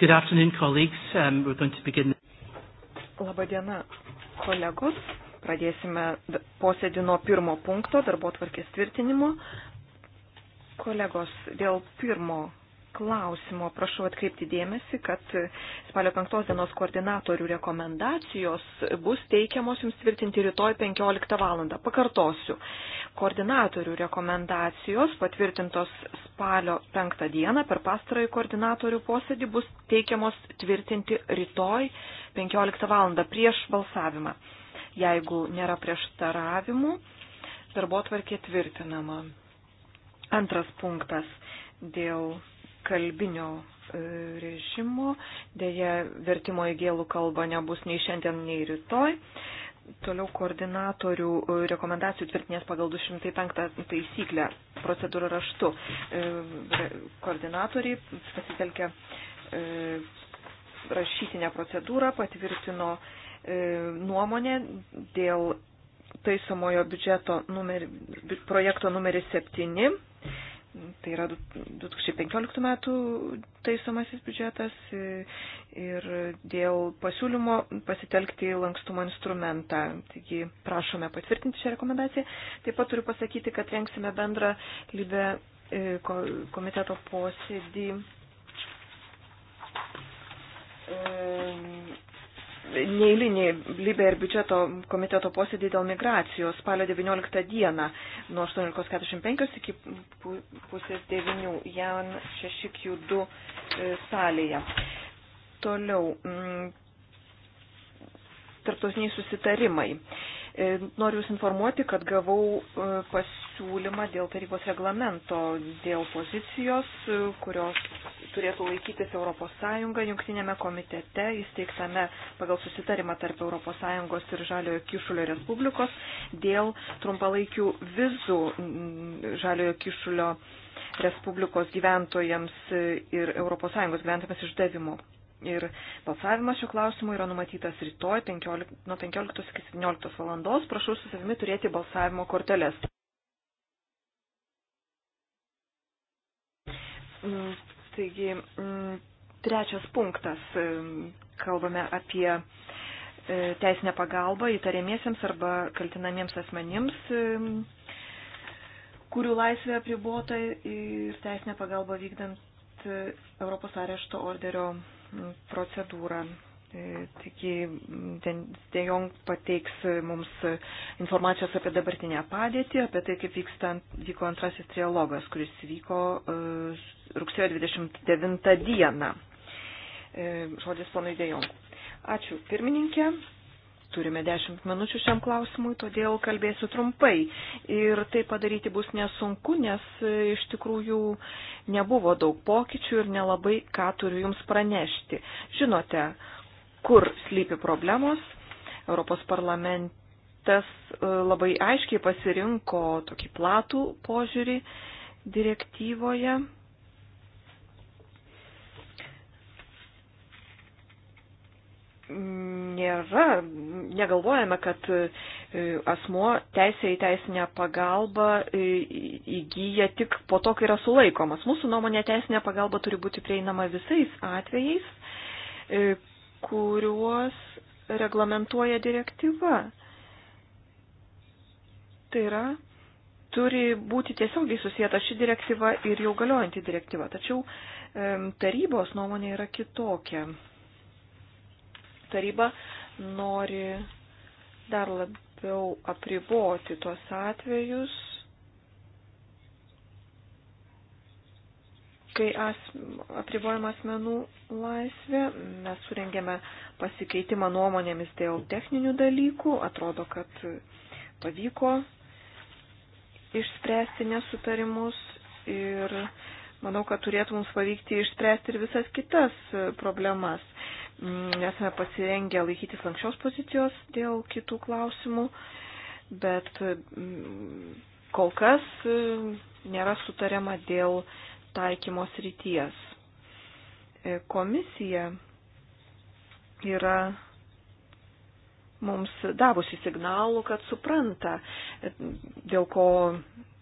Good afternoon, colleagues. Um, we're going to begin. Labadiena, kolegos. Pradėsime posėdį nuo pirmo punkto, darbo tvarkės tvirtinimo. Kolegos, dėl pirmo klausimo prašau atkreipti dėmesį, kad spalio 5 dienos koordinatorių rekomendacijos bus teikiamos jums tvirtinti rytoj 15 val. Pakartosiu koordinatorių rekomendacijos patvirtintos spalio 5 dieną per pastarąjį koordinatorių posėdį bus teikiamos tvirtinti rytoj 15 val. prieš balsavimą. Jeigu nėra prieštaravimų, darbo tvarkė tvirtinama. Antras punktas dėl kalbinio e, režimo, dėja vertimo į gėlų kalbą nebus nei šiandien, nei rytoj. Toliau koordinatorių e, rekomendacijų tvirtinės pagal 205 taisyklę procedūrą raštu. E, koordinatoriai pasitelkė e, rašytinę procedūrą, patvirtino nuomonę dėl taisomojo biudžeto numer, projekto numeris 7 Tai yra 2015 metų taisomasis biudžetas e, ir dėl pasiūlymo pasitelkti lankstumo instrumentą. Taigi prašome patvirtinti šią rekomendaciją. Taip pat turiu pasakyti, kad rengsime bendrą lybę e, komiteto posėdį e, neįlinį Libė ir biudžeto komiteto posėdį dėl migracijos spalio 19 dieną nuo 18.45 iki pusės 9 Jan 6Q2 e, salėje. Toliau, mm, tarptautiniai susitarimai. E, noriu Jūs informuoti, kad gavau e, pasiūlymą dėl tarybos reglamento, dėl pozicijos, e, kurios turėtų laikytis ES jungtinėme komitete, įsteigtame pagal susitarimą tarp ES ir Žaliojo Kišulio Respublikos dėl trumpalaikių vizų Žaliojo Kišulio Respublikos gyventojams ir ES gyventojams išdavimo. Ir balsavimas šiuo klausimu yra numatytas rytoj 15, nuo 15 iki 17 valandos. Prašau su savimi turėti balsavimo korteles. Mm, taigi, mm, trečias punktas. Mm, kalbame apie e, teisinę pagalbą įtariamiesiems arba kaltinamiems asmenims kurių laisvė apribota ir teisinė pagalba vykdant e, Europos arešto orderio procedūrą. E, taigi, Dejong pateiks mums informacijos apie dabartinę padėtį, apie tai, kaip vyksta, vyko antrasis trialogas, kuris vyko e, rugsėjo 29 dieną. E, žodis ponui Dejong. Ačiū pirmininkė. Turime 10 minučių šiam klausimui, todėl kalbėsiu trumpai. Ir tai padaryti bus nesunku, nes e, iš tikrųjų nebuvo daug pokyčių ir nelabai ką turiu Jums pranešti. Žinote, kur slypi problemos. Europos parlamentas e, labai aiškiai pasirinko tokį platų požiūrį direktyvoje. Mm nėra, negalvojame, kad e, asmuo teisė į teisinę pagalbą e, įgyja tik po to, kai yra sulaikomas. Mūsų nuomonė teisinė pagalba turi būti prieinama visais atvejais, e, kuriuos reglamentuoja direktyva. Tai yra, turi būti tiesiogiai susijęta ši direktyva ir jau galiojanti direktyva. Tačiau tarybos nuomonė yra kitokia taryba nori dar labiau apriboti tuos atvejus, kai as, apribojama asmenų laisvė. Mes surengėme pasikeitimą nuomonėmis dėl techninių dalykų. Atrodo, kad pavyko išspręsti nesutarimus ir manau, kad turėtų mums pavykti išspręsti ir visas kitas e, problemas. Nesame mm, pasirengę laikytis lankščios pozicijos dėl kitų klausimų, bet e, mm, kol kas e, nėra sutariama dėl taikymos ryties. Komisija yra mums davusi signalų, kad supranta, dėl ko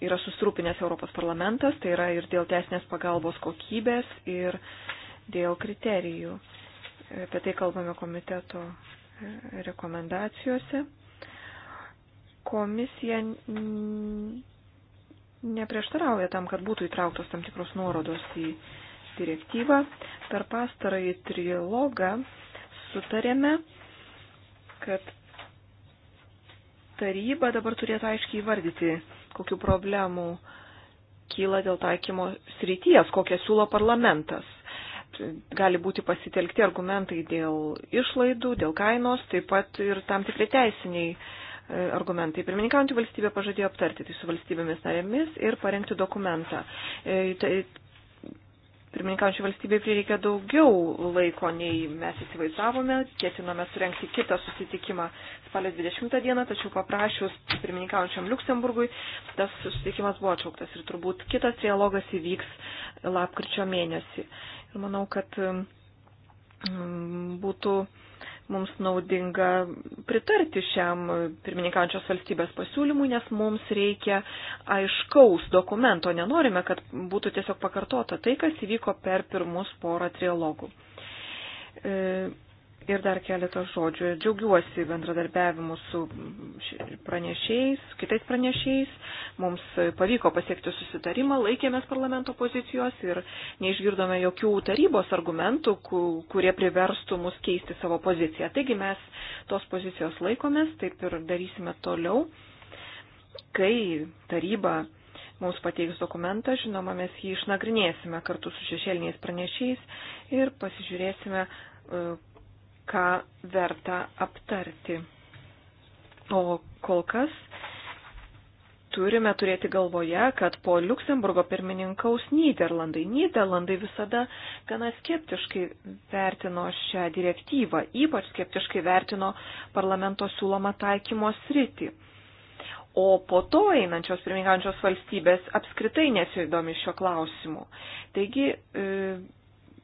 yra susirūpinęs Europos parlamentas, tai yra ir dėl teisinės pagalbos kokybės, ir dėl kriterijų. Apie tai kalbame komiteto rekomendacijose. Komisija neprieštarauja tam, kad būtų įtrauktos tam tikros nuorodos į direktyvą. Per pastarąjį trilogą sutarėme, kad taryba dabar turėtų aiškiai įvardyti, kokiu problemu kyla dėl taikymo srities, kokią siūlo parlamentas. Gali būti pasitelkti argumentai dėl išlaidų, dėl kainos, taip pat ir tam tikri teisiniai e, argumentai. Pirmininkaujantį valstybę pažadėjo aptarti tai su valstybėmis narėmis ir parengti dokumentą. E, tai pirmininkaujančiai valstybei prireikė daugiau laiko, nei mes įsivaizdavome. Ketinome surenkti kitą susitikimą spalio 20 dieną, tačiau paprašius pirmininkaujančiam Luksemburgui, tas susitikimas buvo atšauktas ir turbūt kitas dialogas įvyks lapkričio mėnesį. Ir manau, kad mm, būtų mums naudinga pritarti šiam pirmininkaujančios valstybės pasiūlymui, nes mums reikia aiškaus dokumento. Nenorime, kad būtų tiesiog pakartota tai, kas įvyko per pirmus porą trialogų. E, Ir dar keletas žodžių. Džiaugiuosi bendradarbiavimu su pranešėjais, kitais pranešėjais. Mums pavyko pasiekti susitarimą, laikėmės parlamento pozicijos ir neišgirdome jokių tarybos argumentų, kurie priverstų mus keisti savo poziciją. Taigi mes tos pozicijos laikomės, taip ir darysime toliau. Kai taryba mums pateiks dokumentą, žinoma, mes jį išnagrinėsime kartu su šešėliniais pranešėjais ir pasižiūrėsime, ką verta aptarti. O kol kas turime turėti galvoje, kad po Luksemburgo pirmininkaus Niderlandai. Niderlandai visada gana skeptiškai vertino šią direktyvą, ypač skeptiškai vertino parlamento siūlomą taikymo sritį. O po to einančios pirmininkančios valstybės apskritai nesidomi šio klausimu. Taigi e,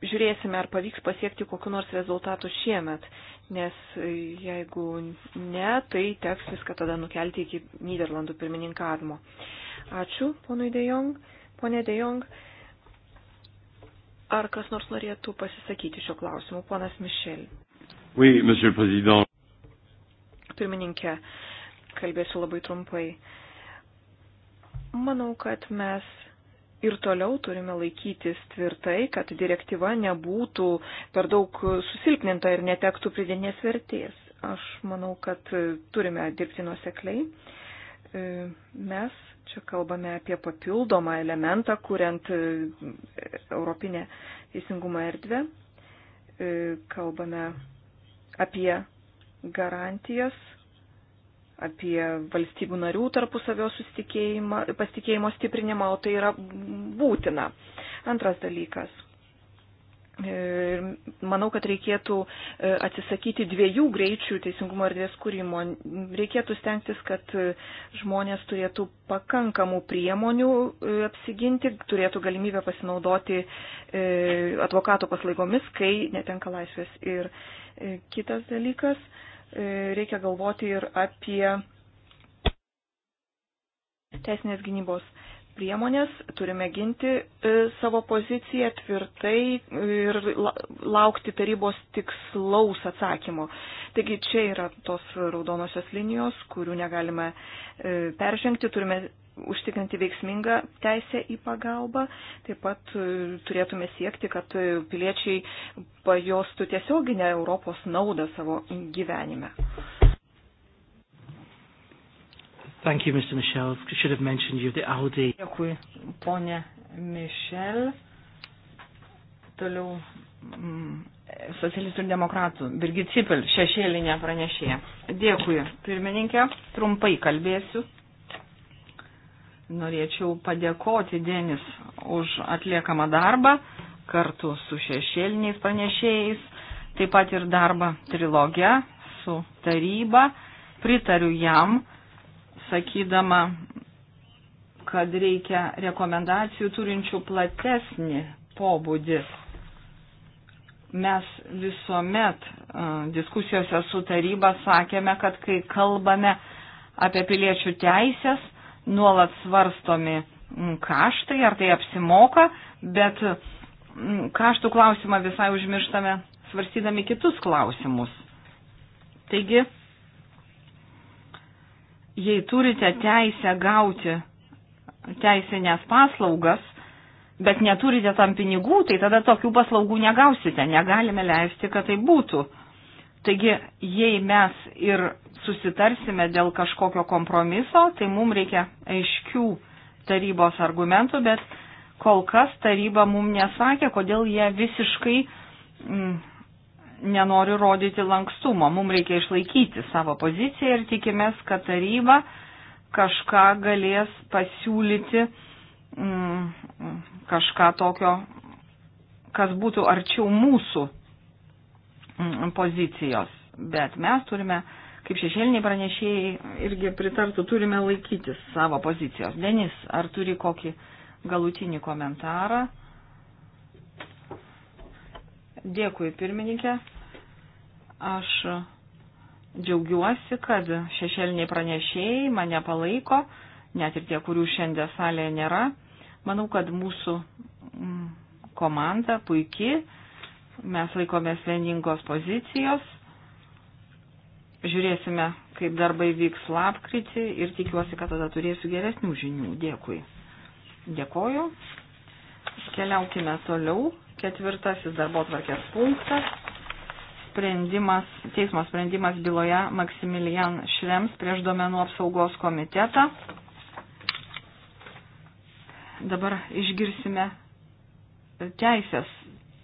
žiūrėsime, ar pavyks pasiekti kokiu nors rezultatu šiemet, nes e, jeigu ne, tai teks viską tada nukelti iki Niderlandų pirmininkavimo. Ačiū, ponui Dejong. Pone Dejong, ar kas nors norėtų pasisakyti šio klausimu? Ponas Mišel. Oui, monsieur le président. Pirmininkė, kalbėsiu labai trumpai. Manau, kad mes ir toliau turime laikytis tvirtai, kad direktyva nebūtų per daug susilpninta ir netektų pridėnės vertės. Aš manau, kad turime dirbti nuosekliai. E, mes čia kalbame apie papildomą elementą, kuriant e, Europinę teisingumo erdvę. E, kalbame apie garantijas apie valstybių narių tarpusavio pasitikėjimo stiprinimą, o tai yra būtina. Antras dalykas. E, manau, kad reikėtų e, atsisakyti dviejų greičių teisingumo erdvės kūrimo. Reikėtų stengtis, kad e, žmonės turėtų pakankamų priemonių apsiginti, turėtų galimybę pasinaudoti advokato paslaigomis, kai netenka laisvės. Ir kitas dalykas E, reikia galvoti ir apie teisinės gynybos priemonės, turime ginti e, savo poziciją tvirtai ir laukti tarybos tikslaus atsakymo. Taigi čia yra tos raudonosios linijos, kurių negalime e, peržengti, turime užtikrinti veiksmingą teisę į pagalbą, taip pat e, turėtume siekti, kad piliečiai pajostų tiesioginę Europos naudą savo gyvenime. Thank you, Mr. Michel. I should have mentioned you, the Audi. Dėkui, ponė Michel. Toliau mm, socialistų ir demokratų. Birgit Cipel, šešėlinė pranešėja. Dėkui, pirmininkė. Trumpai kalbėsiu. Norėčiau padėkoti Denis už atliekamą darbą kartu su šešėliniais pranešėjais, taip pat ir darbą trilogę su taryba. Pritariu jam sakydama, kad reikia rekomendacijų turinčių platesnį pobūdį. Mes visuomet diskusijose su taryba sakėme, kad kai kalbame apie piliečių teisės, nuolat svarstomi kaštai, ar tai apsimoka, bet kaštų klausimą visai užmirštame svarstydami kitus klausimus. Taigi, jei turite teisę gauti teisinės paslaugas, bet neturite tam pinigų, tai tada tokių paslaugų negausite, negalime leisti, kad tai būtų. Taigi, jei mes ir susitarsime dėl kažkokio kompromiso, tai mums reikia aiškių tarybos argumentų, bet kol kas taryba mums nesakė, kodėl jie visiškai mm, nenori rodyti lankstumo. Mums reikia išlaikyti savo poziciją ir tikimės, kad taryba kažką galės pasiūlyti, mm, kažką tokio, kas būtų arčiau mūsų mm, pozicijos. Bet mes turime, kaip šešėliniai pranešėjai, irgi pritartų, turime laikytis savo pozicijos. Denis, ar turi kokį galutinį komentarą? Dėkui, pirmininkė. Aš džiaugiuosi, kad šešėliniai pranešėjai mane palaiko, net ir tie, kurių šiandien salėje nėra. Manau, kad mūsų mm, komanda puiki, mes laikomės vieningos pozicijos, žiūrėsime, kaip darbai vyks lapkritį ir tikiuosi, kad tada turėsiu geresnių žinių. Dėkui. Dėkoju. Keliaukime toliau. Ketvirtasis darbo tvarkės punktas. Sprendimas, teismo sprendimas byloje Maksimilian Šrems prieš duomenų apsaugos komitetą. Dabar išgirsime teisės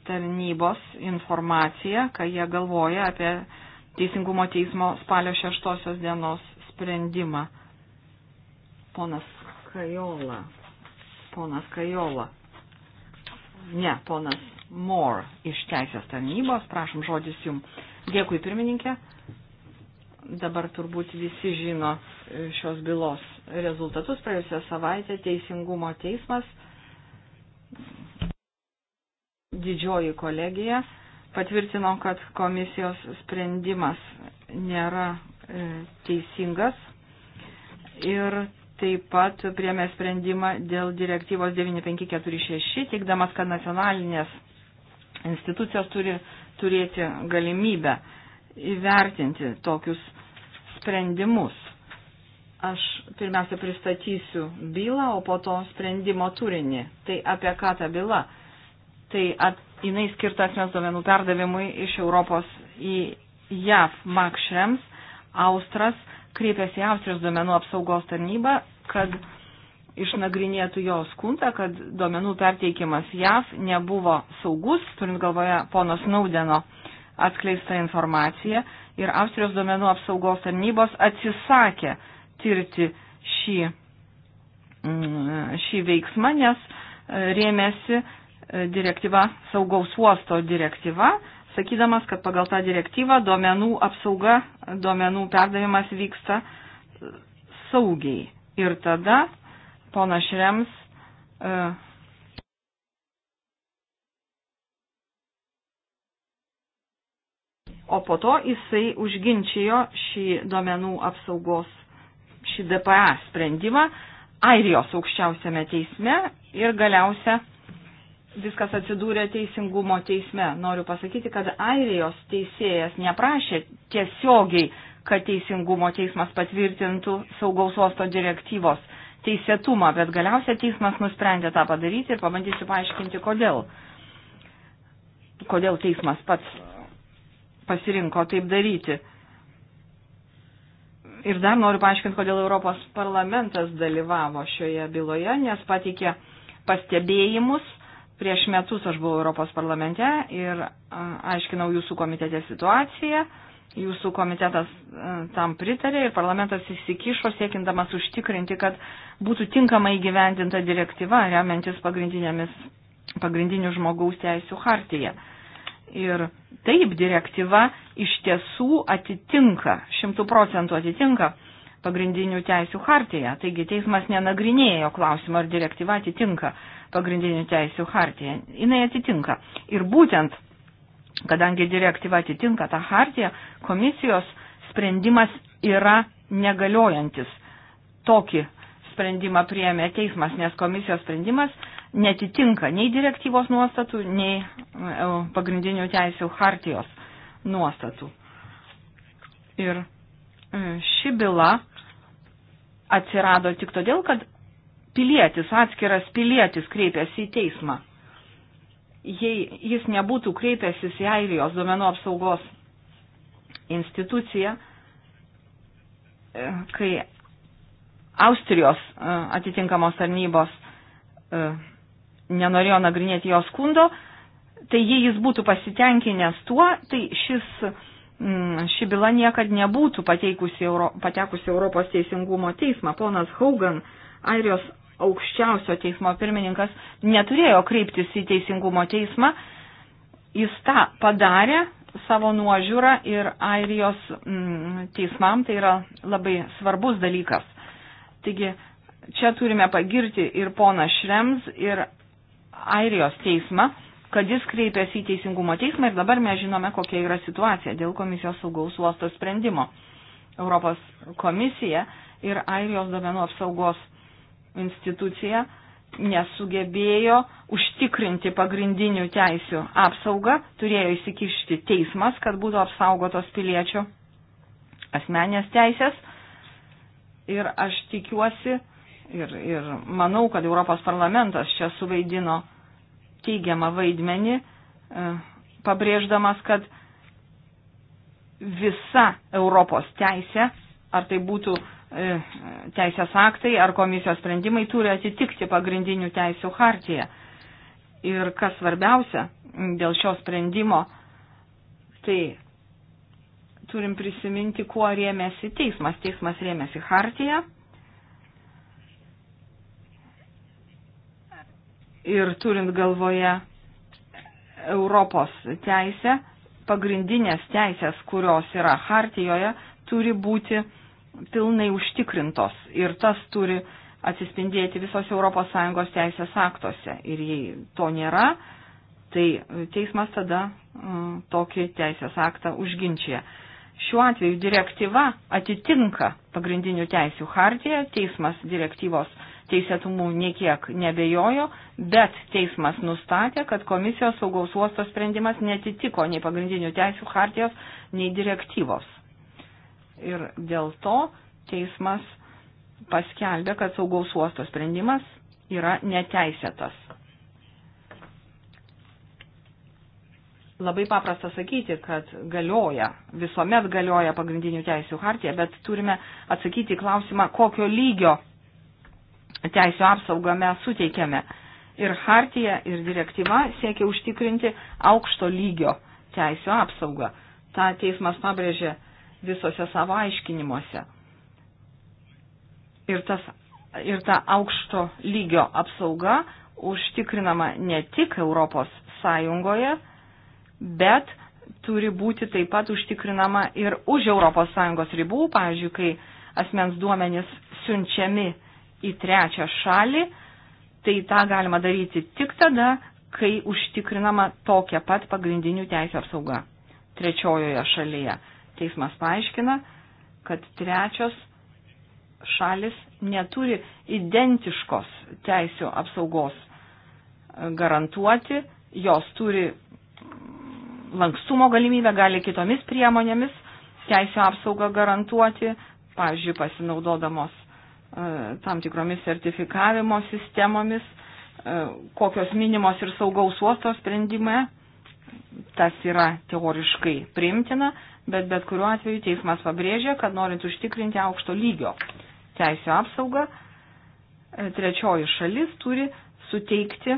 tarnybos informaciją, kai jie galvoja apie Teisingumo teismo spalio šeštosios dienos sprendimą. Ponas Kajola. Ponas Kajola Ne, ponas Moore iš teisės tarnybos, prašom žodis jums. Dėkui pirmininkė. Dabar turbūt visi žino e, šios bylos rezultatus. Praėjusią savaitę Teisingumo teismas, didžioji kolegija, patvirtino, kad komisijos sprendimas nėra e, teisingas ir taip pat priemė sprendimą dėl direktyvos 9546, teikdamas, kad nacionalinės institucijos turi turėti galimybę įvertinti tokius sprendimus. Aš pirmiausia pristatysiu bylą, o po to sprendimo turinį. Tai apie ką ta byla? Tai at, jinai skirta asmens duomenų perdavimui iš Europos į JAV Makšrems, Austras, kreipėsi į Austrijos duomenų apsaugos tarnybą, kad išnagrinėtų jo skundą, kad duomenų perteikimas JAV nebuvo saugus, turint galvoje pono Snaudeno atskleistą informaciją. Ir Austrijos duomenų apsaugos tarnybos atsisakė tirti šį, mm, šį veiksmą, nes e, rėmėsi e, direktyva, saugaus uosto direktyva, sakydamas, kad pagal tą direktyvą duomenų apsauga, duomenų perdavimas vyksta saugiai. Ir tada pona Šrems uh, O po to jisai užginčijo šį duomenų apsaugos, šį DPA sprendimą Airijos aukščiausiame teisme ir galiausia uh, viskas atsidūrė teisingumo teisme. Noriu pasakyti, kad Airijos teisėjas neprašė tiesiogiai, kad teisingumo teismas patvirtintų saugaus uosto direktyvos teisėtumą, bet galiausiai teismas nusprendė tą padaryti ir pabandysiu paaiškinti, kodėl. Kodėl teismas pats pasirinko taip daryti. Ir dar noriu paaiškinti, kodėl Europos parlamentas dalyvavo šioje byloje, nes patikė pastebėjimus Prieš metus aš buvau Europos parlamente ir aiškinau jūsų komitete situaciją. Jūsų komitetas tam pritarė ir parlamentas įsikišo siekindamas užtikrinti, kad būtų tinkamai gyvendinta direktyva remiantis pagrindinių žmogaus teisų hartyje. Ir taip direktyva iš tiesų atitinka, šimtų procentų atitinka pagrindinių teisų hartyje. Taigi teismas nenagrinėjo klausimą, ar direktyva atitinka pagrindinių teisių hartiją. Jis atitinka. Ir būtent, kadangi direktyva atitinka tą hartiją, komisijos sprendimas yra negaliojantis. Tokį sprendimą priėmė teismas, nes komisijos sprendimas netitinka nei direktyvos nuostatų, nei e, pagrindinių teisių hartijos nuostatų. Ir e, ši byla atsirado tik todėl, kad pilietis, atskiras pilietis kreipėsi į teismą. Jei jis nebūtų kreipęsis į Airijos duomenų apsaugos instituciją, e, kai Austrijos e, atitinkamos tarnybos e, nenorėjo nagrinėti jo skundo, tai jei jis būtų pasitenkinęs tuo, tai šis, mm, ši byla niekad nebūtų patekusi Europos teisingumo teismą. Ponas Haugan, Airijos aukščiausio teismo pirmininkas neturėjo kreiptis į teisingumo teismą. Jis tą padarė savo nuožiūrą ir Airijos mm, teismam tai yra labai svarbus dalykas. Taigi čia turime pagirti ir poną Šrems, ir Airijos teismą, kad jis kreipėsi į teisingumo teismą ir dabar mes žinome, kokia yra situacija dėl komisijos saugaus uosto sprendimo. Europos komisija ir Airijos domenų apsaugos institucija nesugebėjo užtikrinti pagrindinių teisių apsaugą, turėjo įsikišti teismas, kad būtų apsaugotos piliečių asmenės teisės. Ir aš tikiuosi ir, ir manau, kad Europos parlamentas čia suvaidino teigiamą vaidmenį, e, pabrėždamas, kad visa Europos teisė, ar tai būtų E, teisės aktai ar komisijos sprendimai turi atitikti pagrindinių teisų hartiją. Ir kas svarbiausia dėl šio sprendimo, tai turim prisiminti, kuo rėmėsi teismas. Teismas rėmėsi hartiją. Ir turint galvoje Europos teisę, pagrindinės teisės, kurios yra hartijoje, turi būti uh, pilnai užtikrintos ir tas turi atsispindėti visos ES teisės aktuose. Ir jei to nėra, tai teismas tada mm, tokį teisės aktą užginčia. Šiuo atveju direktyva atitinka pagrindinių teisių hartiją, teismas direktyvos teisėtumų niekiek nebejojo, bet teismas nustatė, kad komisijos saugaus uosto sprendimas netitiko nei pagrindinių teisių hartijos, nei direktyvos. Ir dėl to teismas paskelbė, kad saugaus uosto sprendimas yra neteisėtas. Labai paprasta sakyti, kad galioja, visuomet galioja pagrindinių teisų hartija, bet turime atsakyti į klausimą, kokio lygio teisų apsaugą mes suteikėme. Ir hartija, ir direktyva siekia užtikrinti aukšto lygio teisų apsaugą. Ta teismas pabrėžė visose savo aiškinimuose. Ir, tas, ir ta aukšto lygio apsauga užtikrinama ne tik Europos Sąjungoje, bet turi būti taip pat užtikrinama ir už Europos Sąjungos ribų, pavyzdžiui, kai asmens duomenys siunčiami į trečią šalį, tai tą galima daryti tik tada, kai užtikrinama tokia pat pagrindinių teisų apsauga trečiojoje šalyje. Teismas paaiškina, kad trečios šalis neturi identiškos teisų apsaugos garantuoti, jos turi lankstumo galimybę, gali kitomis priemonėmis teisų apsaugą garantuoti, pavyzdžiui, pasinaudodamos e, tam tikromis sertifikavimo sistemomis, e, kokios minimos ir saugaus uosto sprendime, tas yra teoriškai priimtina, bet bet kuriuo atveju teismas pabrėžė, kad norint užtikrinti aukšto lygio teisų apsaugą, e, trečioji šalis turi suteikti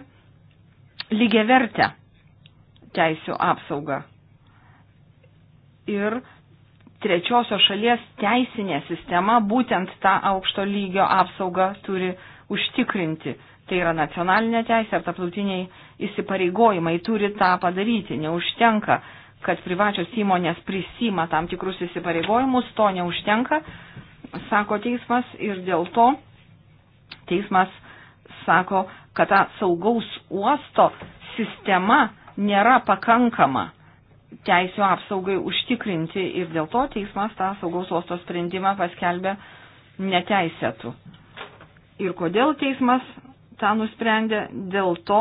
lygiavertę teisų apsaugą. Ir trečiosios šalies teisinė sistema būtent tą aukšto lygio apsaugą turi užtikrinti. Tai yra nacionalinė teisė ar taplutiniai įsipareigojimai turi tą padaryti. Neužtenka kad privačios įmonės prisima tam tikrus įsipareigojimus, to neužtenka, sako teismas ir dėl to teismas sako, kad ta saugaus uosto sistema nėra pakankama teisų apsaugai užtikrinti ir dėl to teismas tą saugaus uosto sprendimą paskelbė neteisėtų. Ir kodėl teismas tą nusprendė? Dėl to,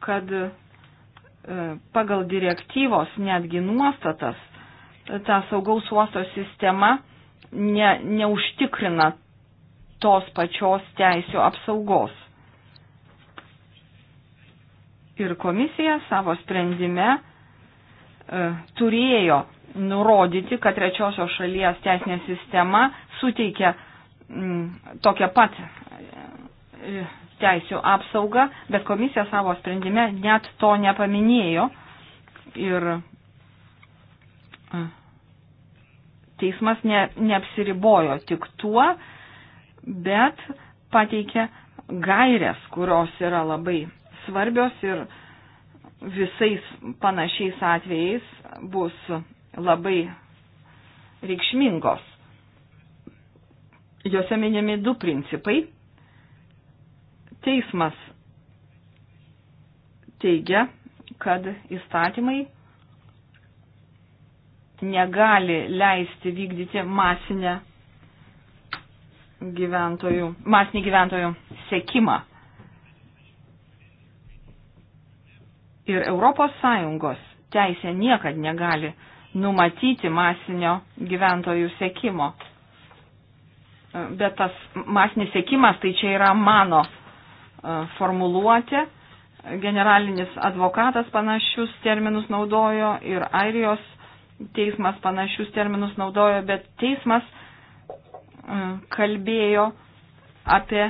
kad E, pagal direktyvos netgi nuostatas ta saugaus uosto sistema ne, neužtikrina tos pačios teisų apsaugos. Ir komisija savo sprendime e, turėjo nurodyti, kad trečiosios šalies teisinė sistema suteikia m, mm, tokią pat e, e, teisių apsaugą, bet komisija savo sprendime net to nepaminėjo ir teismas ne, neapsiribojo tik tuo, bet pateikė gairias, kurios yra labai svarbios ir visais panašiais atvejais bus labai reikšmingos. Jose minimi du principai Teismas teigia, kad įstatymai negali leisti vykdyti masinę gyventojų, masinį gyventojų sekimą. Ir Europos Sąjungos teisė niekad negali numatyti masinio gyventojų sekimo. Bet tas masinis sekimas tai čia yra mano E, formuluotė. Generalinis advokatas panašius terminus naudojo ir Airijos teismas panašius terminus naudojo, bet teismas e, kalbėjo apie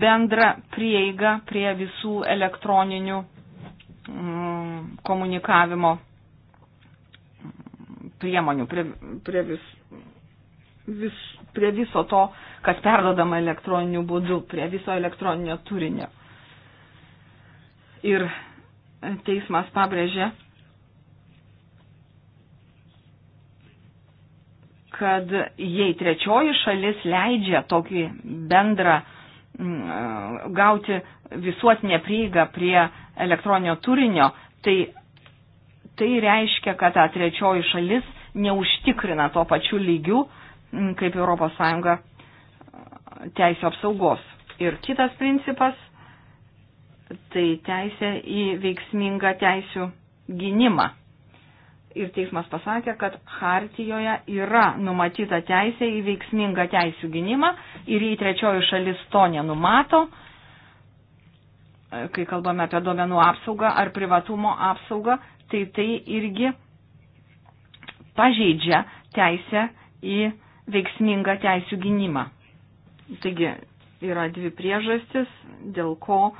bendrą prieigą prie visų elektroninių mm, komunikavimo priemonių, prie, prie, vis, vis, prie viso to kas perdodama elektroniniu būdu prie viso elektroninio turinio. Ir teismas pabrėžė, kad jei trečioji šalis leidžia tokį bendrą mm, e, gauti visuotinę prieigą prie elektroninio turinio, tai tai reiškia, kad ta trečioji šalis neužtikrina to pačiu lygiu, mm, kaip ES teisų apsaugos. Ir kitas principas - tai teisė į veiksmingą teisų gynimą. Ir teismas pasakė, kad Hartijoje yra numatyta teisė į veiksmingą teisų gynimą ir jei trečioji šalis to nenumato, kai kalbame apie duomenų apsaugą ar privatumo apsaugą, tai tai irgi pažeidžia teisę į veiksmingą teisų gynimą. Taigi yra dvi priežastis, dėl ko e,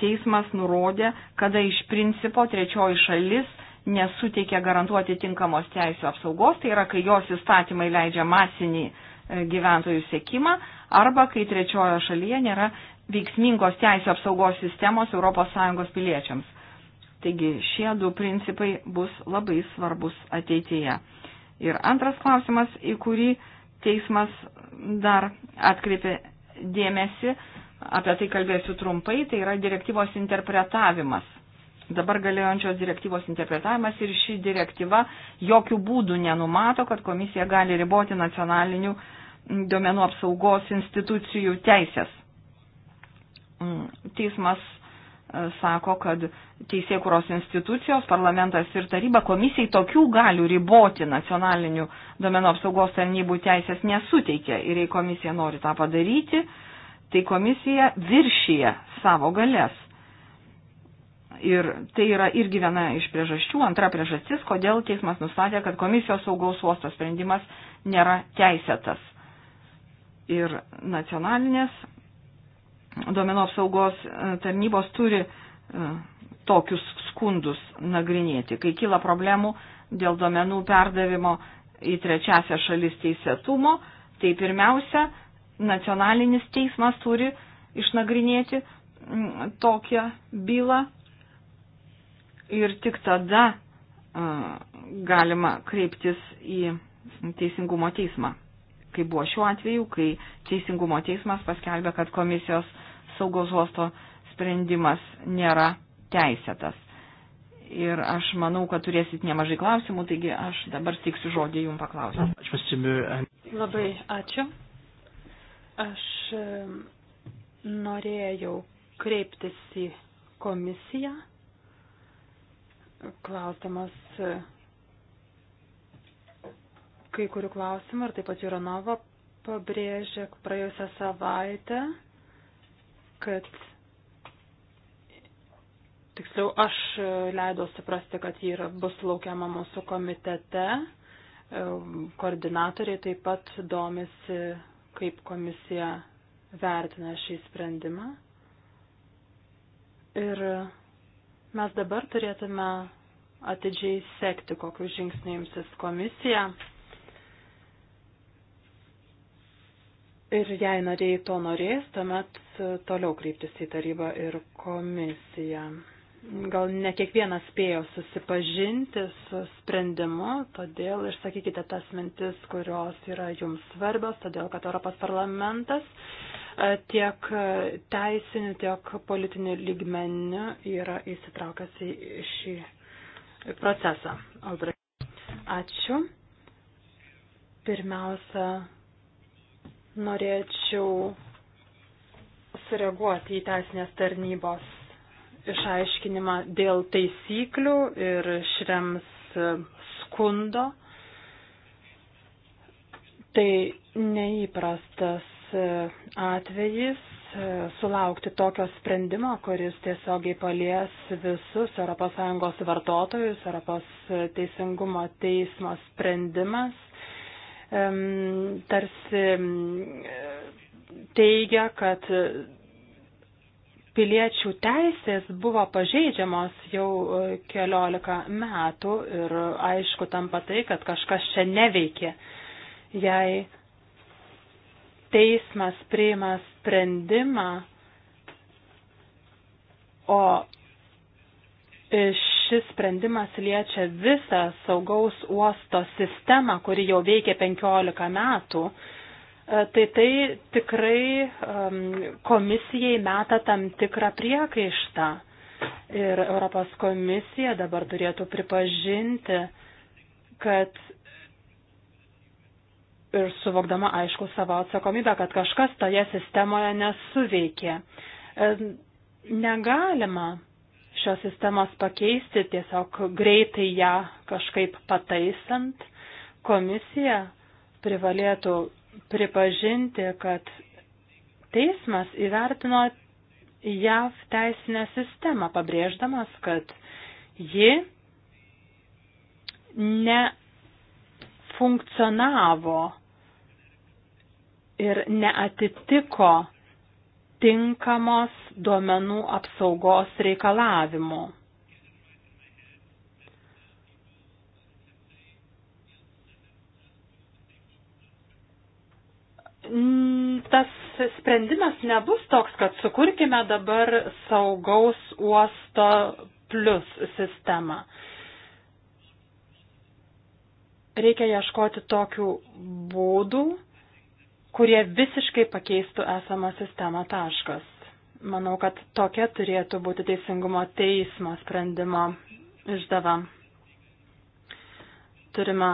teismas nurodė, kada iš principo trečioji šalis nesuteikia garantuoti tinkamos teisų apsaugos, tai yra, kai jos įstatymai leidžia masinį e, gyventojų sėkimą, arba kai trečiojo šalyje nėra veiksmingos teisų apsaugos sistemos ES piliečiams. Taigi šie du principai bus labai svarbus ateityje. Ir antras klausimas, į kurį uh, teismas dar atkreipė dėmesį, apie tai kalbėsiu trumpai, tai yra direktyvos interpretavimas. Dabar galiojančios direktyvos interpretavimas ir ši direktyva jokių būdų nenumato, kad komisija gali riboti nacionalinių duomenų apsaugos institucijų teisės. Mm, teismas sako, kad teisėkuros institucijos, parlamentas ir taryba komisijai tokių galių riboti nacionalinių domenų apsaugos tarnybų teisės nesuteikia. Ir jei komisija nori tą padaryti, tai komisija viršyje savo galės. Ir tai yra irgi viena iš priežasčių, antra priežastis, kodėl teismas nustatė, kad komisijos saugaus uosto sprendimas nėra teisėtas. Ir nacionalinės duomenų apsaugos e, tarnybos turi e, tokius skundus nagrinėti, kai kyla problemų dėl duomenų perdavimo į trečiasią šalis teisėtumo, tai pirmiausia, nacionalinis teismas turi išnagrinėti tokią bylą ir tik tada e, galima kreiptis į teisingumo teismą, kaip buvo šiuo atveju, kai teisingumo teismas paskelbė, kad komisijos saugos uosto sprendimas nėra teisėtas. Ir aš manau, kad turėsit nemažai klausimų, taigi aš dabar stiksiu žodį jums paklausyti. Labai ačiū. Aš norėjau kreiptis į komisiją, klausimas kai kurių klausimų ir taip pat Juranova pabrėžė praėjusią savaitę kad tiksliau aš e, leidau suprasti, kad ji bus laukiama mūsų komitete. E, koordinatoriai taip pat domisi, kaip komisija vertina šį sprendimą. Ir mes dabar turėtume atidžiai sekti, kokius žingsnius imsis komisija. Ir jei nariai to norės, tuomet toliau kreiptis į tarybą ir komisiją. Gal ne kiekvienas spėjo susipažinti su sprendimu, todėl išsakykite tas mintis, kurios yra jums svarbios, todėl kad Europos parlamentas e, tiek teisiniu, tiek politiniu lygmeniu yra įsitraukęs į šį procesą. Ačiū. Pirmiausia, norėčiau sureaguoti į teisinės tarnybos išaiškinimą dėl taisyklių ir šrems skundo. Tai neįprastas atvejis sulaukti tokio sprendimo, kuris tiesiogiai palies visus ES vartotojus, ES teisingumo teismo sprendimas. Tarsi teigia, kad piliečių teisės buvo pažeidžiamos jau e, keliolika metų ir aišku tampa tai, kad kažkas čia neveikė. Jei teismas priima sprendimą, o šis sprendimas liečia visą saugaus uosto sistemą, kuri jau veikia 15 metų, E, tai tai tikrai komisijai meta tam tikrą priekaištą. Ir Europos komisija dabar turėtų pripažinti, kad ir suvokdama aišku savo atsakomybę, kad kažkas toje sistemoje nesuveikė. E, negalima šios sistemos pakeisti, tiesiog greitai ją kažkaip pataisant. Komisija privalėtų pripažinti, kad teismas įvertino JAV teisinę sistemą, pabrėždamas, kad ji nefunkcionavo ir neatitiko tinkamos duomenų apsaugos reikalavimų. Mm, tas sprendimas nebus toks, kad sukurkime dabar saugaus uosto plus sistemą. Reikia ieškoti tokių būdų, kurie visiškai pakeistų esamą sistemą taškas. Manau, kad tokia turėtų būti teisingumo teismo sprendimo išdava. Turime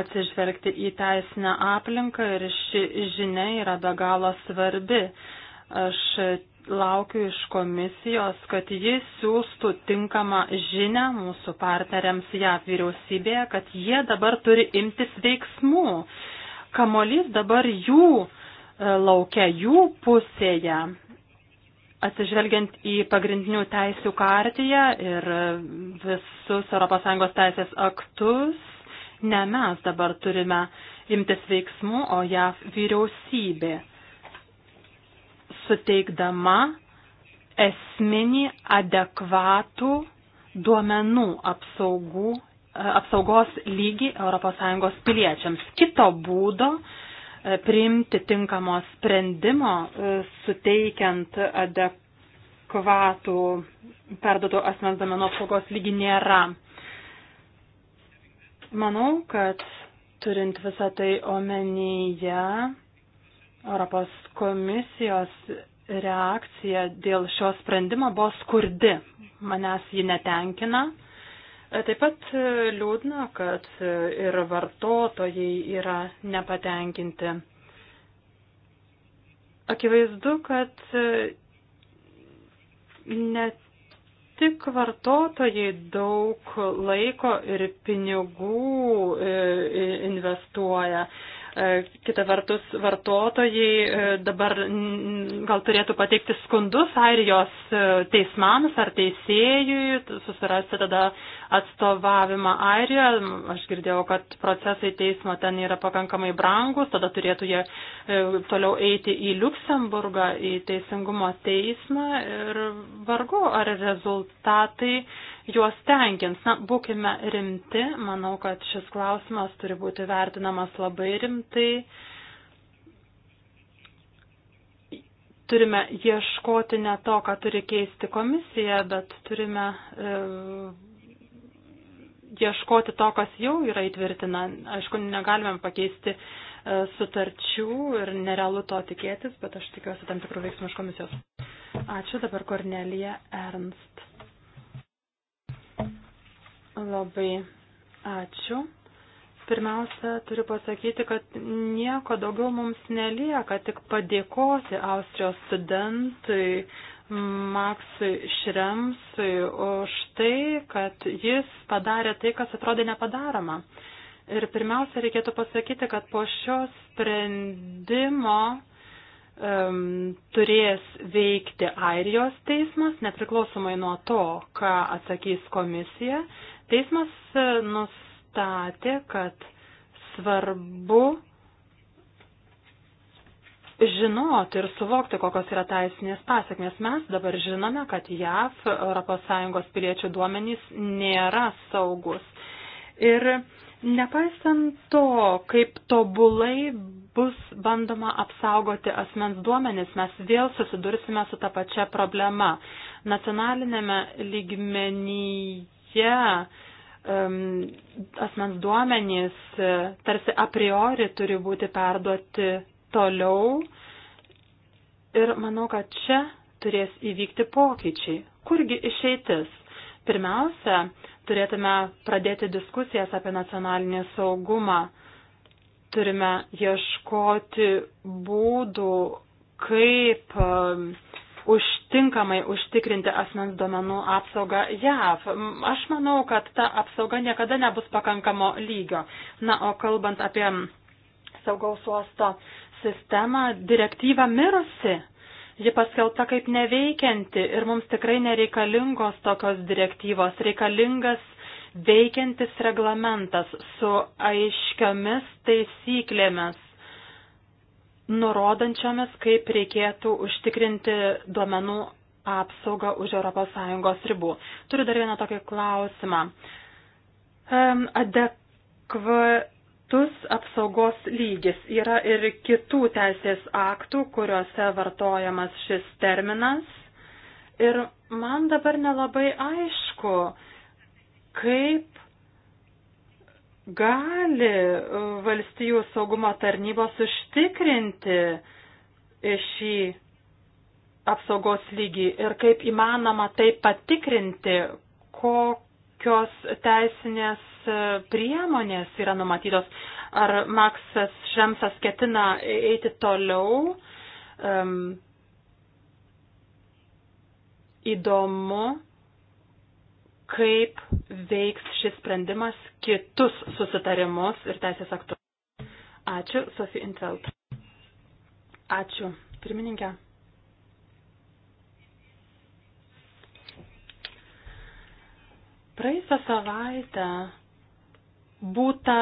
atsižvelgti į teisinę aplinką ir ši žinia yra be galo svarbi. Aš laukiu iš komisijos, kad jis siūstų tinkamą žinę mūsų partneriams JAV vyriausybėje, kad jie dabar turi imtis veiksmų. Kamolys dabar jų e, laukia, jų pusėje. Atsižvelgiant į pagrindinių teisių kartiją ir visus ES teisės aktus, Ne mes dabar turime imtis veiksmų, o JAV vyriausybė suteikdama esminį adekvatų duomenų apsaugų, e, apsaugos lygį ES piliečiams. Kito būdo e, priimti tinkamo sprendimo, e, suteikiant adekvatų perduotų asmens duomenų apsaugos lygį nėra. Manau, kad turint visą tai omenyje, Europos komisijos reakcija dėl šio sprendimo buvo skurdi. Manęs ji netenkina. Taip pat liūdna, kad ir vartotojai yra nepatenkinti. Akivaizdu, kad net tik vartotojai daug laiko ir pinigų e, investuoja. E, kita vertus, vartotojai e, dabar gal turėtų pateikti skundus airijos e, teismams ar teisėjui, susirasti tada atstovavimą airijoje. Aš girdėjau, kad procesai teismo ten yra pakankamai brangus, tada turėtų jie toliau eiti į Luksemburgą, į teisingumo teismą ir vargu, ar rezultatai juos tenkins. Na, būkime rimti, manau, kad šis klausimas turi būti vertinamas labai rimtai. Turime ieškoti ne to, ką turi keisti komisija, bet turime e, ieškoti to, kas jau yra įtvirtina. Aišku, negalime pakeisti e, sutarčių ir nerealu to tikėtis, bet aš tikiuosi tam tikrų veiksmų iš komisijos. Ačiū dabar Kornelija Ernst. Labai ačiū. Pirmiausia, turiu pasakyti, kad nieko daugiau mums nelieka, tik padėkoti Austrijos studentui Maksui Šremsui už tai, kad jis padarė tai, kas atrodė nepadaroma. Ir pirmiausia, reikėtų pasakyti, kad po šio sprendimo um, turės veikti Airijos teismas, nepriklausomai nuo to, ką atsakys komisija. Teismas e, nustatė, kad svarbu žinoti ir suvokti, kokios yra teisinės pasiekmes. Mes dabar žinome, kad JAV ES piliečių duomenys nėra saugus. Ir nepaisant to, kaip tobulai bus bandoma apsaugoti asmens duomenis, mes vėl susidursime su ta pačia problema. Nacionalinėme lygmenyje srityje um, asmens duomenys e, tarsi a priori turi būti perduoti toliau. Ir manau, kad čia turės įvykti pokyčiai. Kurgi išeitis? Pirmiausia, turėtume pradėti diskusijas apie nacionalinį saugumą. Turime ieškoti būdų, kaip um, užtinkamai užtikrinti asmens duomenų apsaugą JAV. Aš manau, kad ta apsauga niekada nebus pakankamo lygio. Na, o kalbant apie saugaus uosto sistemą, direktyva mirusi. Ji paskelta kaip neveikianti ir mums tikrai nereikalingos tokios direktyvos, reikalingas veikiantis reglamentas su aiškiomis taisyklėmis nurodančiomis, kaip reikėtų užtikrinti duomenų apsaugą už ES ribų. Turiu dar vieną tokį klausimą. Adekvatus apsaugos lygis yra ir kitų teisės aktų, kuriuose vartojamas šis terminas. Ir man dabar nelabai aišku, kaip gali e, valstijų saugumo tarnybos užtikrinti e, šį apsaugos lygį ir kaip įmanoma tai patikrinti, kokios teisinės e, priemonės yra numatytos. Ar Maksas Šemsas ketina eiti toliau? Um, įdomu kaip veiks šis sprendimas kitus susitarimus ir teisės aktus. Ačiū, Sofija Intelt. Ačiū, pirmininkė. Praeisą savaitę būta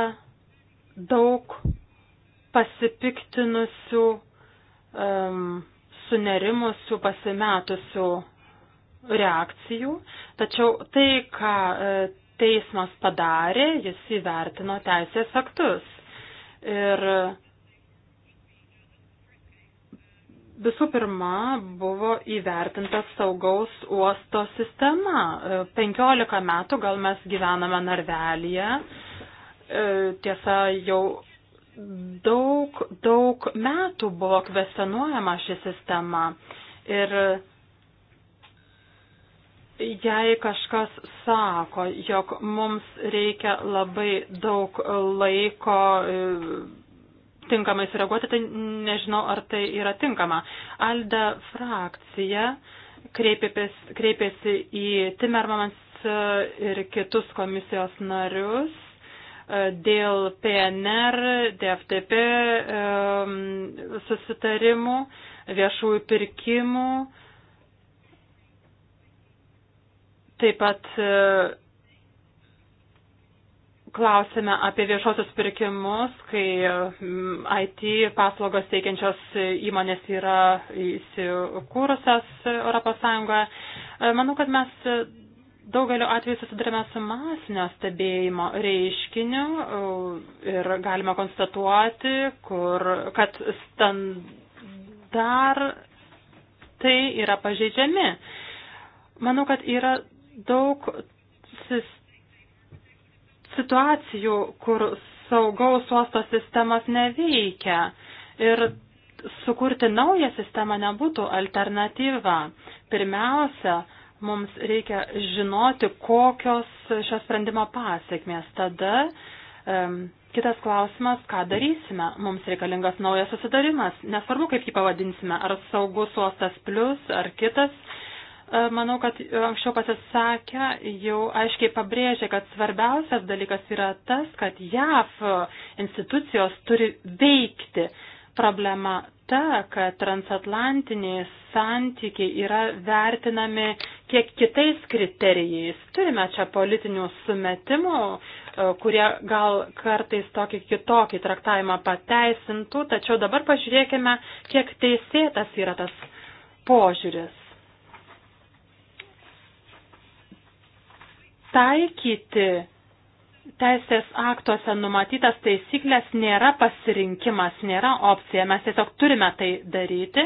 daug pasipiktinusių, um, sunerimusių, pasimetusių reakcijų, tačiau tai, ką e, teismas padarė, jis įvertino teisės aktus. Ir visų pirma buvo įvertintas saugaus uosto sistema. 15 e, metų gal mes gyvename narvelyje, e, tiesa jau daug, daug metų buvo kvestionuojama ši sistema. Ir jei kažkas sako, jog mums reikia labai daug laiko e, tinkamai sureaguoti, tai nežinau, ar tai yra tinkama. Alde frakcija kreipėsi, kreipėsi į Timmermans e, ir kitus komisijos narius e, dėl PNR, DFTP susitarimų, viešųjų pirkimų, Taip pat e, klausime apie viešosius pirkimus, kai e, IT paslaugos teikiančios įmonės yra įsikūrusios ES. E, manau, kad mes daugeliu atveju susidurime su masinio stebėjimo reiškiniu ir galime konstatuoti, kur, kad standartai yra pažeidžiami. Manau, kad yra daug situacijų, kur saugaus uosto sistemas neveikia ir sukurti naują sistemą nebūtų alternatyva. Pirmiausia, mums reikia žinoti, kokios šio sprendimo pasiekmės. Tada um, kitas klausimas, ką darysime. Mums reikalingas naujas susidarimas. Nesvarbu, kaip jį pavadinsime, ar saugus uostas plus, ar kitas. Uh, E, manau, kad anksčiau pasisakę jau aiškiai pabrėžė, kad svarbiausias dalykas yra tas, kad JAV institucijos turi veikti. Problema ta, kad transatlantiniai santykiai yra vertinami kiek kitais kriterijais. Turime čia politinių sumetimų, e, kurie gal kartais tokį kitokį traktavimą pateisintų, tačiau dabar pažiūrėkime, kiek teisėtas yra tas požiūris. taikyti teisės aktuose numatytas taisyklės nėra pasirinkimas, nėra opcija. Mes tiesiog turime tai daryti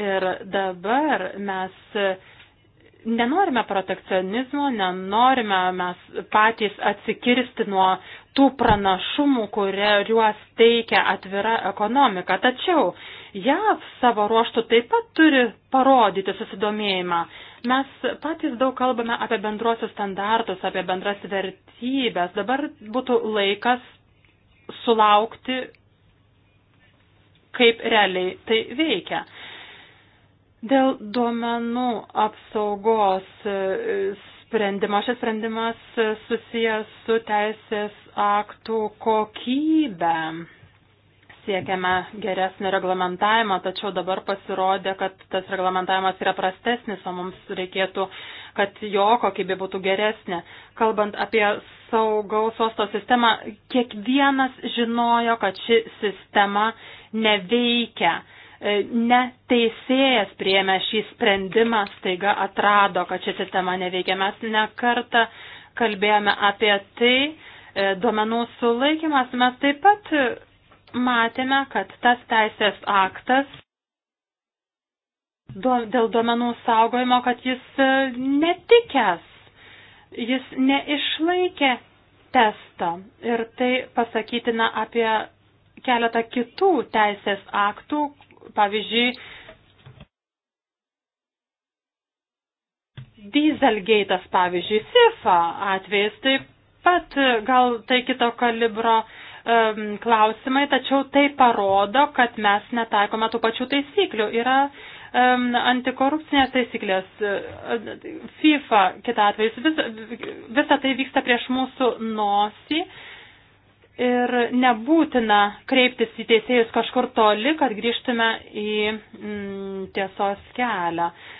ir dabar mes nenorime protekcionizmo, nenorime mes patys atsikirsti nuo tų pranašumų, kuriuos teikia atvira ekonomika. Tačiau JAV savo ruoštų taip pat turi parodyti susidomėjimą. Mes patys daug kalbame apie bendruosius standartus, apie bendras vertybės. Dabar būtų laikas sulaukti, kaip realiai tai veikia. Dėl duomenų apsaugos e, sprendimo. Šis sprendimas susijęs su teisės aktų kokybė siekiame geresnio reglamentavimo, tačiau dabar pasirodė, kad tas reglamentavimas yra prastesnis, o mums reikėtų, kad jo kokybė būtų geresnė. Kalbant apie saugaus uosto sistemą, kiekvienas žinojo, kad ši sistema neveikia. E, ne teisėjas priėmė šį sprendimą, staiga atrado, kad ši sistema neveikia. Mes nekartą kalbėjome apie tai, e, duomenų sulaikimas, mes taip pat matėme, kad tas teisės aktas dėl duomenų saugojimo, kad jis e, netikęs, jis neišlaikė testo. Ir tai pasakytina apie keletą kitų teisės aktų, pavyzdžiui, Dieselgate'as, pavyzdžiui, SIFA atvejais taip pat e, gal tai kito kalibro uh, um, klausimai, tačiau tai parodo, kad mes netaikome tų pačių taisyklių. Yra um, antikorupcinės taisyklės, FIFA kita atvejais, vis, visa tai vyksta prieš mūsų nosį. Ir nebūtina kreiptis į teisėjus kažkur toli, kad grįžtume į mm, tiesos kelią. Uh,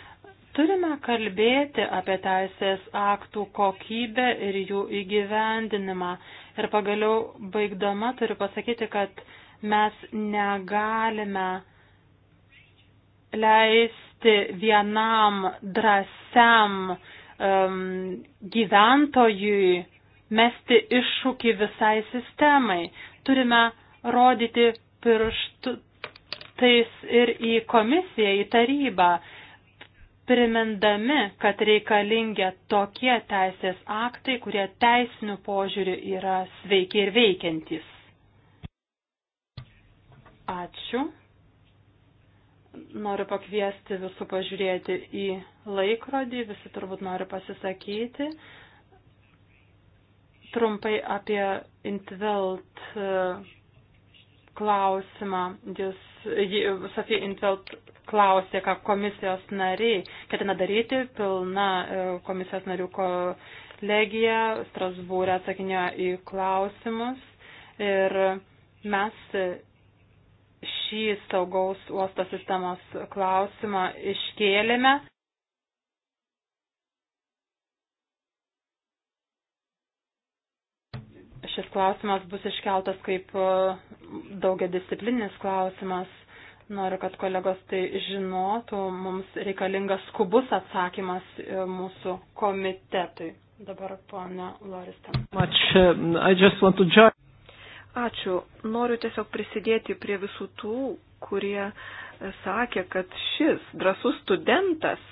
Turime kalbėti apie teisės aktų kokybę ir jų įgyvendinimą. Ir pagaliau baigdama turiu pasakyti, kad mes negalime leisti vienam drąsiam um, gyventojui mesti iššūkį visai sistemai. Turime rodyti pirštų tais ir į komisiją, į tarybą primindami, kad reikalingi tokie teisės aktai, kurie teisinių požiūrių yra sveiki ir veikiantys. Ačiū. Noriu pakviesti visų pažiūrėti į laikrodį, visi turbūt nori pasisakyti. Trumpai apie Intvelt e, klausimą. Jūs, Sofija Intvelt klausė, ką komisijos nariai ketina daryti, pilna e, komisijos narių kolegija Strasbūrė atsakinėjo į klausimus ir mes šį saugaus uosto sistemos klausimą iškėlėme. Šis klausimas bus iškeltas kaip e, daugia disciplininis klausimas Noriu, kad kolegos tai žinotų, mums reikalingas skubus atsakymas e, mūsų komitetui. Dabar ponia Loristam. Um, Ačiū. Noriu tiesiog prisidėti prie visų tų, kurie e, sakė, kad šis drasus studentas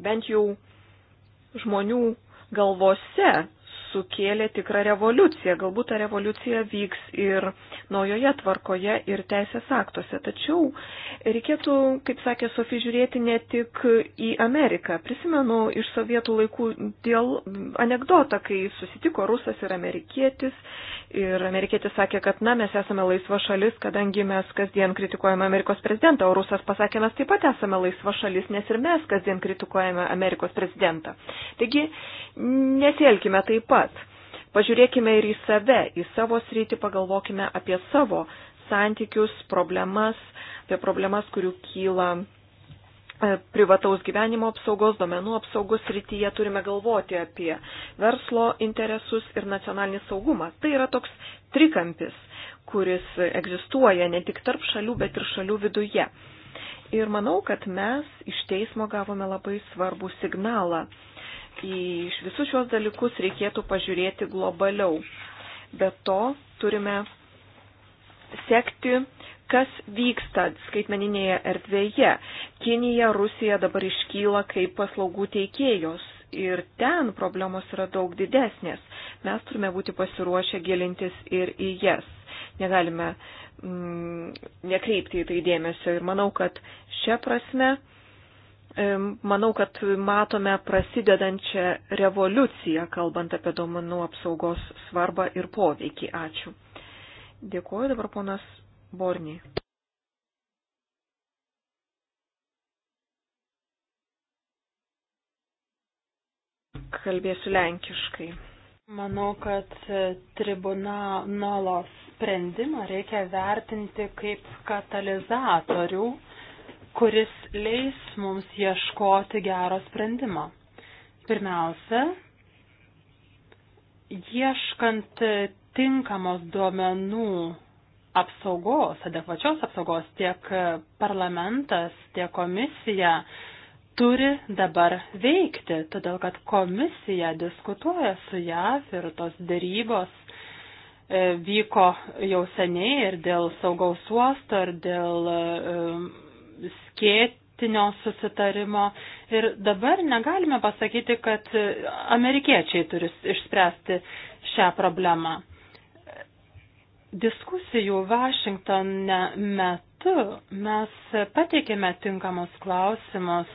bent jau žmonių galvose sukėlė tikrą revoliuciją. Galbūt ta revoliucija vyks ir naujoje tvarkoje ir teisės aktuose. Tačiau reikėtų, kaip sakė Sofija, žiūrėti ne tik į Ameriką. Prisimenu iš sovietų laikų dėl anegdotą, kai susitiko rusas ir amerikietis Ir amerikietis sakė, kad na, mes esame laisva šalis, kadangi mes kasdien kritikuojame Amerikos prezidentą, o rusas pasakė, mes taip pat esame laisva šalis, nes ir mes kasdien kritikuojame Amerikos prezidentą. Taigi, nesielkime taip pat. Pažiūrėkime ir į save, į savo sritį, pagalvokime apie savo santykius, problemas, apie problemas, kurių kyla E, privataus gyvenimo apsaugos, domenų apsaugos rytyje turime galvoti apie verslo interesus ir nacionalinį saugumą. Tai yra toks trikampis, kuris egzistuoja ne tik tarp šalių, bet ir šalių viduje. Ir manau, kad mes iš teismo gavome labai svarbų signalą. Į visus šios dalykus reikėtų pažiūrėti globaliau. Be to turime sekti kas vyksta skaitmeninėje erdvėje. Kinija, Rusija dabar iškyla kaip paslaugų teikėjos ir ten problemos yra daug didesnės. Mes turime būti pasiruošę gilintis ir į jas. Negalime mm, nekreipti į tai dėmesio ir manau, kad šią prasme. Manau, kad matome prasidedančią revoliuciją, kalbant apie duomenų apsaugos svarbą ir poveikį. Ačiū. Dėkuoju dabar ponas Bornį. Kalbėsiu lenkiškai. Manau, kad tribunalo sprendimą reikia vertinti kaip katalizatorių, kuris leis mums ieškoti gero sprendimo. Pirmiausia, ieškant tinkamos duomenų apsaugos, adekvačios apsaugos tiek parlamentas, tiek komisija turi dabar veikti, todėl kad komisija diskutuoja su JAV ir tos dėrybos e, vyko jau seniai ir dėl saugaus uosto, ir dėl e, skėtinio susitarimo. Ir dabar negalime pasakyti, kad amerikiečiai turi išspręsti šią problemą diskusijų Vašingtone metu mes pateikėme tinkamus klausimus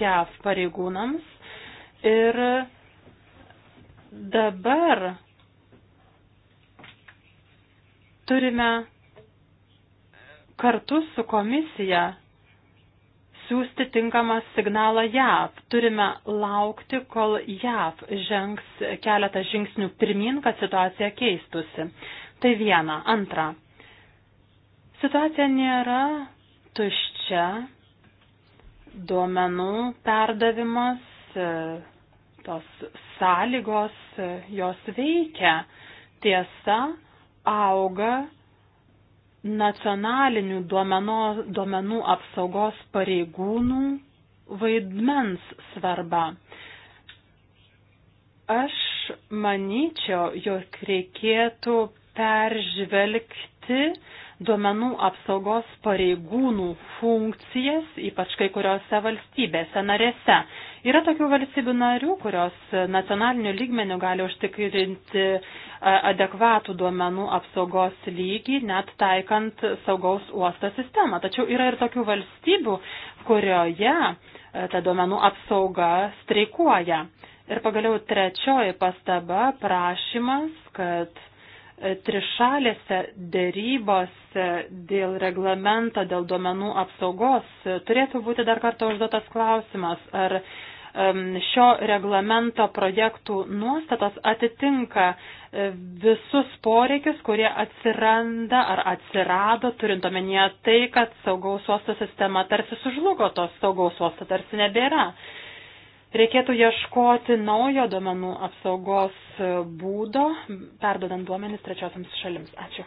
JAV pareigūnams ir dabar turime kartu su komisija siūsti tinkamą signalą JAV. Turime laukti, kol JAV žengs keletą žingsnių pirmin, kad situacija keistusi. Tai viena. Antra. Situacija nėra tuščia. Duomenų perdavimas, e, tos sąlygos, e, jos veikia. Tiesa, auga nacionalinių duomeno, duomenų apsaugos pareigūnų vaidmens svarba. Aš manyčiau, jog reikėtų peržvelgti duomenų apsaugos pareigūnų funkcijas, ypač kai kuriuose valstybėse narėse. Yra tokių valstybių narių, kurios nacionaliniu lygmeniu gali užtikrinti e, adekvatų duomenų apsaugos lygį, net taikant saugaus uosto sistemą. Tačiau yra ir tokių valstybių, kurioje e, ta duomenų apsauga streikuoja. Ir pagaliau trečioji pastaba - prašymas, kad trišalėse dėrybose dėl reglamento, dėl duomenų apsaugos e, turėtų būti dar kartą užduotas klausimas, ar šio reglamento projektų nuostatos atitinka e, visus poreikius, kurie atsiranda ar atsirado, turint omenyje tai, kad saugaus uosto sistema tarsi sužlugo, tos saugaus uosto tarsi nebėra. Reikėtų ieškoti naujo duomenų apsaugos e, būdo, perdodant duomenis trečiosiams šalims. Ačiū.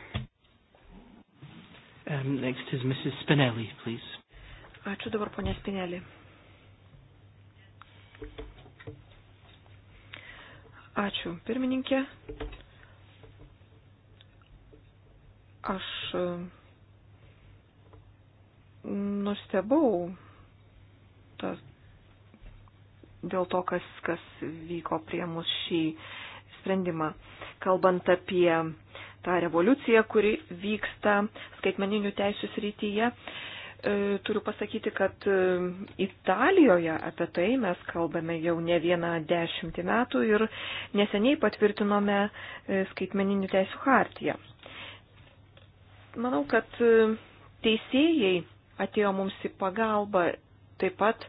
Um, next is Mrs. Spinelli, please. Ačiū dabar, ponė Spinelli. Ačiū, pirmininkė. Aš e, nustebau tas dėl to, kas, kas vyko prie mus šį sprendimą. Kalbant apie tą revoliuciją, kuri vyksta skaitmeninių teisų srityje, e, turiu pasakyti, kad e, Italijoje apie tai mes kalbame jau ne vieną dešimtį metų ir neseniai patvirtinome e, skaitmeninių teisų hartiją. Manau, kad teisėjai atėjo mums į pagalbą taip pat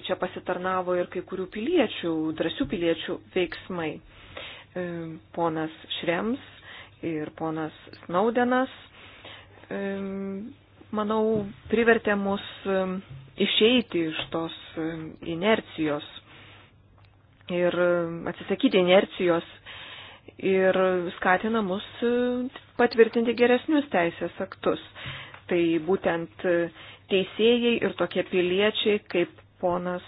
čia pasitarnavo ir kai kurių piliečių, drąsių piliečių veiksmai. E, ponas Šrems ir ponas Snaudenas, e, manau, privertė mus e, išeiti iš tos inercijos ir atsisakyti inercijos ir skatina mus patvirtinti geresnius teisės aktus. Tai būtent teisėjai ir tokie piliečiai kaip ponas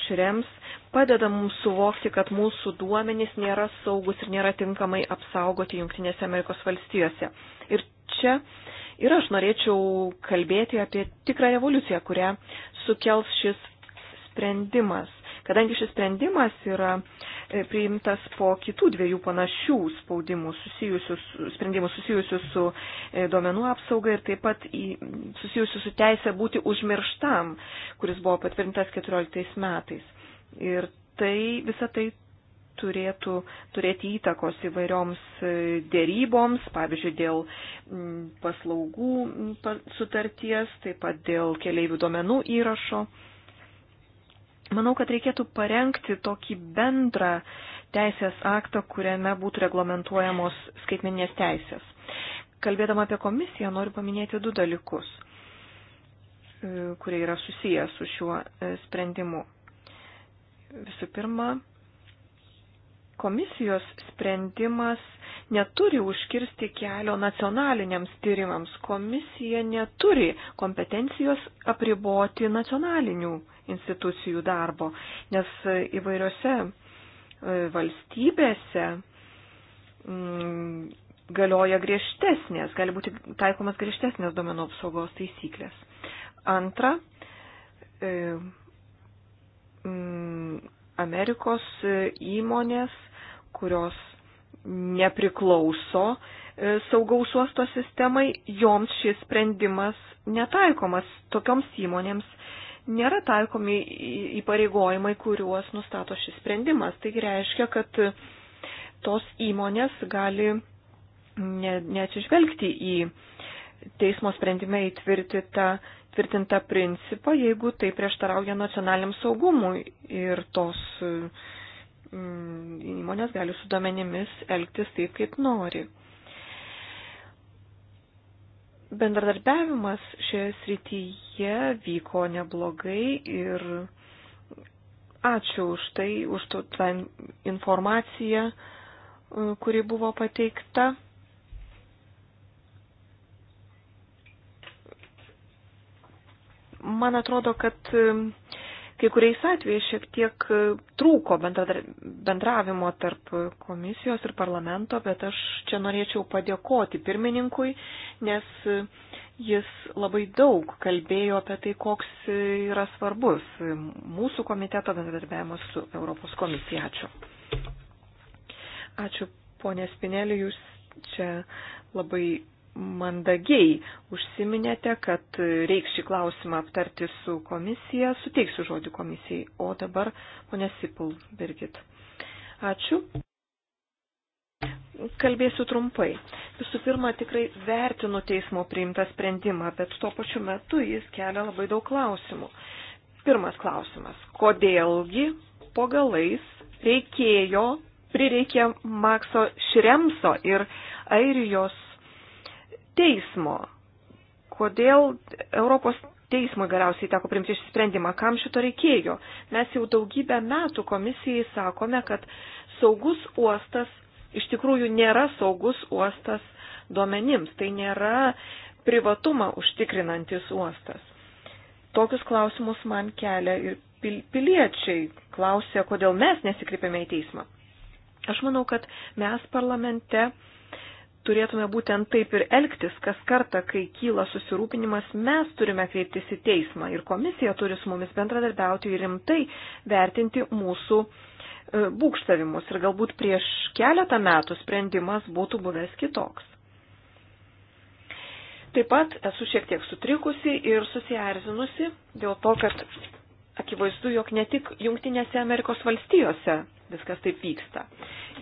Šrems, padeda mums suvokti, kad mūsų duomenys nėra saugus ir nėra tinkamai apsaugoti Junktinėse Amerikos valstijose. Ir čia ir aš norėčiau kalbėti apie tikrą revoliuciją, kurią sukels šis sprendimas. Kadangi šis sprendimas yra uh, E, priimtas po kitų dviejų panašių spaudimų susijusius, sprendimų susijusių su e, duomenų apsauga ir taip pat susijusių su teisė būti užmirštam, kuris buvo patvirtintas 14 metais. Ir tai visą tai turėtų turėti įtakos įvairioms e, dėryboms, pavyzdžiui, dėl paslaugų sutarties, taip pat dėl keliaivių duomenų įrašo. Manau, kad reikėtų parengti tokį bendrą teisės aktą, kuriame būtų reglamentuojamos skaitmeninės teisės. Kalbėdama apie komisiją, noriu paminėti du dalykus, e, kurie yra susijęs su šiuo e, sprendimu. Visų pirma, Komisijos sprendimas neturi užkirsti kelio nacionaliniams tyrimams. Komisija neturi kompetencijos apriboti nacionalinių institucijų darbo, nes įvairiose e, valstybėse mm, galioja griežtesnės, gali būti taikomas griežtesnės domenų apsaugos taisyklės. Antra, e, mm, Amerikos e, įmonės kurios nepriklauso e, saugaus uosto sistemai, joms šis sprendimas netaikomas. Tokioms įmonėms nėra taikomi įpareigojimai, kuriuos nustato šis sprendimas. Tai reiškia, kad tos įmonės gali ne, neatsižvelgti į teismo sprendime įtvirtintą tvirtintą principą, jeigu tai prieštarauja nacionaliniam saugumui ir tos uh, Mm, įmonės gali su duomenimis elgtis taip, kaip nori. Bendradarbiavimas šioje srityje vyko neblogai ir ačiū už tai, už tą informaciją, mm, kuri buvo pateikta. Man atrodo, kad mm, kai kuriais atvejais šiek tiek e, trūko bendravimo tarp komisijos ir parlamento, bet aš čia norėčiau padėkoti pirmininkui, nes e, jis labai daug kalbėjo apie tai, koks e, yra svarbus mūsų komiteto bendradarbiavimas su Europos komisija. Ačiū. Ačiū, ponė Spinelį, jūs čia labai mandagiai užsiminėte, kad reiks šį klausimą aptarti su komisija. Suteiksiu žodį komisijai. O dabar ponė Sipul, Birgit. Ačiū. Kalbėsiu trumpai. Visų pirma, tikrai vertinu teismo priimtą sprendimą, bet tuo pačiu metu jis kelia labai daug klausimų. Pirmas klausimas. Kodėlgi po galais reikėjo, prireikė Makso Šremso ir Airijos teismo. Kodėl Europos teismui galiausiai teko primti išsprendimą, kam šito reikėjo? Mes jau daugybę metų komisijai sakome, kad saugus uostas iš tikrųjų nėra saugus uostas duomenims, tai nėra privatumą užtikrinantis uostas. Tokius klausimus man kelia ir piliečiai klausė, kodėl mes nesikreipiame į teismą. Aš manau, kad mes parlamente turėtume būtent taip ir elgtis, kas kartą, kai kyla susirūpinimas, mes turime kreiptis į teismą ir komisija turi su mumis bendradarbiauti ir rimtai vertinti mūsų e, būkštavimus ir galbūt prieš keletą metų sprendimas būtų buvęs kitoks. Taip pat esu šiek tiek sutrikusi ir susiarzinusi dėl to, kad akivaizdu, jog ne tik Junktinėse Amerikos valstijose viskas taip vyksta.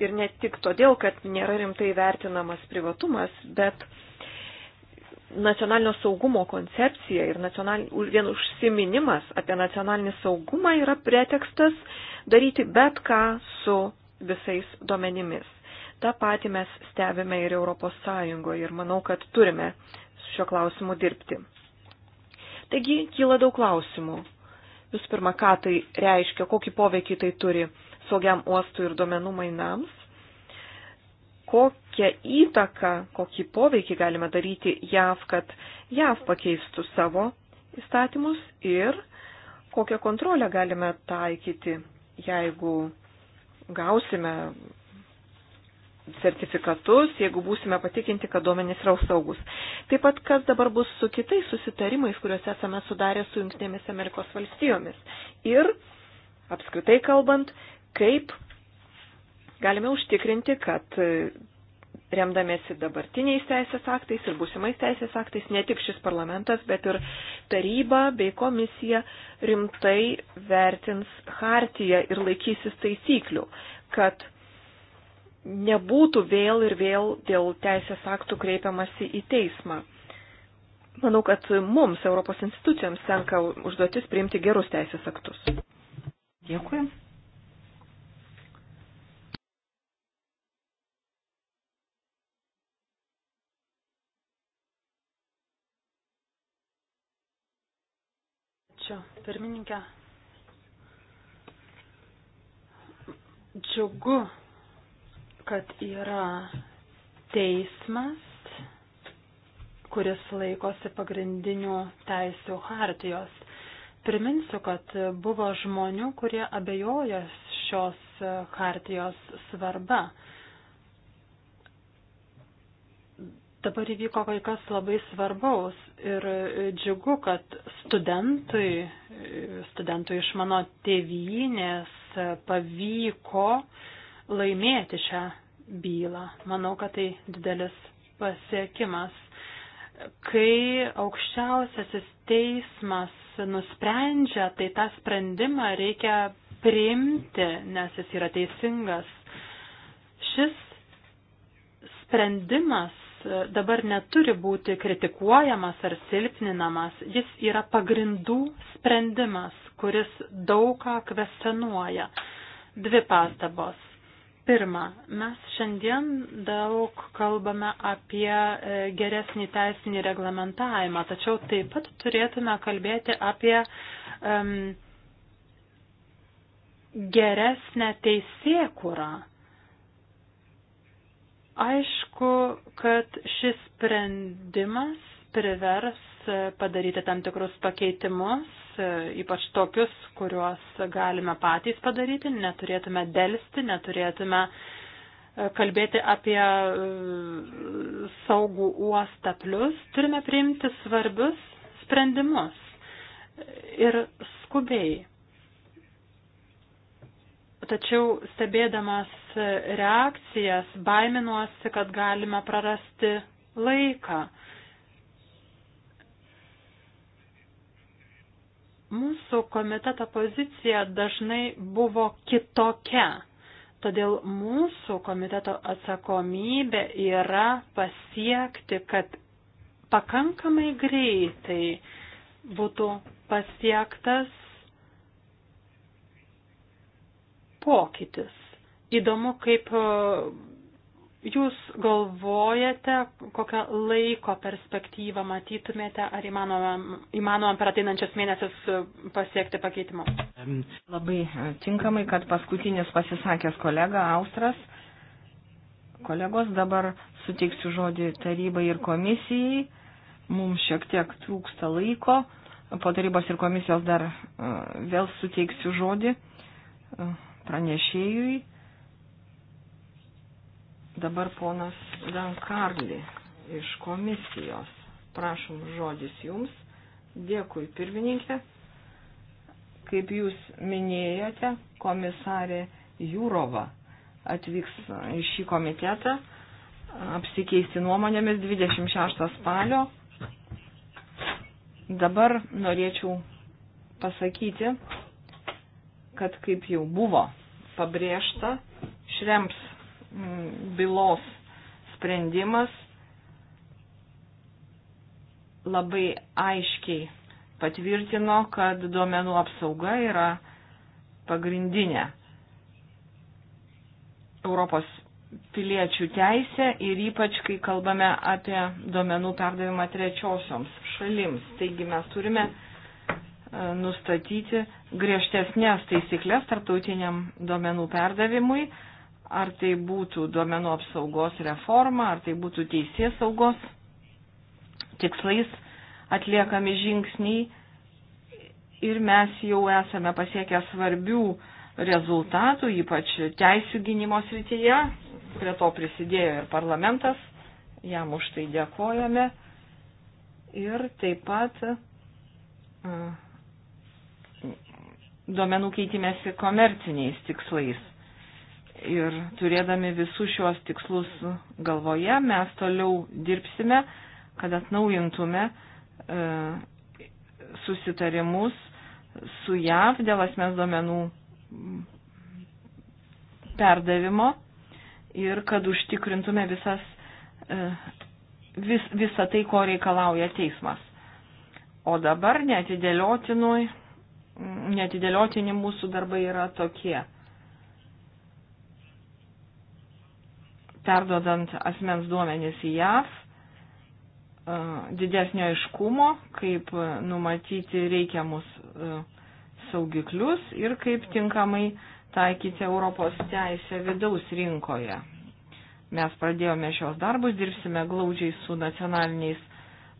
Ir ne tik todėl, kad nėra rimtai vertinamas privatumas, bet nacionalinio saugumo koncepcija ir nacional... vien užsiminimas apie nacionalinį saugumą yra pretekstas daryti bet ką su visais duomenimis. Ta pati mes stebime ir Europos Sąjungoje ir manau, kad turime su šio klausimu dirbti. Taigi kyla daug klausimų. Visų pirma, ką tai reiškia, kokį poveikį tai turi saugiam uostui ir duomenų mainams. Kokią įtaką, kokį poveikį galime daryti JAV, kad JAV pakeistų savo įstatymus ir kokią kontrolę galime taikyti, jeigu gausime sertifikatus, jeigu būsime patikinti, kad duomenys yra saugus. Taip pat, kas dabar bus su kitais susitarimais, kuriuos esame sudarę su Junktinėmis Amerikos valstijomis. Ir, apskritai kalbant, kaip galime užtikrinti, kad remdamėsi dabartiniais teisės aktais ir būsimais teisės aktais, ne tik šis parlamentas, bet ir taryba bei komisija rimtai vertins hartiją ir laikysis taisyklių, kad nebūtų vėl ir vėl dėl teisės aktų kreipiamasi į teismą. Manau, kad mums, Europos institucijoms, tenka užduotis priimti gerus teisės aktus. Dėkui. pirmininkė. Džiugu, kad yra teismas, kuris laikosi pagrindinių teisių hartijos. Priminsiu, kad buvo žmonių, kurie abejojo šios hartijos svarba. Dabar įvyko kai kas labai svarbaus ir džiugu, kad studentui, studentui iš mano tėvynės pavyko laimėti šią bylą. Manau, kad tai didelis pasiekimas. Kai aukščiausiasis teismas nusprendžia, tai tą sprendimą reikia priimti, nes jis yra teisingas. Šis sprendimas dabar neturi būti kritikuojamas ar silpninamas, jis yra pagrindų sprendimas, kuris daugą kvestionuoja. Dvi pastabos. Pirma, mes šiandien daug kalbame apie e, geresnį teisinį reglamentavimą, tačiau taip pat turėtume kalbėti apie um, geresnę teisėkurą. kurą Aišku, kad šis sprendimas privers padaryti tam tikrus pakeitimus, ypač tokius, kuriuos galime patys padaryti, neturėtume dėlsti, neturėtume e, kalbėti apie e, saugų uostą plus, turime priimti svarbius sprendimus ir skubiai. Tačiau stebėdamas reakcijas, baiminuosi, kad galime prarasti laiką. Mūsų komiteto pozicija dažnai buvo kitokia, todėl mūsų komiteto atsakomybė yra pasiekti, kad pakankamai greitai būtų pasiektas pokytis. Įdomu, kaip e, Jūs galvojate, kokią laiko perspektyvą matytumėte, ar įmanoma, įmanoma per ateinančias mėnesius e, pasiekti pakeitimo? Labai e, tinkamai, kad paskutinis pasisakęs kolega Austras. Kolegos, dabar suteiksiu žodį tarybai ir komisijai. Mums šiek tiek trūksta laiko. Po tarybos ir komisijos dar vėl suteiksiu žodį pranešėjui Dabar ponas Dankarli iš komisijos. Prašom žodis jums. Dėkui, pirmininkė. Kaip jūs minėjote, komisarė Jūrova atvyks į šį komitetą apsikeisti nuomonėmis 26 spalio. Dabar norėčiau pasakyti, kad kaip jau buvo pabrėžta, Šrems Mm, bylos sprendimas labai aiškiai patvirtino, kad duomenų apsauga yra pagrindinė Europos piliečių teisė ir ypač, kai kalbame apie duomenų perdavimą trečiosioms šalims. Taigi mes turime e, nustatyti griežtesnės taisyklės tarptautiniam duomenų perdavimui, Ar tai būtų duomenų apsaugos reforma, ar tai būtų teisės saugos tikslais atliekami žingsniai. Ir mes jau esame pasiekę svarbių rezultatų, ypač teisų gynimo srityje. Prie to prisidėjo ir parlamentas, jam už tai dėkojame. Ir taip pat duomenų keitimėsi komerciniais tikslais. Ir turėdami visus šios tikslus galvoje, mes toliau dirbsime, kad atnaujintume e, susitarimus su JAV dėl asmens duomenų perdavimo ir kad užtikrintume visas, e, vis, visą tai, ko reikalauja teismas. O dabar neatidėliotinui, neatidėliotini mūsų darbai yra tokie. perdodant asmens duomenis į JAV, e, didesnio iškumo, kaip numatyti reikiamus e, saugiklius ir kaip tinkamai taikyti Europos teisę vidaus rinkoje. Mes pradėjome šios darbus, dirbsime glaudžiai su nacionaliniais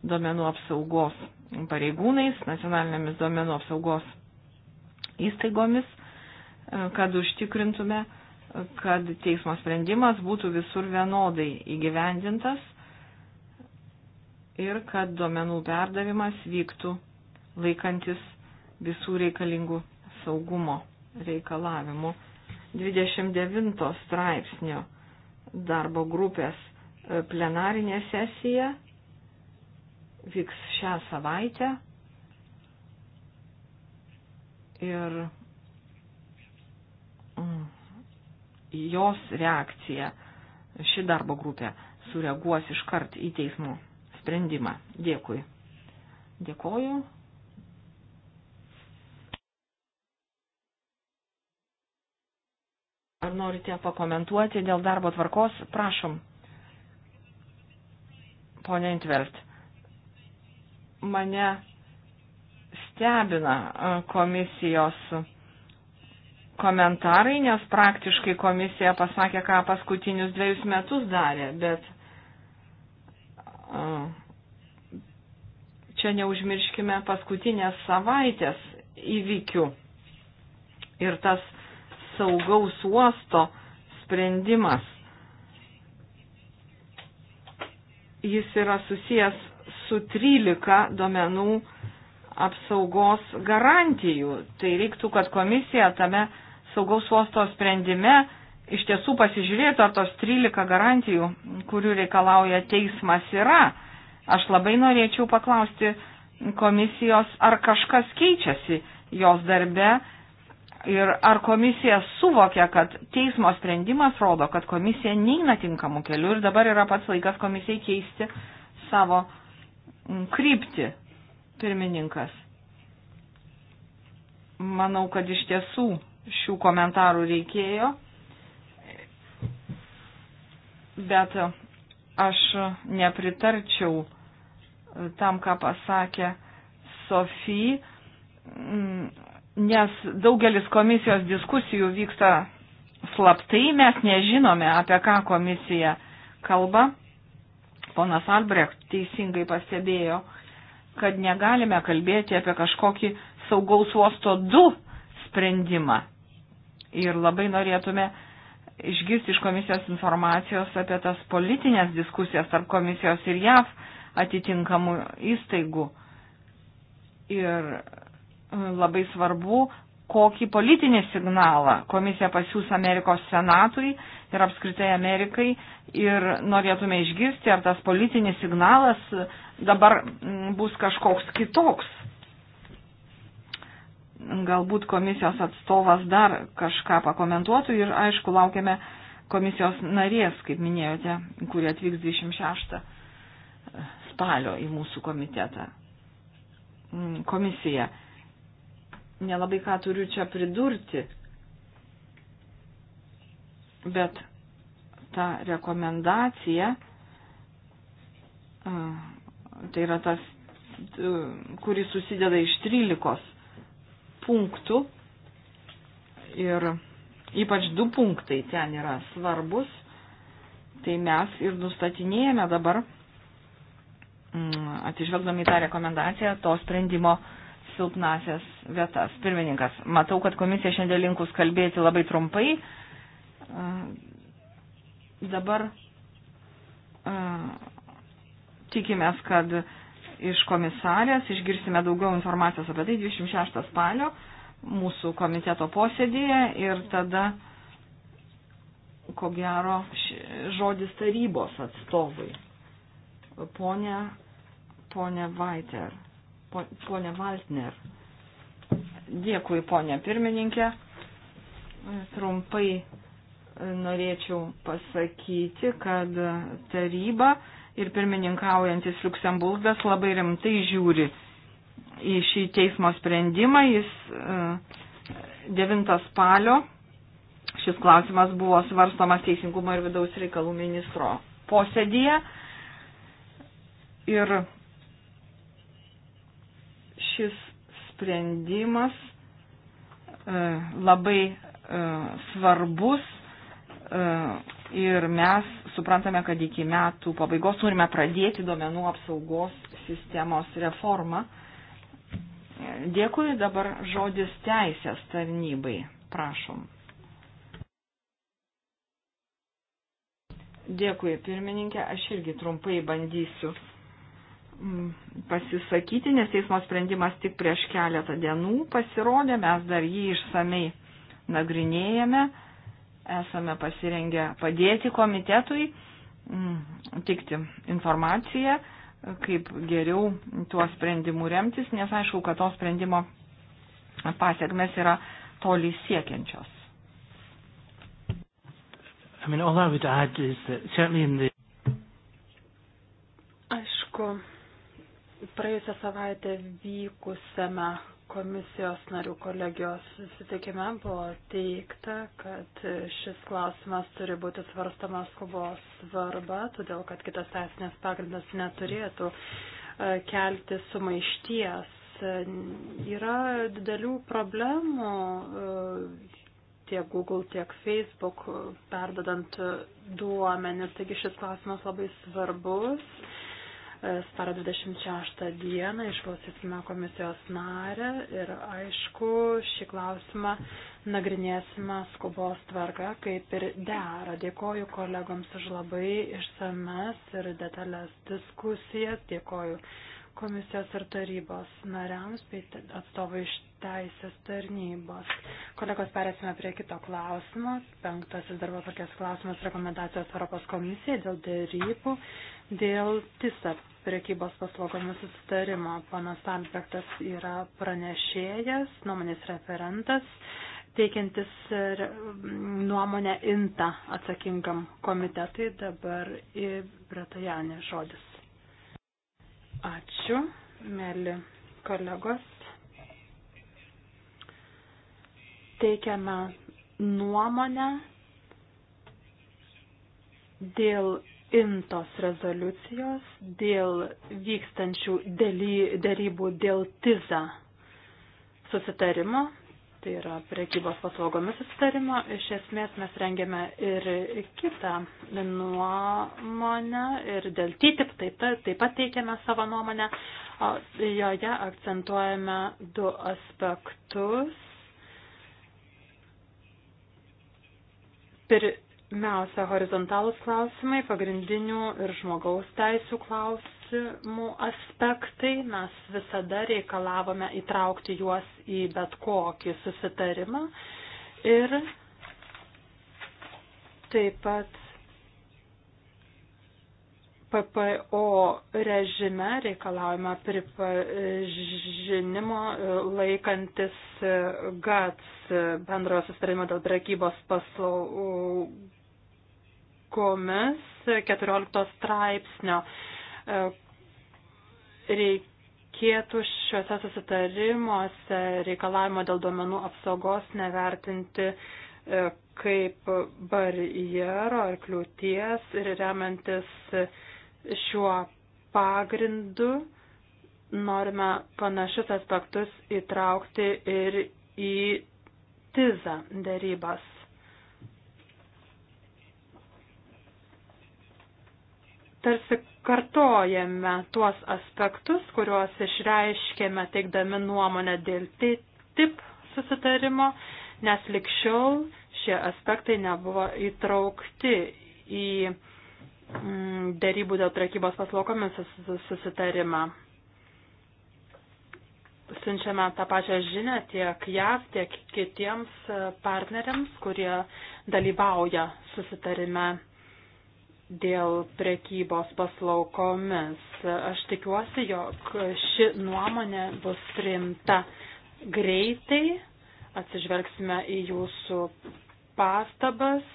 duomenų apsaugos pareigūnais, nacionalinėmis duomenų apsaugos įstaigomis, e, kad užtikrintume, kad teismo sprendimas būtų visur vienodai įgyvendintas ir kad duomenų perdavimas vyktų laikantis visų reikalingų saugumo reikalavimų. 29 straipsnio darbo grupės e, plenarinė sesija vyks šią savaitę ir į jos reakciją ši darbo grupė sureaguos iškart į teismų sprendimą. Dėkui. Dėkoju. Ar norite pakomentuoti dėl darbo tvarkos? Prašom. Pone Intvelt, mane stebina komisijos komentarai, nes praktiškai komisija pasakė, ką paskutinius dviejus metus darė, bet čia neužmirškime paskutinės savaitės įvykių ir tas saugaus uosto sprendimas. Jis yra susijęs su 13 duomenų apsaugos garantijų. Tai reiktų, kad komisija tame saugaus uosto sprendime iš tiesų pasižiūrėtų, ar tos 13 garantijų, kurių reikalauja teismas, yra. Aš labai norėčiau paklausti komisijos, ar kažkas keičiasi jos darbe ir ar komisija suvokia, kad teismo sprendimas rodo, kad komisija neina tinkamų kelių ir dabar yra pats laikas komisijai keisti savo kryptį, pirmininkas. Manau, kad iš tiesų šių komentarų reikėjo, bet aš nepritarčiau tam, ką pasakė Sofija, nes daugelis komisijos diskusijų vyksta slaptai, mes nežinome, apie ką komisija kalba. Ponas Albrecht teisingai pastebėjo, kad negalime kalbėti apie kažkokį saugaus uosto 2 sprendimą ir labai norėtume išgirsti iš komisijos informacijos apie tas politinės diskusijas tarp komisijos ir JAV atitinkamų įstaigų. Ir e, labai svarbu, kokį politinį signalą komisija pasiūs Amerikos senatui ir apskritai Amerikai ir norėtume išgirsti, ar tas politinis signalas dabar bus kažkoks kitoks galbūt komisijos atstovas dar kažką pakomentuotų ir aišku laukiame komisijos narės, kaip minėjote, kurie atvyks 26 spalio į mūsų komitetą. Mm, komisija. Nelabai ką turiu čia pridurti, bet ta rekomendacija, tai yra tas, kuris susideda iš 13 punktų ir ypač du punktai ten yra svarbus, tai mes ir nustatinėjame dabar, mm, atsižvelgdami tą rekomendaciją, to sprendimo silpnasias vietas. Pirmininkas, matau, kad komisija šiandien linkus kalbėti labai trumpai. Dabar tikimės, kad iš komisarės, išgirsime daugiau informacijos apie tai 26 spalio mūsų komiteto posėdėje ir tada, ko gero, žodis tarybos atstovai. Pone, pone Vaiter, pone Valtner. Dėkui, ponė pirmininkė. Trumpai norėčiau pasakyti, kad taryba ir pirmininkaujantis Luksemburgas labai rimtai žiūri į šį teismo sprendimą. Jis 9 e, spalio šis klausimas buvo svarstomas Teisingumo ir vidaus reikalų ministro posėdėje. Ir šis sprendimas e, labai e, svarbus Ir mes suprantame, kad iki metų pabaigos turime pradėti duomenų apsaugos sistemos reformą. Dėkui dabar žodis teisės tarnybai. Prašom. Dėkui, pirmininkė. Aš irgi trumpai bandysiu mm, pasisakyti, nes teismo sprendimas tik prieš keletą dienų pasirodė, mes dar jį išsamei nagrinėjame esame pasirengę padėti komitetui mm, tikti informaciją, kaip geriau tuo sprendimu remtis, nes aišku, kad to sprendimo pasiekmes yra toli siekiančios. I mean, all I would add is that certainly in the Aišku, praėjusią savaitę vykusiame komisijos narių kolegijos susitikime buvo teikta, kad šis klausimas turi būti svarstamas skubos svarba, todėl kad kitas teisinės pagrindas neturėtų e, kelti sumaišties. Yra didelių problemų e, tiek Google, tiek Facebook perdodant duomenis, taigi šis klausimas labai svarbus sparo 26 dieną išklausysime komisijos narę ir aišku šį klausimą nagrinėsime skubos tvarka, kaip ir dera. Dėkoju kolegoms už labai išsames ir detalės diskusijas, dėkoju komisijos ir tarybos nariams bei atstovai iš teisės tarnybos. Kolegos, perėsime prie kito klausimo. Penktasis darbo tokias klausimas rekomendacijos Europos komisijai dėl dėrybų Dėl TISA prekybos paslaugomis susitarimo panas Albertas yra pranešėjas, nuomonės referentas, teikiantis nuomonę INTA atsakingam komitetui. Dabar į Bratajanį žodis. Ačiū, mėly kolegos. Teikiame nuomonę dėl imtos rezoliucijos dėl vykstančių dėrybų dėl TIZA susitarimo, tai yra priekybos paslaugomis susitarimo. Iš esmės mes rengėme ir kitą nuomonę ir dėl TTIP taip, taip pat teikiame savo nuomonę. Joje akcentuojame du aspektus. Pir Pirmiausia, horizontalus klausimai, pagrindinių ir žmogaus teisų klausimų aspektai. Mes visada reikalavome įtraukti juos į bet kokį susitarimą. Ir taip pat PPO režime reikalaujama pripažinimo laikantis GATS bendrojo sustarimo dėl prekybos paslaugų sąlygomis 14 straipsnio e, reikėtų šiuose susitarimuose reikalavimo dėl duomenų apsaugos nevertinti e, kaip barjero ar kliūties ir remiantis šiuo pagrindu norime panašius aspektus įtraukti ir į tizą darybas. tarsi kartojame tuos aspektus, kuriuos išreiškėme teikdami nuomonę dėl TIP susitarimo, nes likščiau šie aspektai nebuvo įtraukti į mm, dėrybų dėl prekybos paslaugomis susitarimą. Siunčiame tą pačią žinę tiek JAV, tiek kitiems e, partneriams, kurie dalyvauja susitarime dėl prekybos paslaukomis. Aš tikiuosi, jog ši nuomonė bus priimta greitai. Atsižvelgsime į jūsų pastabas.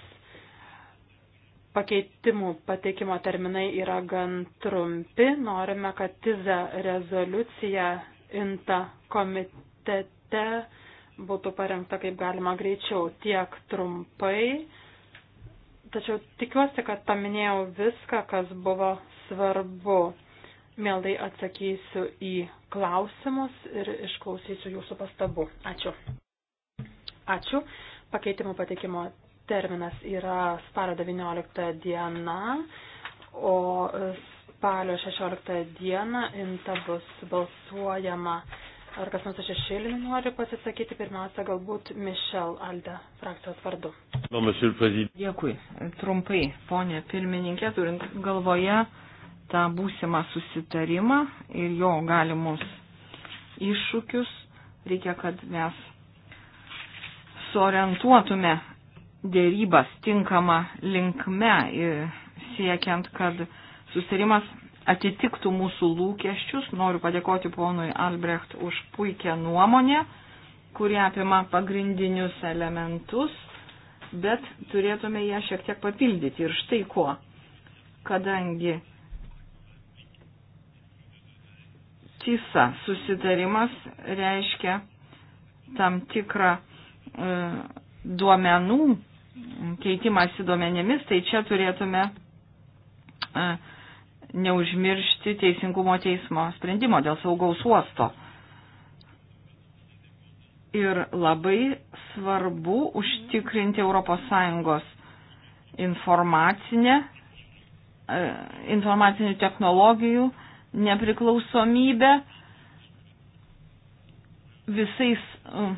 Pakeitimų pateikimo terminai yra gan trumpi. Norime, kad TIZA rezoliucija INTA komitete būtų parengta kaip galima greičiau tiek trumpai. Tačiau tikiuosi, kad paminėjau viską, kas buvo svarbu. Mielai atsakysiu į klausimus ir išklausysiu jūsų pastabų. Ačiū. Ačiū. Pakeitimo patikimo terminas yra spalio 19 diena, o spalio 16 diena inta bus balsuojama Ar kas nors iš šešėlinių nori pasisakyti pirmiausia, galbūt Mišel Alde frakcijos vardu? Dėkui. Trumpai, ponė pirmininkė, turint galvoje tą būsimą susitarimą ir jo galimus iššūkius, reikia, kad mes suorientuotume dėrybas tinkamą linkme ir siekiant, kad susitarimas atitiktų mūsų lūkesčius. Noriu padėkoti ponui Albrecht už puikią nuomonę, kuri apima pagrindinius elementus, bet turėtume ją šiek tiek papildyti. Ir štai kuo. Kadangi tisa susitarimas reiškia tam tikrą e, duomenų keitimąsi duomenėmis, tai čia turėtume e, neužmiršti teisingumo teismo sprendimo dėl saugaus uosto. Ir labai svarbu užtikrinti ES informacinę, e, informacinių technologijų nepriklausomybę visais e,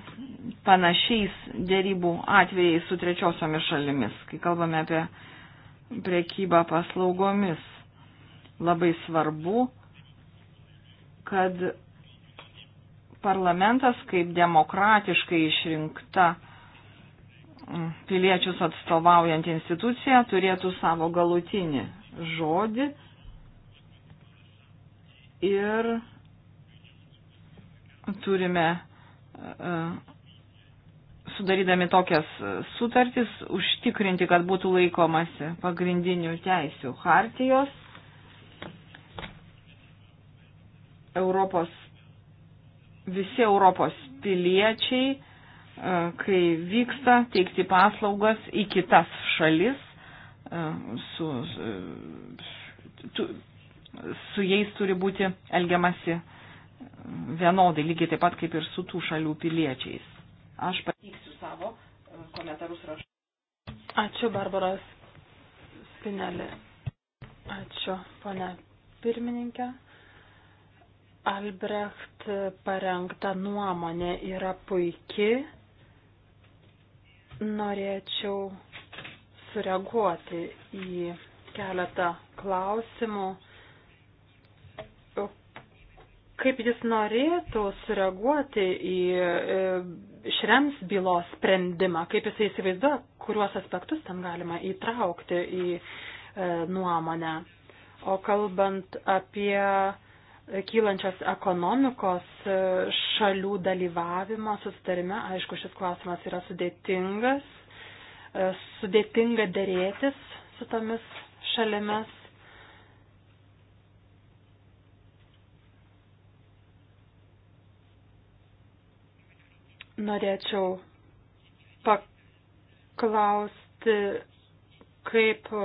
panašiais dėrybų atvejais su trečiosiomis šalimis, kai kalbame apie prekybą paslaugomis labai svarbu, kad parlamentas kaip demokratiškai išrinkta mm, piliečius atstovaujant instituciją turėtų savo galutinį žodį ir turime e, sudarydami tokias sutartis užtikrinti, kad būtų laikomasi pagrindinių teisių hartijos Europos, visi Europos piliečiai, e, kai vyksta teikti paslaugas į kitas šalis, e, su, su, e, su jais turi būti elgiamasi vienodai, lygiai taip pat kaip ir su tų šalių piliečiais. Aš pateiksiu savo komentarus raštu. Ačiū, Barbaras Spinelė. Ačiū, ponia pirmininkė. Albrecht parengta nuomonė yra puiki. Norėčiau sureaguoti į keletą klausimų. Kaip jis norėtų sureaguoti į e, šrems bylos sprendimą, kaip jis įsivaizduoja, kuriuos aspektus ten galima įtraukti į e, nuomonę. O kalbant apie kylančios ekonomikos e, šalių dalyvavimo sustarime. Aišku, šis klausimas yra sudėtingas, e, sudėtinga dėrėtis su tomis šalimis. Norėčiau paklausti, kaip e,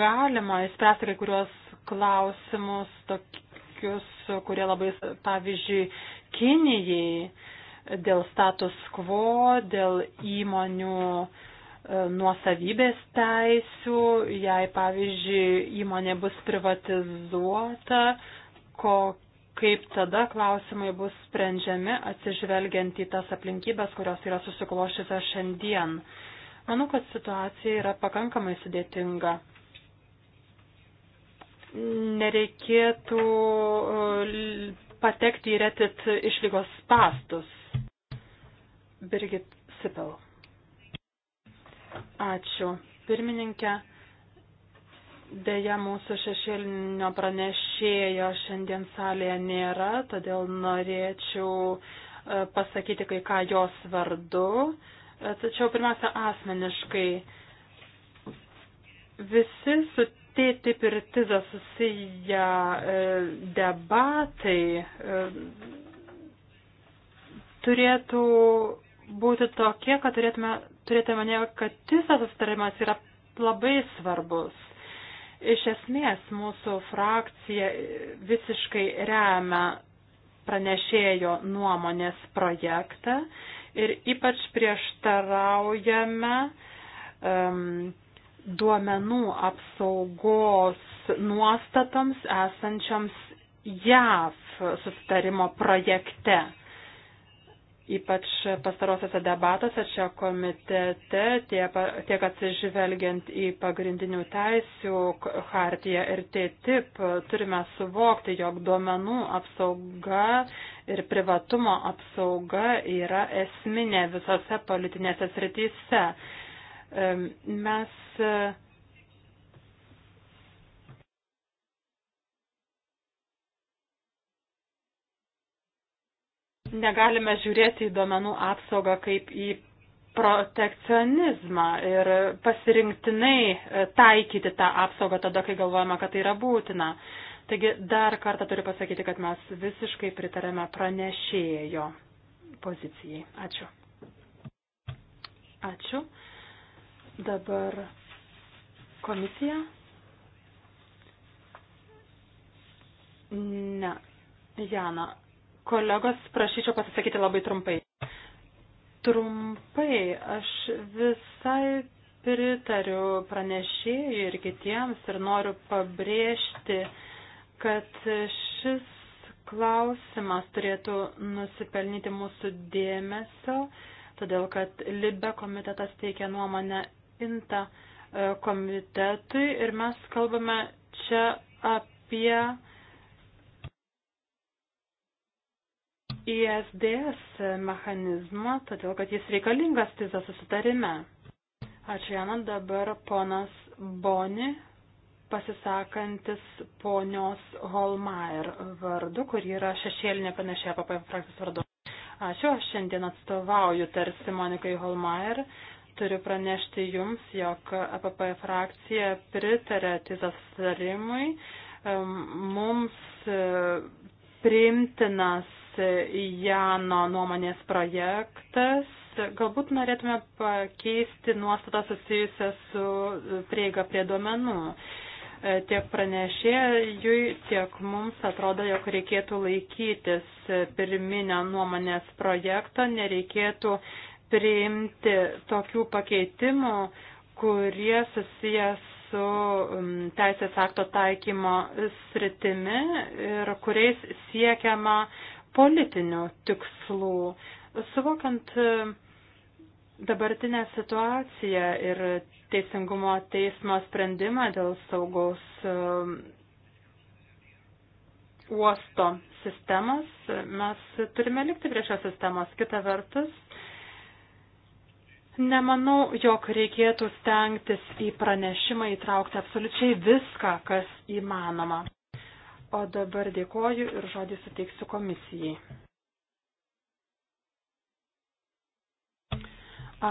galima įspręsti kai kuriuos klausimus tokius, kurie labai, pavyzdžiui, Kinijai dėl status quo, dėl įmonių e, nuosavybės teisių, jei, pavyzdžiui, įmonė bus privatizuota, kokia kaip tada klausimai bus sprendžiami atsižvelgiant į tas aplinkybės, kurios yra susiklošyta šiandien. Manau, kad situacija yra pakankamai sudėtinga nereikėtų e, patekti į retit išlygos pastus. Birgit Sipel. Ačiū. Pirmininkė, dėja mūsų šešėlinio pranešėjo šiandien salėje nėra, todėl norėčiau e, pasakyti kai ką jos vardu. E, tačiau pirmiausia, asmeniškai visi sutikti TTIP tai ir TIZA susiję e, debatai e, turėtų būti tokie, kad turėtume turėti mane, kad TIZA susitarimas yra labai svarbus. Iš esmės mūsų frakcija visiškai remia pranešėjo nuomonės projektą ir ypač prieštaraujame um, duomenų apsaugos nuostatams esančioms JAV susitarimo projekte. Ypač pastarosiuose debatuose čia komitete tiek atsižvelgiant į pagrindinių teisių hartiją ir TTIP turime suvokti, jog duomenų apsauga ir privatumo apsauga yra esminė visose politinėse srityse. Mes e, negalime žiūrėti į duomenų apsaugą kaip į protekcionizmą ir pasirinktinai e, taikyti tą apsaugą tada, kai galvojame, kad tai yra būtina. Taigi dar kartą turiu pasakyti, kad mes visiškai pritarėme pranešėjo pozicijai. Ačiū. Ačiū. Dabar komisija. Ne, Jana. Kolegos, prašyčiau pasisakyti labai trumpai. Trumpai, aš visai pritariu pranešėjui ir kitiems ir noriu pabrėžti, kad šis klausimas turėtų nusipelnyti mūsų dėmesio, todėl kad Libe komitetas teikia nuomonę INTA e, komitetui ir mes kalbame čia apie ISDS mechanizmą, todėl kad jis reikalingas TISA susitarime. Ačiū, Jana. Dabar ponas Boni, pasisakantis ponios Holmaier vardu, kur yra šešėlinė panašiai apie frakcijos vardu. Ačiū, aš šiandien atstovauju tarsi Monikai Holmaier. Turiu pranešti Jums, jog APP frakcija pritarė tizas tarimui. Mums e, priimtinas Jano nuomonės projektas. Galbūt norėtume pakeisti nuostatą susijusią su prieiga prie duomenų. E, tiek pranešėjui, tiek mums atrodo, jog reikėtų laikytis pirminio nuomonės projekto, nereikėtų priimti tokių pakeitimų, kurie susijęs su um, teisės akto taikymo sritimi ir kuriais siekiama politinių tikslų. Suvokiant um, dabartinę situaciją ir teisingumo teismo sprendimą dėl saugaus um, uosto sistemos, mes turime likti prie šios sistemos. Kita vertus, Nemanau, jog reikėtų stengtis į pranešimą įtraukti absoliučiai viską, kas įmanoma. O dabar dėkoju ir žodį suteiksiu komisijai.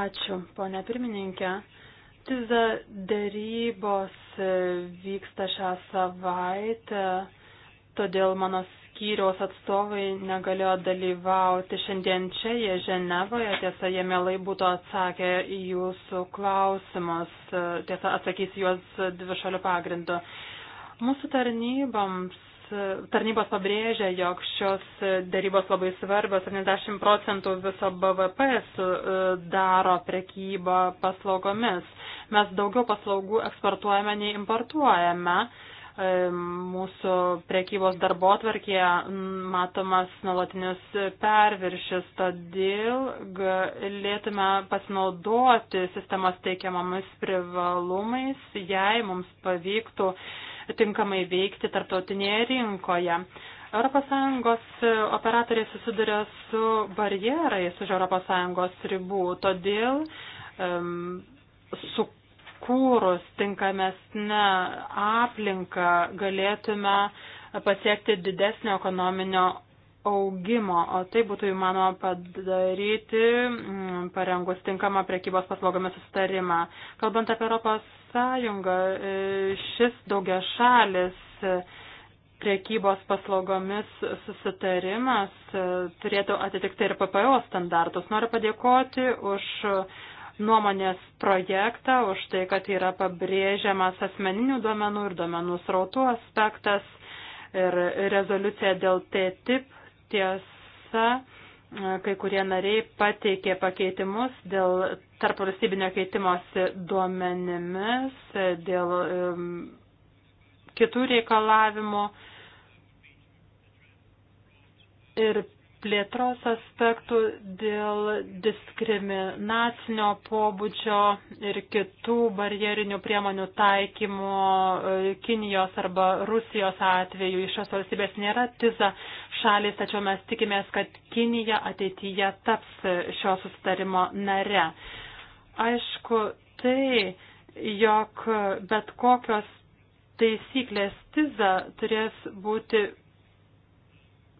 Ačiū, ponė pirmininkė. TIZA dėrybos vyksta šią savaitę, todėl mano skyriaus atstovai negalėjo dalyvauti šiandien čia, jie Ženevoje, tiesa, jie mielai būtų atsakę į jūsų klausimus, tiesa, atsakys juos dvišalių pagrindų. Mūsų tarnyboms, tarnybos pabrėžia, jog šios darybos labai svarbios, 70 procentų viso BVP sudaro e, prekybą paslaugomis. Mes daugiau paslaugų eksportuojame nei importuojame. E, mūsų prekybos darbo atvarkėje matomas nuolatinius perviršis, todėl galėtume pasinaudoti sistemos teikiamomis privalumais, jei mums pavyktų tinkamai veikti tarptautinėje rinkoje. ES operatoriai susiduria su barjerais už ES ribų, todėl um, su sukūrus tinkamesnę aplinką galėtume pasiekti didesnio ekonominio augimo, o tai būtų įmanoma padaryti mm, parengus tinkamą prekybos paslaugomis sustarimą. Kalbant apie Europos Sąjungą, e, šis daugia šalis e, prekybos paslaugomis susitarimas e, turėtų atitikti ir PPO standartus. Noriu padėkoti už nuomonės projektą už tai, kad yra pabrėžiamas asmeninių duomenų ir duomenų srautų aspektas ir rezoliucija dėl TTIP tiesa. Kai kurie nariai pateikė pakeitimus dėl tarp valstybinio keitimosi duomenimis, dėl um, kitų reikalavimų. Ir plėtros aspektų, dėl diskriminacinio pobūdžio ir kitų barjerinių priemonių taikymo e, Kinijos arba Rusijos atveju iš šios valstybės nėra tiza šalis, tačiau mes tikimės, kad Kinija ateityje taps šio sustarimo nare. Aišku, tai, jog bet kokios taisyklės tiza turės būti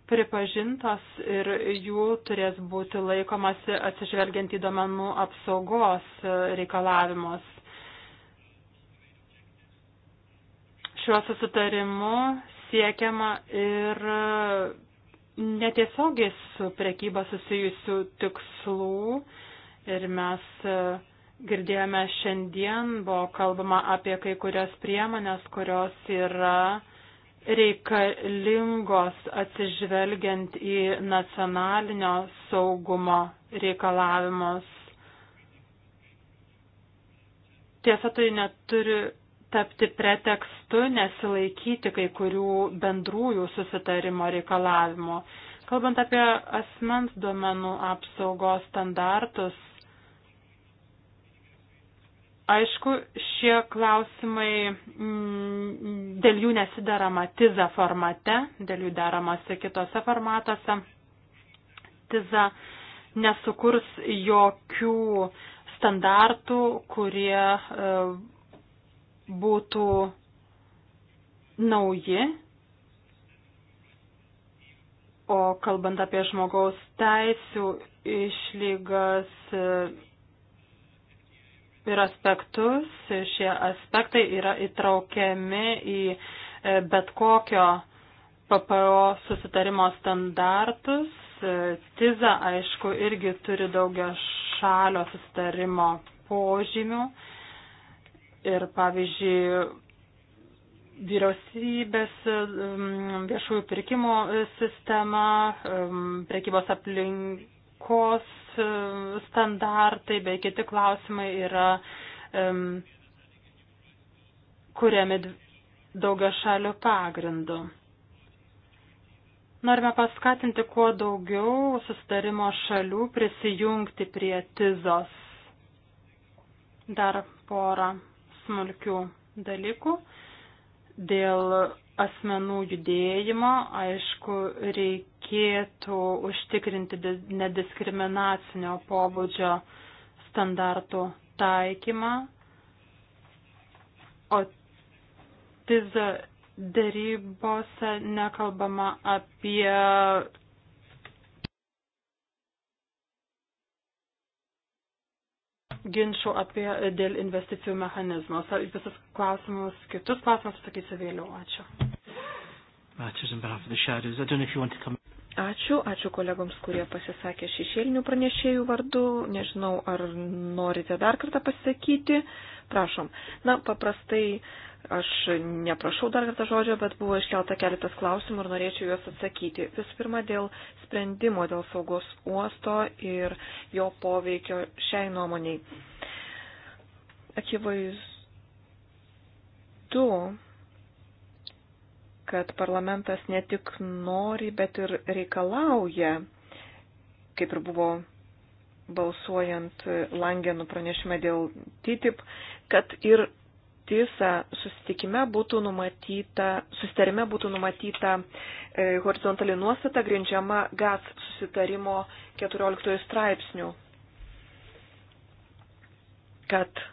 pripažintos ir jų turės būti laikomasi atsižvelgiant į domenų apsaugos reikalavimus. Šiuo susitarimu siekiama ir netiesiogiai su prekyba susijusių tikslų ir mes girdėjome šiandien, buvo kalbama apie kai kurias priemonės, kurios yra reikalingos atsižvelgiant į nacionalinio saugumo reikalavimus. Tiesa, tai neturi tapti pretekstu nesilaikyti kai kurių bendrųjų susitarimo reikalavimų. Kalbant apie asmens duomenų apsaugos standartus, Aišku, šie klausimai, mm, dėl jų nesidarama TIZA formate, dėl jų daromasi kitose formatuose. TIZA nesukurs jokių standartų, kurie e, būtų nauji. O kalbant apie žmogaus teisų išlygas, e, ir aspektus. Šie aspektai yra įtraukiami į e, bet kokio PPO susitarimo standartus. TIZA, e, aišku, irgi turi daugia šalio susitarimo požymių. Ir pavyzdžiui, vyriausybės viešųjų pirkimų sistema, prekybos aplink tvarkos standartai bei kiti klausimai yra um, kuriami daugia šalių pagrindu. Norime paskatinti kuo daugiau sustarimo šalių prisijungti prie tizos. Dar porą smulkių dalykų dėl asmenų judėjimo. Aišku, reikėtų užtikrinti nediskriminacinio pobūdžio standartų taikymą. O tiza dėrybose nekalbama apie ginčių apie e, dėl investicijų mechanizmos. Ar visus klausimus, kitus klausimus atsakysiu vėliau. Ačiū. Ačiū, ačiū kolegoms, kurie pasisakė šešėlinių pranešėjų vardu. Nežinau, ar norite dar kartą pasisakyti. Prašom. Na, paprastai uh, Aš neprašau dar kartą žodžio, bet buvo iškelta keletas klausimų ir norėčiau juos atsakyti. Visų pirma, dėl sprendimo dėl saugos uosto ir jo poveikio šiai nuomoniai. Akivaizdu, kad parlamentas ne tik nori, bet ir reikalauja, kaip ir buvo balsuojant Langenų pranešime dėl TTIP, kad ir TISA susitikime būtų numatyta, susitarime būtų numatyta e, horizontali nuostata grindžiama GATS susitarimo 14 straipsnių, kad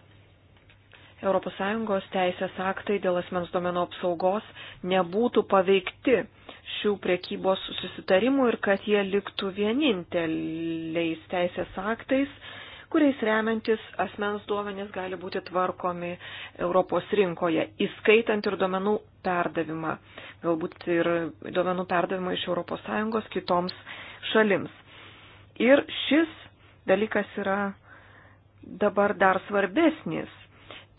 ES teisės aktai dėl asmens domenų apsaugos nebūtų paveikti šių priekybos susitarimų ir kad jie liktų vieninteliais teisės aktais kuriais remiantis asmens duomenys gali būti tvarkomi Europos rinkoje, įskaitant ir duomenų perdavimą, galbūt ir duomenų perdavimą iš ES kitoms šalims. Ir šis dalykas yra dabar dar svarbesnis.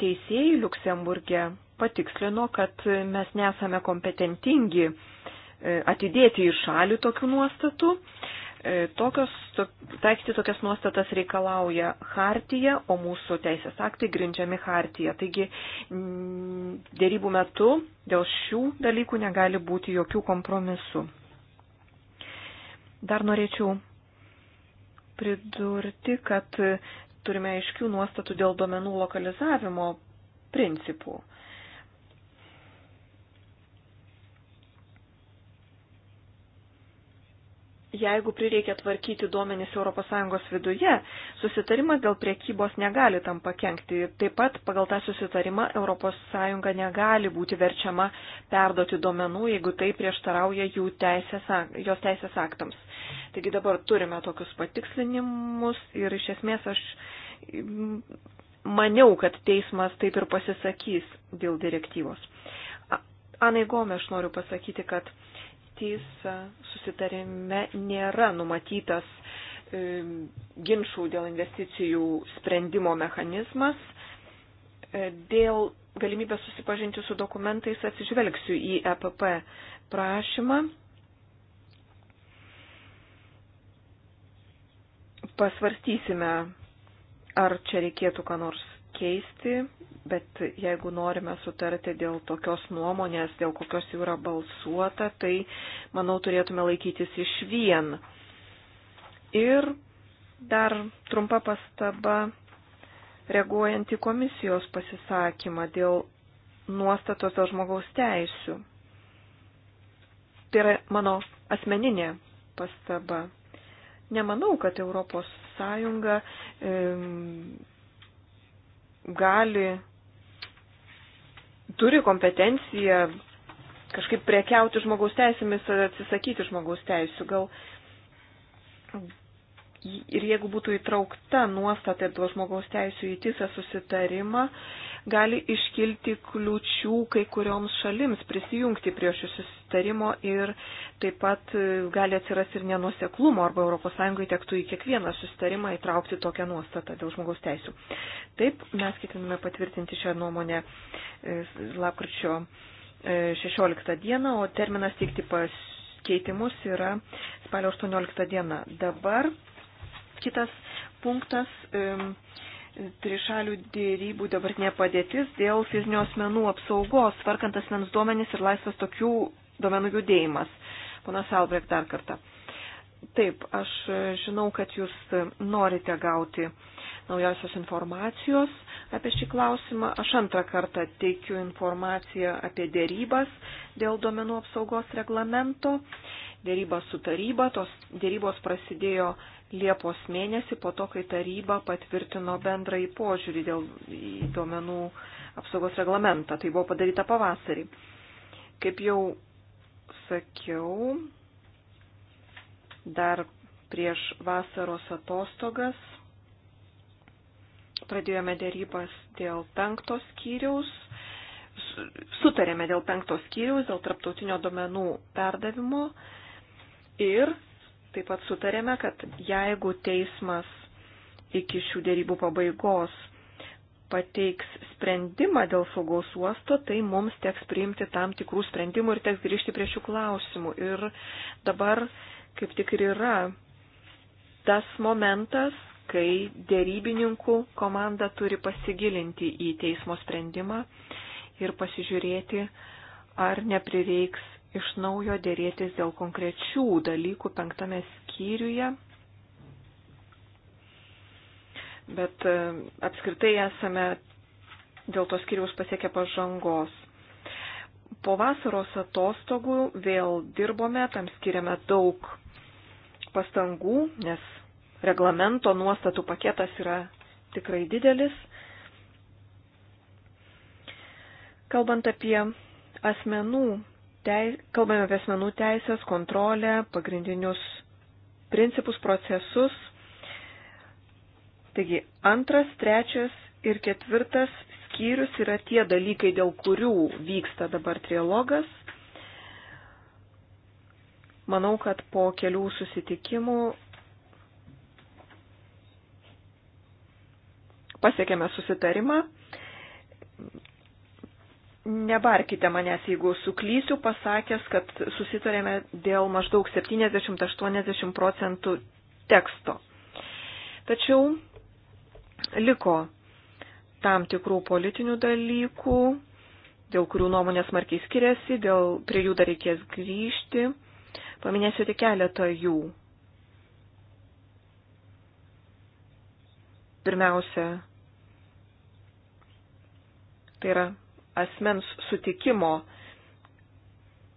Teisėjai Luksemburgė patikslino, kad mes nesame kompetentingi e, atidėti į šalį tokių nuostatų, E, tokios, to, taikyti tokias nuostatas reikalauja hartija, o mūsų teisės aktai grindžiami hartija. Taigi dėrybų metu dėl šių dalykų negali būti jokių kompromisų. Dar norėčiau pridurti, kad turime aiškių nuostatų dėl duomenų lokalizavimo principų. Jeigu prireikia tvarkyti duomenys ES viduje, susitarimas dėl priekybos negali tam pakengti. Taip pat pagal tą susitarimą ES negali būti verčiama perduoti duomenų, jeigu tai prieštarauja teisės, jos teisės aktams. Taigi dabar turime tokius patikslinimus ir iš esmės aš mm, maniau, kad teismas taip ir pasisakys dėl direktyvos. Anai Gome aš noriu pasakyti, kad sutartys susitarime nėra numatytas e, ginčių dėl investicijų sprendimo mechanizmas. E, dėl galimybės susipažinti su dokumentais atsižvelgsiu į EPP prašymą. Pasvarstysime, ar čia reikėtų ką nors keisti, bet jeigu norime sutarti dėl tokios nuomonės, dėl kokios jau yra balsuota, tai, manau, turėtume laikytis iš vien. Ir dar trumpa pastaba, reaguojant į komisijos pasisakymą dėl nuostatos dėl žmogaus teisių. Tai yra mano asmeninė pastaba. Nemanau, kad Europos Sąjunga e, gali, turi kompetenciją kažkaip priekiauti žmogaus teisėmis ar atsisakyti žmogaus teisų. Gal ir jeigu būtų įtraukta nuostata dėl žmogaus teisų į tisą susitarimą, gali iškilti kliučių kai kurioms šalims prisijungti prie šio susitarimo ir taip pat e, gali atsirasti ir nenuseklumo arba ES tektų į kiekvieną susitarimą įtraukti tokią nuostatą dėl žmogaus teisų. Taip, mes ketiname patvirtinti šią nuomonę e, lapkričio 16 e, dieną, o terminas teikti paskeitimus yra spalio 18 diena. Dabar kitas punktas. Um, trišalių dėrybų dabartinė padėtis dėl fizinių asmenų apsaugos, tvarkant asmens duomenys ir laisvas tokių duomenų judėjimas. Ponas Albrek dar kartą. Taip, aš žinau, kad jūs norite gauti naujausios informacijos apie šį klausimą. Aš antrą kartą teikiu informaciją apie dėrybas dėl duomenų apsaugos reglamento. Dėrybas su taryba, tos dėrybos prasidėjo Liepos mėnesį po to, kai taryba patvirtino bendrąjį požiūrį dėl duomenų apsaugos reglamentą. Tai buvo padaryta pavasarį. Kaip jau sakiau, dar prieš vasaros atostogas pradėjome dėrybas dėl penktos skyriaus. Sutarėme dėl penktos skyriaus, dėl traptautinio domenų perdavimo ir Taip pat sutarėme, kad jeigu teismas iki šių dėrybų pabaigos pateiks sprendimą dėl saugaus uosto, tai mums teks priimti tam tikrų sprendimų ir teks grįžti prie šių klausimų. Ir dabar kaip tik ir yra tas momentas, kai dėrybininkų komanda turi pasigilinti į teismo sprendimą ir pasižiūrėti, ar neprireiks iš naujo dėrėtis dėl konkrečių dalykų penktame skyriuje. Bet e, apskritai esame dėl tos skyriaus pasiekę pažangos. Po vasaros atostogų vėl dirbome, tam skiriame daug pastangų, nes reglamento nuostatų paketas yra tikrai didelis. Kalbant apie asmenų teis, kalbame apie asmenų teisės, kontrolę, pagrindinius principus, procesus. Taigi antras, trečias ir ketvirtas skyrius yra tie dalykai, dėl kurių vyksta dabar trialogas. Manau, kad po kelių susitikimų pasiekėme susitarimą Nebarkite manęs, jeigu suklysiu, pasakęs, kad susitarėme dėl maždaug 70-80 procentų teksto. Tačiau liko tam tikrų politinių dalykų, dėl kurių nuomonės markiai skiriasi, dėl prie jų dar reikės grįžti. Paminėsiu tik keletą jų. Pirmiausia, tai yra asmens sutikimo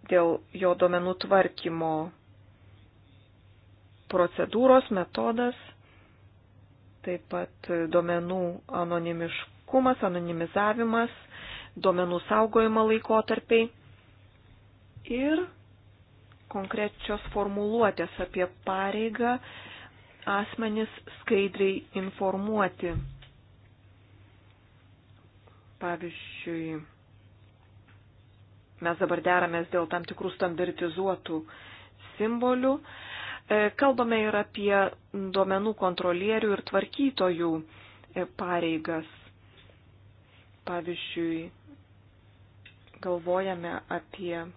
dėl jo duomenų tvarkymo procedūros metodas, taip pat duomenų anonimiškumas, anonimizavimas, duomenų saugojimo laikotarpiai ir konkrečios formuluotės apie pareigą asmenis skaidriai informuoti Pavyzdžiui, mes dabar deramės dėl tam tikrų standartizuotų simbolių. E, kalbame ir apie duomenų kontrolierių ir tvarkytojų e, pareigas. Pavyzdžiui, galvojame apie e,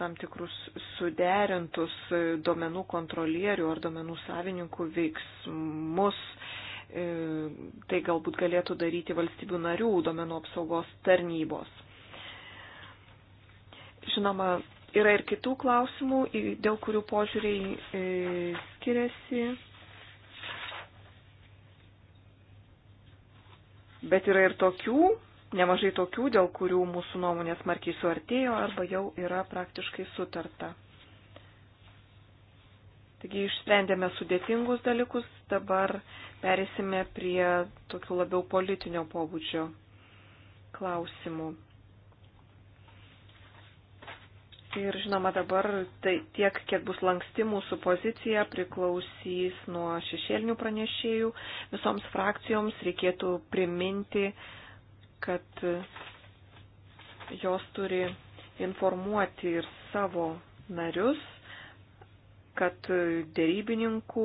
tam tikrus suderintus duomenų kontrolierių ar duomenų savininkų veiksmus E, tai galbūt galėtų daryti valstybių narių domenų apsaugos tarnybos. Žinoma, yra ir kitų klausimų, dėl kurių požiūriai e, skiriasi. Bet yra ir tokių, nemažai tokių, dėl kurių mūsų nuomonės markiai suartėjo arba jau yra praktiškai sutarta. Taigi išsprendėme sudėtingus dalykus, dabar perėsime prie tokių labiau politinio pobūdžio klausimų. Ir žinoma, dabar tai tiek, kiek bus lanksti mūsų pozicija, priklausys nuo šešėlinių pranešėjų. Visoms frakcijoms reikėtų priminti, kad jos turi informuoti ir savo narius kad dėrybininkų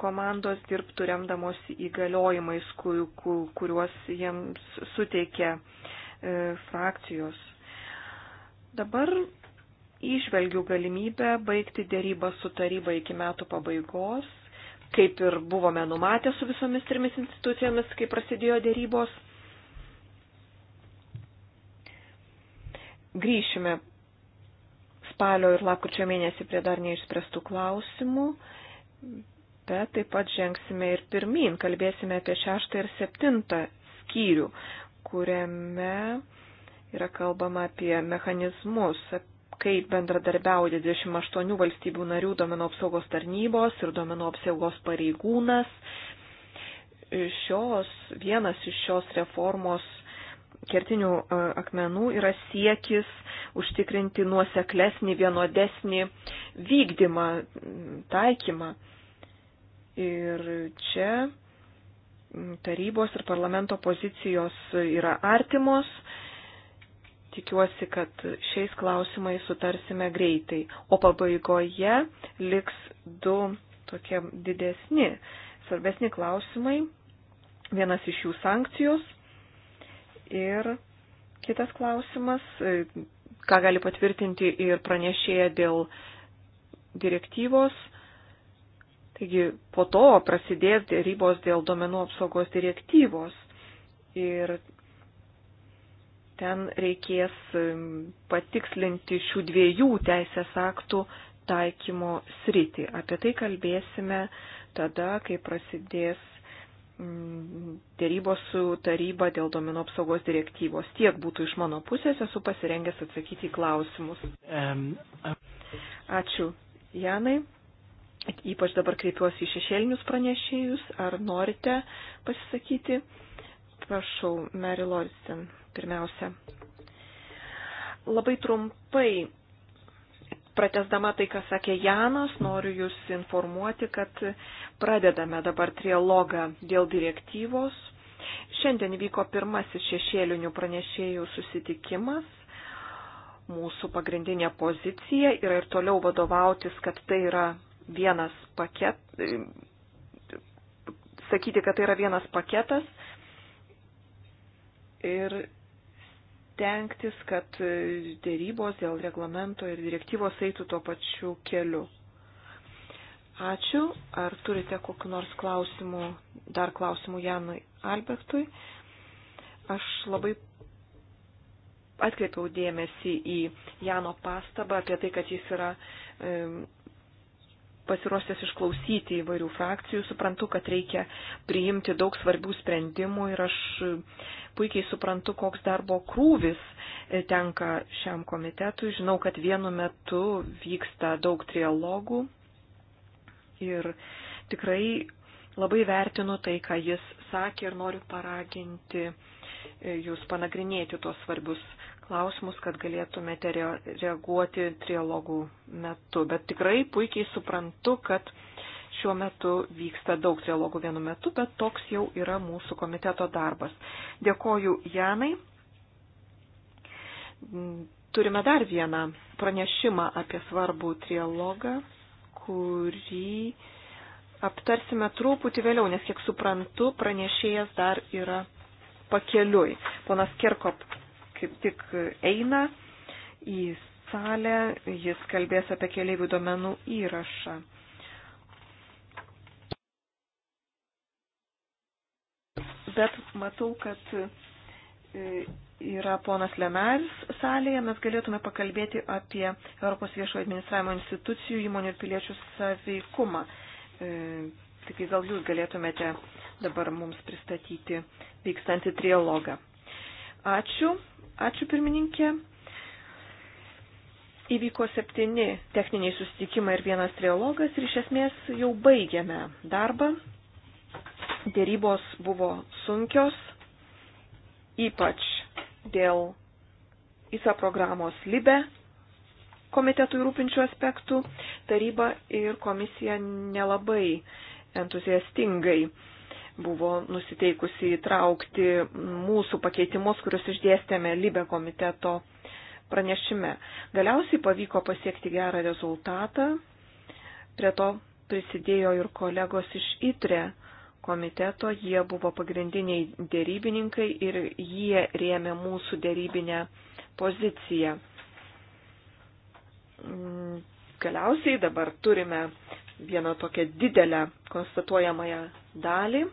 komandos dirbtų remdamosi įgaliojimais, kuriuos jiems suteikia e, frakcijos. Dabar išvelgiu galimybę baigti dėrybą su taryba iki metų pabaigos, kaip ir buvome numatę su visomis trimis institucijomis, kai prasidėjo dėrybos. Grįšime spalio ir lapkričio mėnesį prie dar neišspręstų klausimų, bet taip pat žengsime ir pirmin, kalbėsime apie šeštą ir septintą skyrių, kuriame yra kalbama apie mechanizmus, kaip bendradarbiauja 28 valstybių narių domenų apsaugos tarnybos ir domenų apsaugos pareigūnas. Šios, vienas iš šios reformos kertinių e, akmenų yra siekis užtikrinti nuoseklesnį, vienodesnį vykdymą, taikymą. Ir čia tarybos ir parlamento pozicijos yra artimos. Tikiuosi, kad šiais klausimais sutarsime greitai. O pabaigoje liks du tokie didesni, svarbesni klausimai. Vienas iš jų sankcijos Ir kitas klausimas, ką gali patvirtinti ir pranešėja dėl direktyvos. Taigi po to prasidės dėrybos dėl domenų apsaugos direktyvos. Ir ten reikės um, patikslinti šių dviejų teisės aktų taikymo sritį. Apie tai kalbėsime tada, kai prasidės Mm, dėrybos su taryba dėl domino apsaugos direktyvos. Tiek būtų iš mano pusės, esu pasirengęs atsakyti į klausimus. Ačiū, Janai. Ypač dabar kreipiuosi į šešėlinius pranešėjus. Ar norite pasisakyti? Prašau, Mary Loristen, pirmiausia. Labai trumpai Pratesdama tai, ką sakė Janas, noriu Jūs informuoti, kad pradedame dabar trialogą dėl direktyvos. Šiandien vyko pirmasis šešėlinių pranešėjų susitikimas. Mūsų pagrindinė pozicija yra ir toliau vadovautis, kad tai yra vienas paket, sakyti, kad tai yra vienas paketas. Ir tenktis, kad dėrybos dėl reglamento ir direktyvos eitų tuo pačiu keliu. Ačiū. Ar turite kokiu nors klausimu, dar klausimų Janui Albertui? Aš labai atkreipiau dėmesį į Jano pastabą apie tai, kad jis yra pasiruošęs išklausyti įvairių frakcijų, suprantu, kad reikia priimti daug svarbių sprendimų ir aš puikiai suprantu, koks darbo krūvis tenka šiam komitetui. Žinau, kad vienu metu vyksta daug trialogų ir tikrai labai vertinu tai, ką jis sakė ir noriu paraginti jūs panagrinėti tuos svarbius klausimus, kad galėtumėte reaguoti trialogų metu. Bet tikrai puikiai suprantu, kad šiuo metu vyksta daug trialogų vienu metu, bet toks jau yra mūsų komiteto darbas. Dėkoju Janai. Turime dar vieną pranešimą apie svarbų trialogą, kurį aptarsime truputį vėliau, nes kiek suprantu, pranešėjas dar yra pakeliui. Ponas Kirkop kaip tik eina į salę, jis kalbės apie keliaivių duomenų įrašą. Bet matau, kad e, yra ponas Lemelis salėje, mes galėtume pakalbėti apie Europos viešo administravimo institucijų įmonių ir piliečių saveikumą. E, tik gal jūs galėtumėte dabar mums pristatyti vykstantį trialogą. Ačiū. Ačiū pirmininkė. Įvyko septyni techniniai susitikimai ir vienas trialogas ir iš esmės jau baigėme darbą. Dėrybos buvo sunkios, ypač dėl ISA programos libe komitetui rūpinčių aspektų. Taryba ir komisija nelabai entuziastingai buvo nusiteikusi įtraukti mūsų pakeitimus, kuriuos išdėstėme Libe komiteto pranešime. Galiausiai pavyko pasiekti gerą rezultatą. Prie to prisidėjo ir kolegos iš ITRE komiteto, jie buvo pagrindiniai dėrybininkai ir jie rėmė mūsų dėrybinę poziciją. Mm, galiausiai dabar turime vieną tokią didelę konstatuojamąją dalį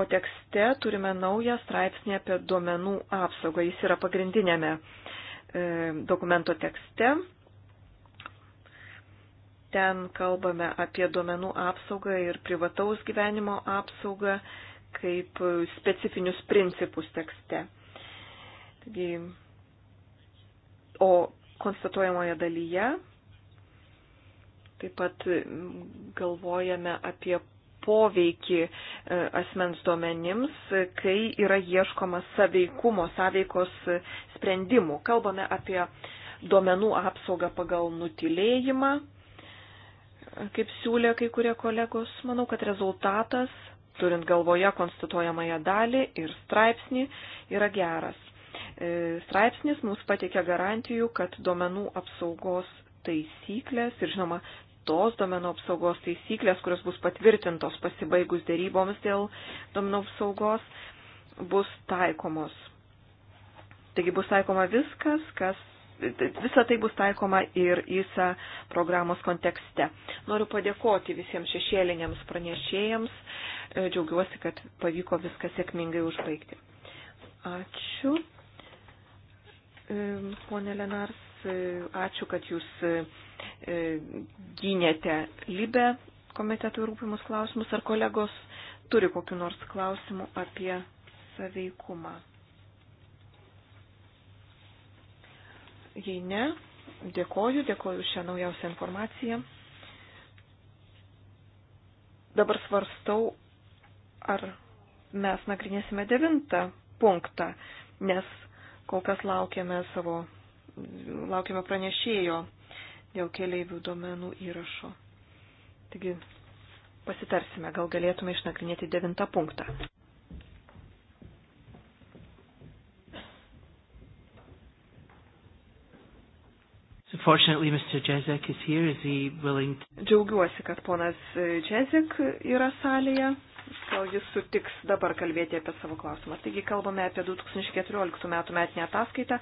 o tekste turime naują straipsnį apie duomenų apsaugą. Jis yra pagrindinėme e, dokumento tekste. Ten kalbame apie duomenų apsaugą ir privataus gyvenimo apsaugą kaip specifinius principus tekste. Taigi, o konstatuojamoje dalyje taip pat galvojame apie poveikį e, asmens duomenims, kai yra ieškoma saveikumo, saveikos sprendimų. Kalbame apie duomenų apsaugą pagal nutilėjimą, e, kaip siūlė kai kurie kolegos. Manau, kad rezultatas, turint galvoje konstatuojamąją dalį ir straipsnį, yra geras. E, straipsnis mums pateikia garantijų, kad duomenų apsaugos taisyklės ir, žinoma, tos domenų apsaugos taisyklės, kurios bus patvirtintos pasibaigus dėryboms dėl domenų apsaugos, bus taikomos. Taigi bus taikoma viskas, kas. Visa tai bus taikoma ir ISA programos kontekste. Noriu padėkoti visiems šešėliniams pranešėjams. E, džiaugiuosi, kad pavyko viską sėkmingai užbaigti. Ačiū. E, Pone Lenars, E, ačiū, kad jūs e, e, gynėte Libę komitetų rūpimus klausimus. Ar kolegos turi kokiu nors klausimu apie saveikumą? Jei ne, dėkoju, dėkoju šią naujausią informaciją. Dabar svarstau, ar mes nagrinėsime devintą punktą, nes kol kas laukiame savo laukiame pranešėjo dėl keliaivių duomenų įrašo. Taigi pasitarsime, gal galėtume išnagrinėti devintą punktą. Fortunately, Mr. Jezik is here. Is he willing to... Džiaugiuosi, kad ponas Jezik yra salėje gal jis sutiks dabar kalbėti apie savo klausimą. Taigi kalbame apie 2014 metų metinę ataskaitą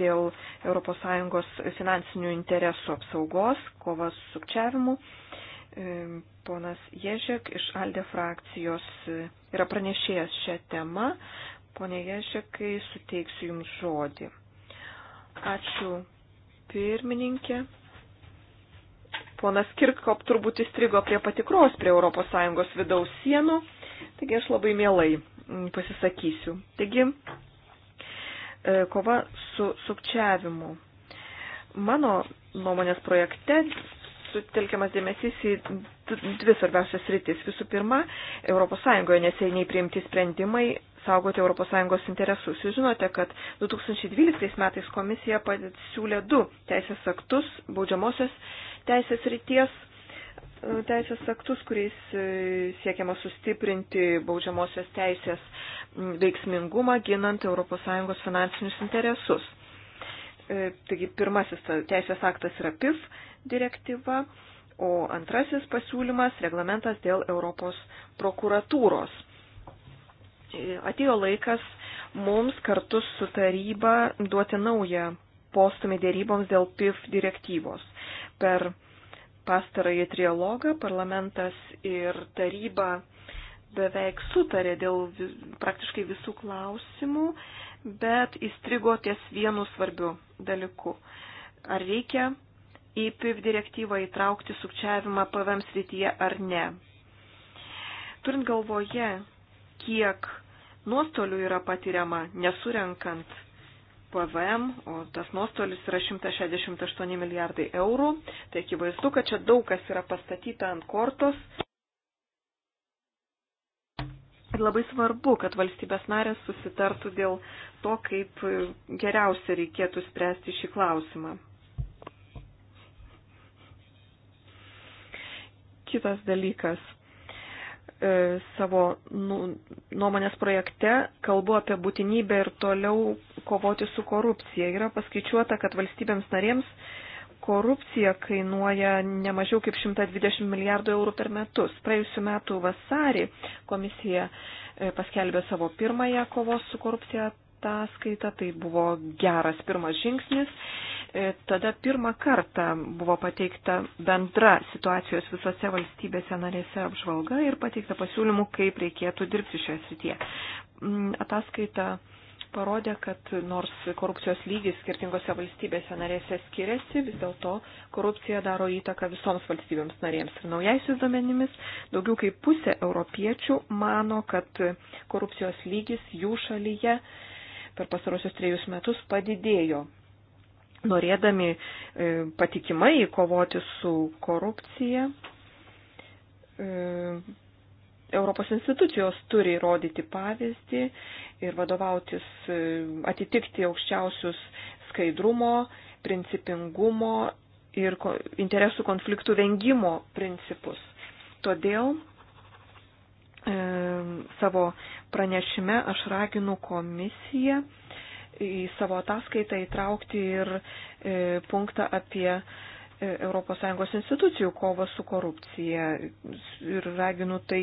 dėl ES finansinių interesų apsaugos, kovas su sukčiavimu. E, ponas Ježek iš Alde frakcijos e, yra pranešėjęs šią temą. Pone Ježekai, suteiksiu Jums žodį. Ačiū pirmininkė. Ponas Kirkop turbūt įstrigo prie patikros prie ES vidaus sienų, taigi aš labai mielai mm, pasisakysiu. Taigi, e, kova su sukčiavimu. Mano nuomonės projekte sutelkiamas dėmesys į dvi svarbiausias rytis. Visų pirma, ES neseniai priimti sprendimai saugoti ES interesus. Jūs žinote, kad 2012 metais komisija pasiūlė du teisės aktus, baudžiamosios teisės ryties e, teisės aktus, kuriais e, siekiama sustiprinti baudžiamosios teisės veiksmingumą, ginant ES finansinius interesus. E, taigi pirmasis teisės aktas yra PIF direktyva, o antrasis pasiūlymas reglamentas dėl Europos prokuratūros atėjo laikas mums kartu su taryba duoti naują postumį dėryboms dėl PIF direktyvos. Per pastarąjį trialogą parlamentas ir taryba beveik sutarė dėl praktiškai visų klausimų, bet įstrigo ties vienu svarbiu dalyku. Ar reikia į PIF direktyvą įtraukti sukčiavimą PVM srityje ar ne? Turint galvoje, kiek nuostolių yra patiriama nesurenkant PVM, o tas nuostolis yra 168 milijardai eurų, tai akivaizdu, kad čia daug kas yra pastatyta ant kortos. Ir labai svarbu, kad valstybės narės susitartų dėl to, kaip geriausia reikėtų spręsti šį klausimą. Kitas dalykas E, savo nu, nuomonės projekte kalbu apie būtinybę ir toliau kovoti su korupcija. Yra paskaičiuota, kad valstybėms narėms korupcija kainuoja ne mažiau kaip 120 milijardų eurų per metus. Praėjusiu metu vasarį komisija e, paskelbė savo pirmąją kovos su korupcija ataskaitą, tai buvo geras pirmas žingsnis. E, tada pirmą kartą buvo pateikta bendra situacijos visose valstybėse narėse apžvalga ir pateikta pasiūlymų, kaip reikėtų dirbti šioje srityje. Mm, ataskaita parodė, kad nors korupcijos lygis skirtingose valstybėse narėse skiriasi, vis dėlto korupcija daro įtaką visoms valstybėms narėms. Ir naujaisiais duomenimis daugiau kaip pusė europiečių mano, kad korupcijos lygis jų šalyje per pastarosius trejus metus padidėjo. Norėdami e, patikimai kovoti su korupcija, e, Europos institucijos turi rodyti pavyzdį ir vadovautis, e, atitikti aukščiausius skaidrumo, principingumo ir interesų konfliktų vengimo principus. Todėl E, savo pranešime aš raginu komisiją į savo ataskaitą įtraukti ir e, punktą apie e, ES institucijų kovą su korupcija ir raginu tai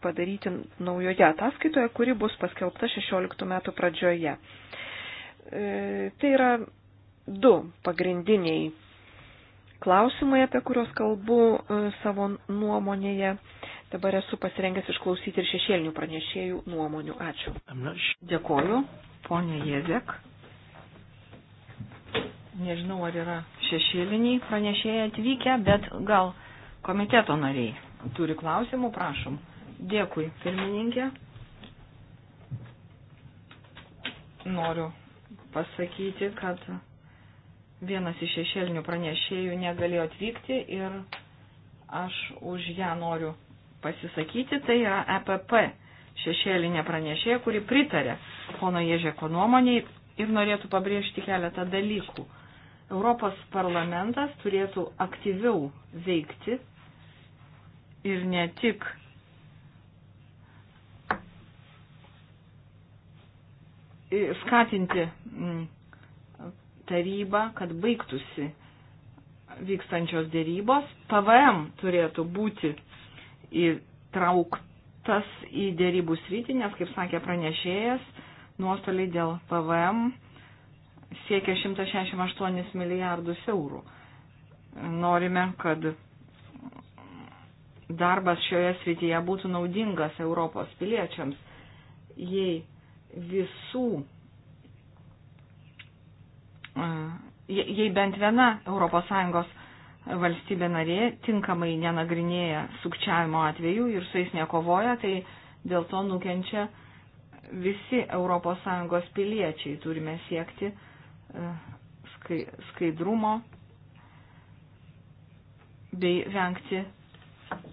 padaryti naujoje ataskaitoje, kuri bus paskelbta 16 metų pradžioje. Tai yra du pagrindiniai klausimai, apie kuriuos kalbu savo nuomonėje. Dabar esu pasirengęs išklausyti ir šešėlinių pranešėjų nuomonių. Ačiū. Dėkoju, ponė Jezek. Nežinau, ar yra šešėliniai pranešėjai atvykę, bet gal komiteto nariai turi klausimų, prašom. Dėkui, pirmininkė. Noriu pasakyti, kad vienas iš šešėlinių pranešėjų negalėjo atvykti ir aš už ją noriu pasisakyti, tai yra EPP šešėlinė pranešėja, kuri pritarė pono Ježeko nuomoniai ir norėtų pabrėžti keletą dalykų. Europos parlamentas turėtų aktyviau veikti ir ne tik skatinti mm, tarybą, kad baigtųsi vykstančios dėrybos. PVM turėtų būti įtrauktas į dėrybų sritį, nes, kaip sakė pranešėjas, nuostoliai dėl PVM siekia 168 milijardus eurų. Norime, kad darbas šioje srityje būtų naudingas Europos piliečiams, jei visų, e, jei bent viena ES valstybė narė tinkamai nenagrinėja sukčiavimo atvejų ir su jais nekovoja, tai dėl to nukenčia visi ES piliečiai. Turime siekti e, skaidrumo bei vengti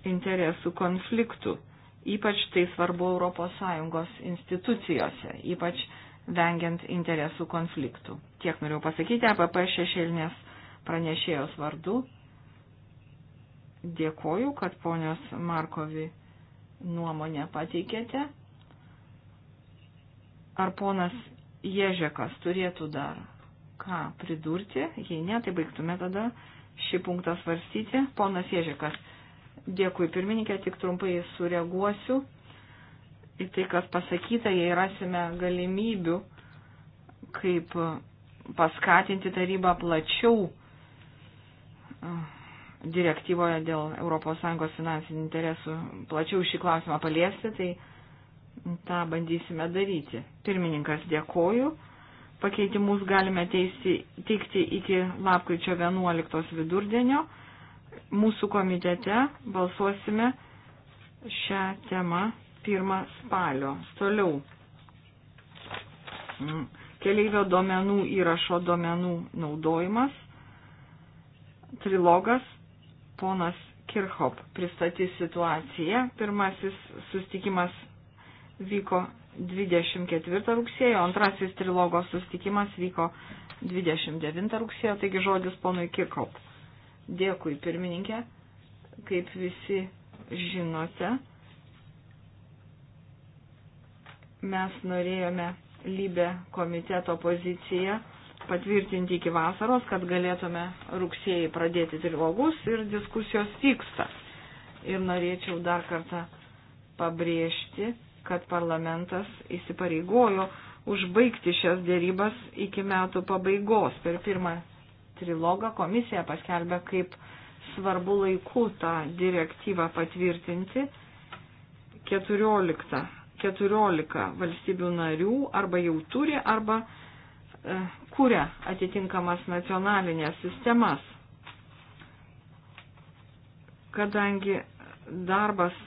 interesų konfliktų. Ypač tai svarbu ES institucijose, ypač vengiant interesų konfliktų. Tiek noriu pasakyti apie P šešėlinės pranešėjos vardu. Dėkoju, kad ponios Markovi nuomonę pateikėte. Ar ponas Ježekas turėtų dar ką pridurti? Jei ne, tai baigtume tada šį punktą svarstyti. Ponas Ježekas, dėkui pirmininkė, tik trumpai sureaguosiu į tai, kas pasakyta, jei rasime galimybių, kaip paskatinti tarybą plačiau. Uh direktyvoje dėl ES finansinių interesų plačiau šį klausimą paliesti, tai tą bandysime daryti. Pirmininkas dėkoju. Pakeitimus galime teisti, teikti iki lapkričio 11 vidurdienio. Mūsų komitete balsuosime šią temą 1 spalio. Toliau. Mm. Keleivio duomenų įrašo duomenų naudojimas. Trilogas ponas Kirchhop pristatys situaciją. Pirmasis sustikimas vyko 24 rugsėjo, antrasis trilogo sustikimas vyko 29 rugsėjo, taigi žodis ponui Kirchhop. Dėkui, pirmininkė. Kaip visi žinote, mes norėjome lybę komiteto poziciją patvirtinti iki vasaros, kad galėtume rugsėjai pradėti trilogus ir diskusijos vyksta. Ir norėčiau dar kartą pabrėžti, kad parlamentas įsipareigojo užbaigti šias dėrybas iki metų pabaigos. Per pirmą trilogą komisija paskelbė, kaip svarbu laiku tą direktyvą patvirtinti. 14, 14 valstybių narių arba jau turi, arba E, kūrė atitinkamas nacionalinės sistemas, kadangi darbas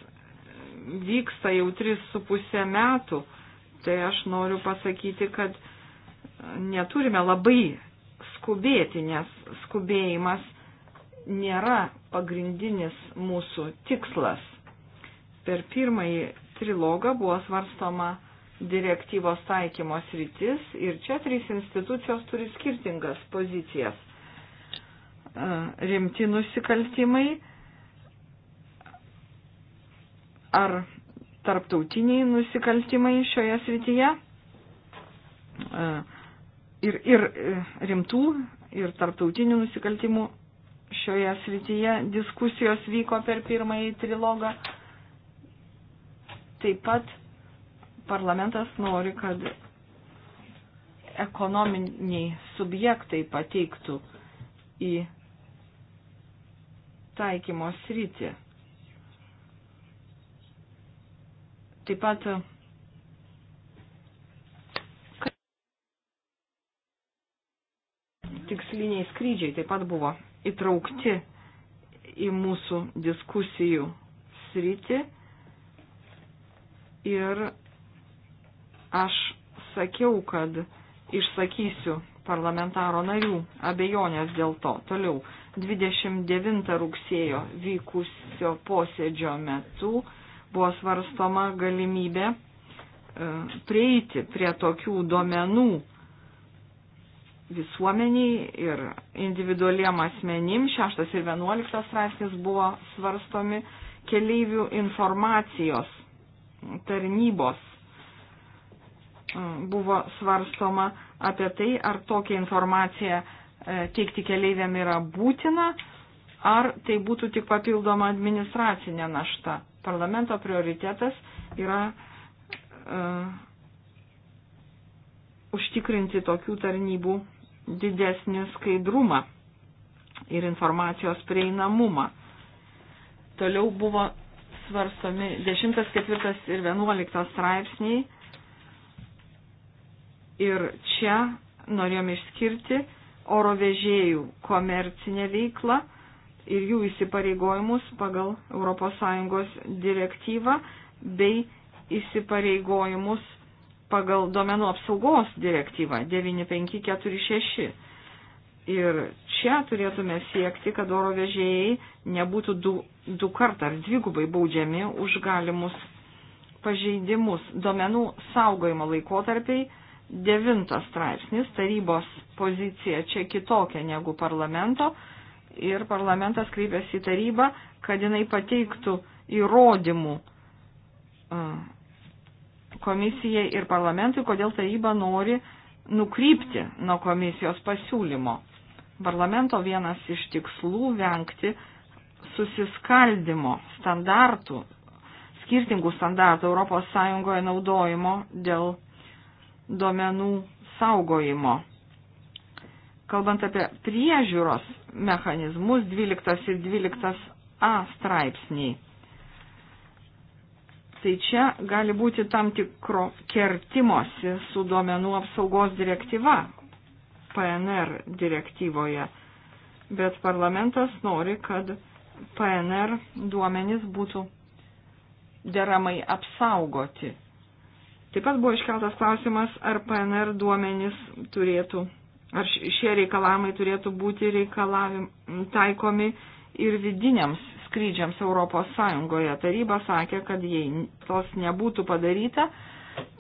vyksta jau 3,5 metų, tai aš noriu pasakyti, kad neturime labai skubėti, nes skubėjimas nėra pagrindinis mūsų tikslas. Per pirmąjį trilogą buvo svarstoma direktyvos taikymos rytis ir čia trys institucijos turi skirtingas pozicijas. Rimti nusikaltimai ar tarptautiniai nusikaltimai šioje srityje ir, ir e, rimtų ir tarptautinių nusikaltimų šioje srityje diskusijos vyko per pirmąjį trilogą. Taip pat parlamentas nori, kad ekonominiai subjektai pateiktų į taikymo sritį. Taip pat tiksliniai skrydžiai taip pat buvo įtraukti į mūsų diskusijų sritį ir Aš sakiau, kad išsakysiu parlamentaro narių abejonės dėl to. Toliau, 29 rugsėjo vykusio posėdžio metu buvo svarstoma galimybė e, prieiti prie tokių duomenų visuomeniai ir individualiem asmenim. 6 ir 11 straipsnis buvo svarstomi keleivių informacijos tarnybos buvo svarstoma apie tai, ar tokia informacija teikti keleiviam yra būtina, ar tai būtų tik papildoma administracinė našta. Parlamento prioritetas yra uh, užtikrinti tokių tarnybų didesnį skaidrumą ir informacijos prieinamumą. Toliau buvo svarstomi 10, 4 ir 11 straipsniai Ir čia norėjom išskirti oro vežėjų komercinę veiklą ir jų įsipareigojimus pagal ES direktyvą bei įsipareigojimus pagal duomenų apsaugos direktyvą 9546. Ir čia turėtume siekti, kad oro vežėjai nebūtų du, du kart ar dvigubai baudžiami už galimus pažeidimus. Domenų saugojimo laikotarpiai devintas straipsnis, tarybos pozicija čia kitokia negu parlamento ir parlamentas kreipėsi į tarybą, kad jinai pateiktų įrodymų komisijai ir parlamentui, kodėl taryba nori nukrypti nuo komisijos pasiūlymo. Parlamento vienas iš tikslų vengti susiskaldimo standartų, skirtingų standartų ES naudojimo dėl duomenų saugojimo. Kalbant apie priežiūros mechanizmus 12 ir 12a straipsniai, tai čia gali būti tam tikro kertimosi su duomenų apsaugos direktyva PNR direktyvoje, bet parlamentas nori, kad PNR duomenys būtų deramai apsaugoti Taip pat buvo iškeltas klausimas, ar PNR duomenys turėtų, ar šie reikalavimai turėtų būti reikalavim, taikomi ir vidiniams skrydžiams Europos Sąjungoje. Taryba sakė, kad jei tos nebūtų padaryta,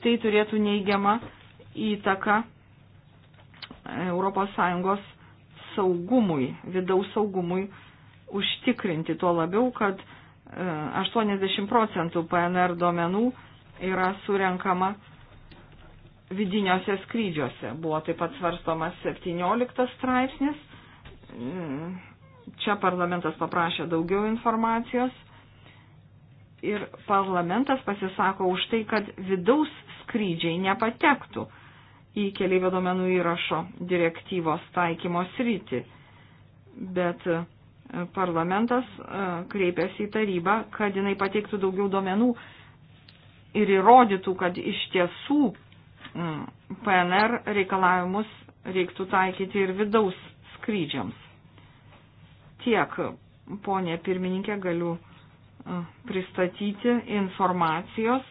tai turėtų neigiamą įtaką Europos Sąjungos saugumui, vidaus saugumui užtikrinti. Tuo labiau, kad 80 e, procentų PNR duomenų yra surenkama vidiniuose skrydžiuose. Buvo taip pat svarstomas 17 straipsnis. Čia parlamentas paprašė daugiau informacijos. Ir parlamentas pasisako už tai, kad vidaus skrydžiai nepatektų į keliaivio domenų įrašo direktyvos taikymo sritį. Bet e, parlamentas e, kreipėsi į tarybą, kad jinai pateiktų daugiau domenų ir įrodytų, kad iš tiesų mm, PNR reikalavimus reiktų taikyti ir vidaus skrydžiams. Tiek, ponė pirmininkė, galiu e, pristatyti informacijos.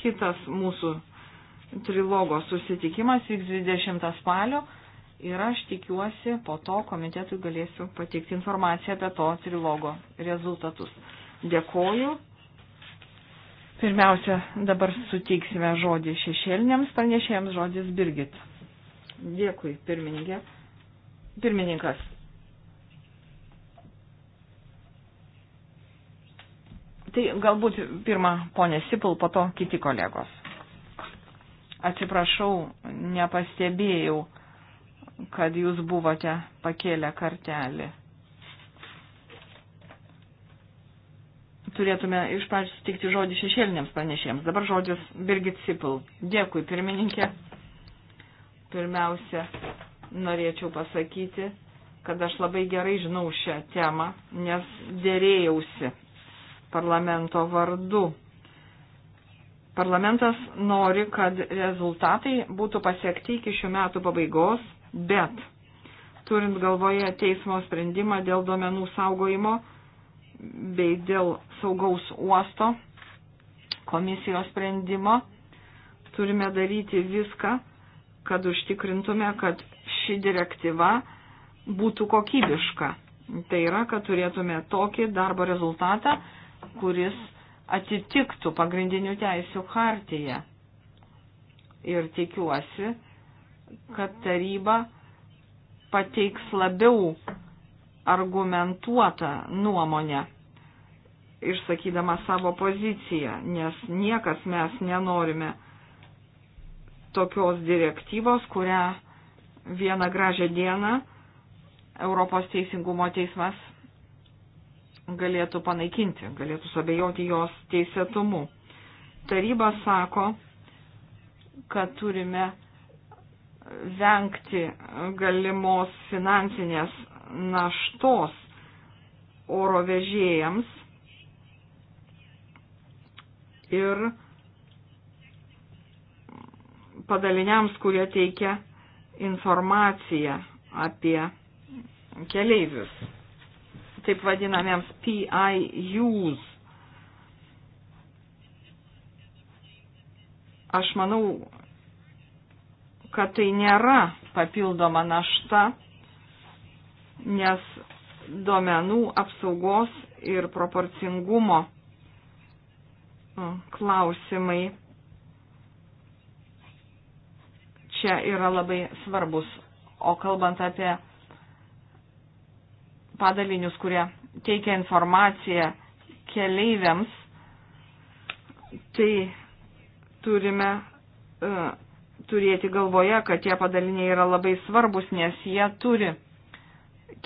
Kitas mūsų trilogo susitikimas vyks 20 spalio ir aš tikiuosi po to komitetui galėsiu pateikti informaciją apie to trilogo rezultatus. Dėkoju. Pirmiausia, dabar suteiksime žodį šešėliniams pranešėjams, žodis Birgit. Dėkui, pirmininkė. Pirmininkas. Tai galbūt pirmą ponė Sipul, po to kiti kolegos. Atsiprašau, nepastebėjau, kad jūs buvote pakėlę kartelį. turėtume iš pradžių sutikti žodį šešėliniams pranešėjams. Dabar žodis Birgit Sipil. Dėkui, pirmininkė. Pirmiausia, norėčiau pasakyti, kad aš labai gerai žinau šią temą, nes dėrėjausi parlamento vardu. Parlamentas nori, kad rezultatai būtų pasiekti iki šių metų pabaigos, bet turint galvoje teismo sprendimą dėl duomenų saugojimo, bei dėl saugaus uosto komisijos sprendimo turime daryti viską, kad užtikrintume, kad ši direktyva būtų kokybiška. Tai yra, kad turėtume tokį darbo rezultatą, kuris atitiktų pagrindinių teisių hartiją. Ir tikiuosi, kad taryba pateiks labiau argumentuotą nuomonę, išsakydama savo poziciją, nes niekas mes nenorime tokios direktyvos, kurią vieną gražią dieną Europos teisingumo teismas galėtų panaikinti, galėtų sabėjoti jos teisėtumu. Taryba sako, kad turime vengti galimos finansinės naštos oro vežėjams ir padaliniams, kurie teikia informaciją apie keleivius, taip vadinamiems PIUs. Aš manau, kad tai nėra papildoma našta nes duomenų apsaugos ir proporcingumo klausimai čia yra labai svarbus. O kalbant apie padalinius, kurie teikia informaciją keleiviams, tai turime uh, turėti galvoje, kad tie padaliniai yra labai svarbus, nes jie turi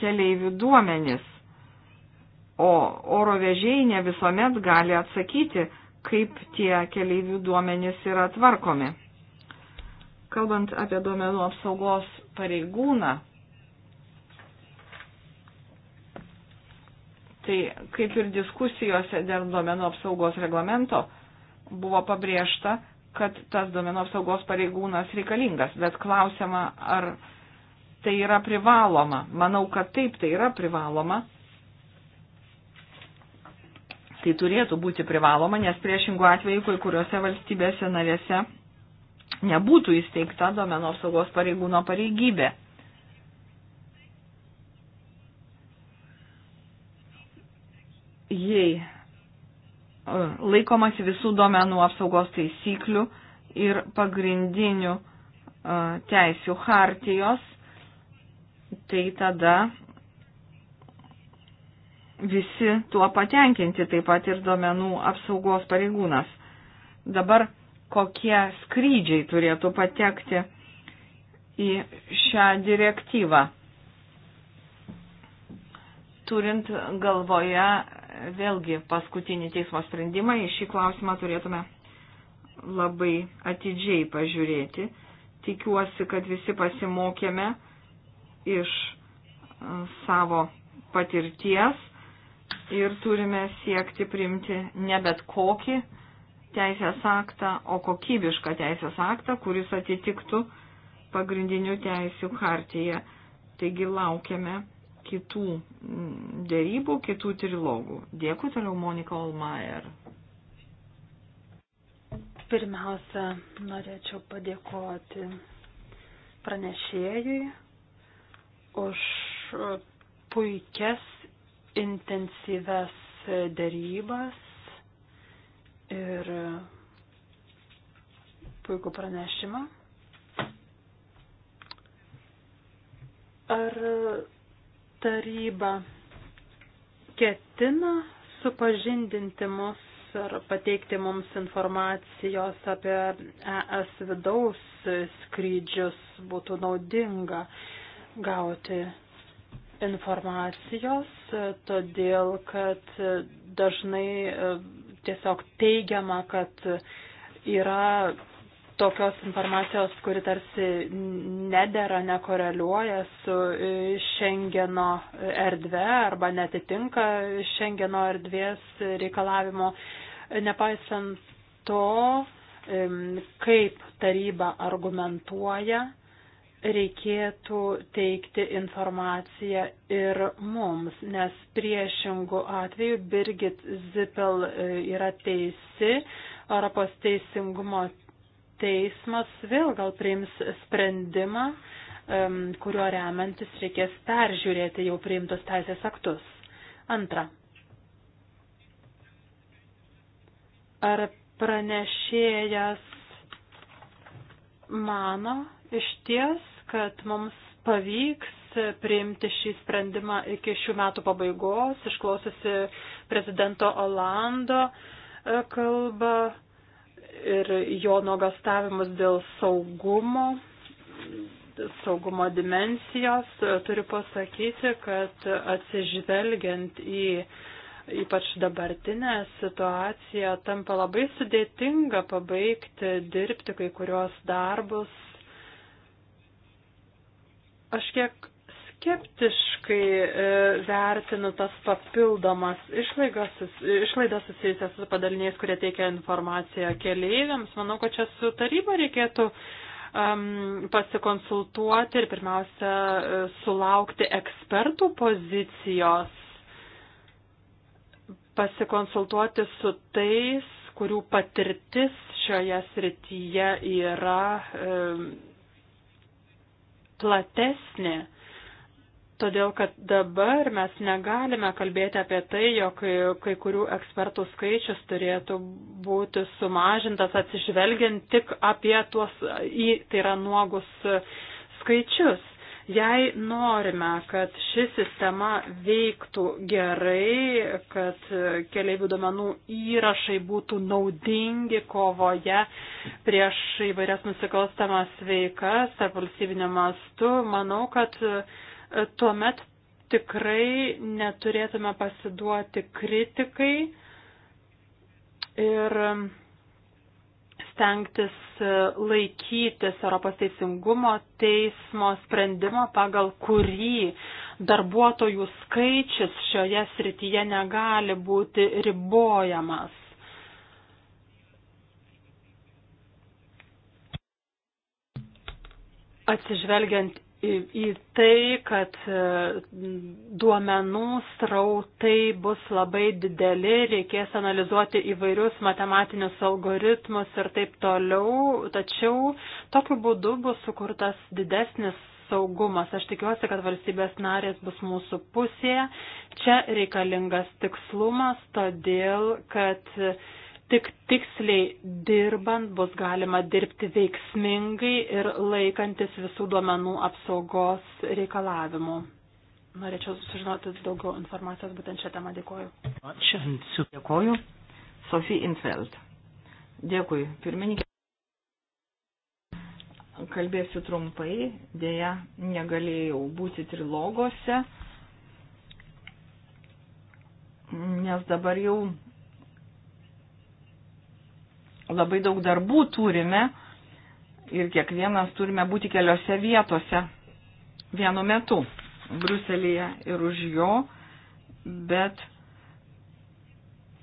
keleivių duomenis, o oro vežėjai ne visuomet gali atsakyti, kaip tie keleivių duomenys yra tvarkomi. Kalbant apie duomenų apsaugos pareigūną, tai kaip ir diskusijose dėl duomenų apsaugos reglamento buvo pabrėžta, kad tas duomenų apsaugos pareigūnas reikalingas, bet klausiama, ar tai yra privaloma. Manau, kad taip tai yra privaloma. Tai turėtų būti privaloma, nes priešingų atveju, kai kuriuose valstybėse narėse nebūtų įsteigta domenų apsaugos pareigūno pareigybė. Jei e, laikomasi visų domenų apsaugos taisyklių ir pagrindinių e, teisių hartijos, tai tada visi tuo patenkinti, taip pat ir duomenų apsaugos pareigūnas. Dabar kokie skrydžiai turėtų patekti į šią direktyvą. Turint galvoje vėlgi paskutinį teismo sprendimą, į šį klausimą turėtume labai atidžiai pažiūrėti. Tikiuosi, kad visi pasimokėme iš e, savo patirties ir turime siekti priimti ne bet kokį teisės aktą, o kokybišką teisės aktą, kuris atitiktų pagrindinių teisių hartiją. Taigi laukiame kitų mm, dėrybų, kitų trilogų. Dėkui toliau Monika Olmaier. Pirmiausia, norėčiau padėkoti pranešėjui už e, puikias intensyves e, dėrybas ir e, puikų pranešimą. Ar taryba ketina supažindinti mus ar pateikti mums informacijos apie ES vidaus skrydžius būtų naudinga gauti informacijos, todėl kad dažnai e, tiesiog teigiama, kad yra tokios informacijos, kuri tarsi nedėra, nekoreliuoja su Šengeno erdve arba netitinka Šengeno erdvės reikalavimo. Nepaisant to, kaip taryba argumentuoja, reikėtų teikti informaciją ir mums, nes priešingų atveju Birgit Zipel e, yra teisi, Europos teisingumo teismas vėl gal priims sprendimą, kuriuo remiantis reikės peržiūrėti jau priimtus teisės aktus. Antra. Ar pranešėjas mano, iš ties, kad mums pavyks priimti šį sprendimą iki šių metų pabaigos, išklausiusi prezidento Olando e, kalbą ir jo nuogastavimus dėl saugumo, saugumo dimensijos. E, turiu pasakyti, kad atsižvelgiant į ypač dabartinę situaciją, tampa labai sudėtinga pabaigti dirbti kai kurios darbus Aš kiek skeptiškai e, vertinu tas papildomas išlaidas, išlaidas susijusias su padaliniais, kurie teikia informaciją keleiviams. Manau, kad čia su taryba reikėtų um, pasikonsultuoti ir pirmiausia e, sulaukti ekspertų pozicijos, pasikonsultuoti su tais, kurių patirtis šioje srityje yra. Um, platesnė. Todėl, kad dabar mes negalime kalbėti apie tai, jog kai, kai kurių ekspertų skaičius turėtų būti sumažintas atsižvelgiant tik apie tuos, į, tai yra nuogus skaičius. Jei norime, kad ši sistema veiktų gerai, kad keliaivių duomenų įrašai būtų naudingi kovoje prieš įvairias nusikalstamas veikas ar valstybinio mastu, manau, kad e, tuomet tikrai neturėtume pasiduoti kritikai ir stengtis e, laikytis Europos teisingumo teismo sprendimo, pagal kurį darbuotojų skaičius šioje srityje negali būti ribojamas. Atsižvelgiant į tai, kad e, duomenų strautai bus labai dideli, reikės analizuoti įvairius matematinius algoritmus ir taip toliau, tačiau tokiu būdu bus sukurtas didesnis saugumas. Aš tikiuosi, kad valstybės narės bus mūsų pusėje. Čia reikalingas tikslumas, todėl kad Tik tiksliai dirbant bus galima dirbti veiksmingai ir laikantis visų duomenų apsaugos reikalavimų. Norėčiau sužinoti daugiau informacijos būtent šią temą. Dėkoju. Ačiū. Dėkoju. Sofija Infeld. Dėkui. Pirmininkė. Kalbėsiu trumpai. Dėja, negalėjau būti trilogose, nes dabar jau labai daug darbų turime ir kiekvienas turime būti keliose vietose vienu metu - Bruselėje ir už jo, bet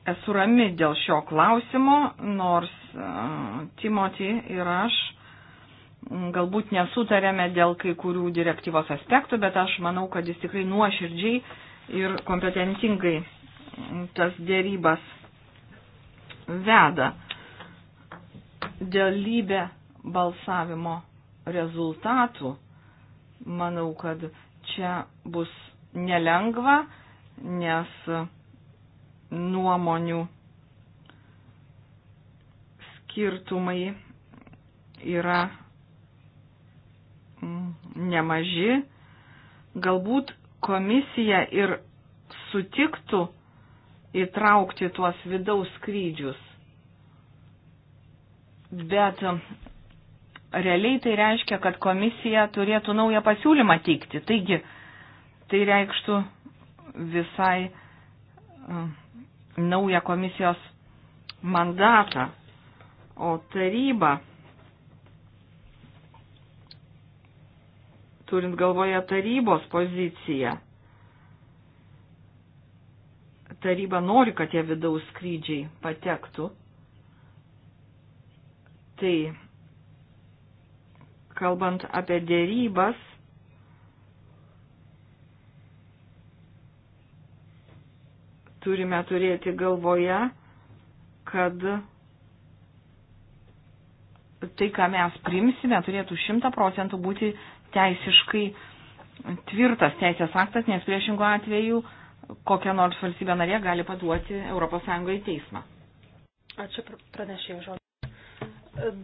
esu rami dėl šio klausimo, nors uh, Timothy ir aš galbūt nesutarėme dėl kai kurių direktyvos aspektų, bet aš manau, kad jis tikrai nuoširdžiai ir kompetentingai tas dėrybas veda dėl lybė balsavimo rezultatų. Manau, kad čia bus nelengva, nes nuomonių skirtumai yra nemaži. Galbūt komisija ir sutiktų įtraukti tuos vidaus skrydžius Bet realiai tai reiškia, kad komisija turėtų naują pasiūlymą teikti. Taigi, tai reikštų visai e, naują komisijos mandatą. O taryba, turint galvoje tarybos poziciją, taryba nori, kad tie vidaus skrydžiai patektų Tai kalbant apie dėrybas, turime turėti galvoje, kad tai, ką mes primsime, turėtų šimta procentų būti teisiškai tvirtas teisės aktas, nes priešingų atveju kokia nors valstybė narė gali paduoti ES į teismą. Ačiū pranešėjai žodžiu.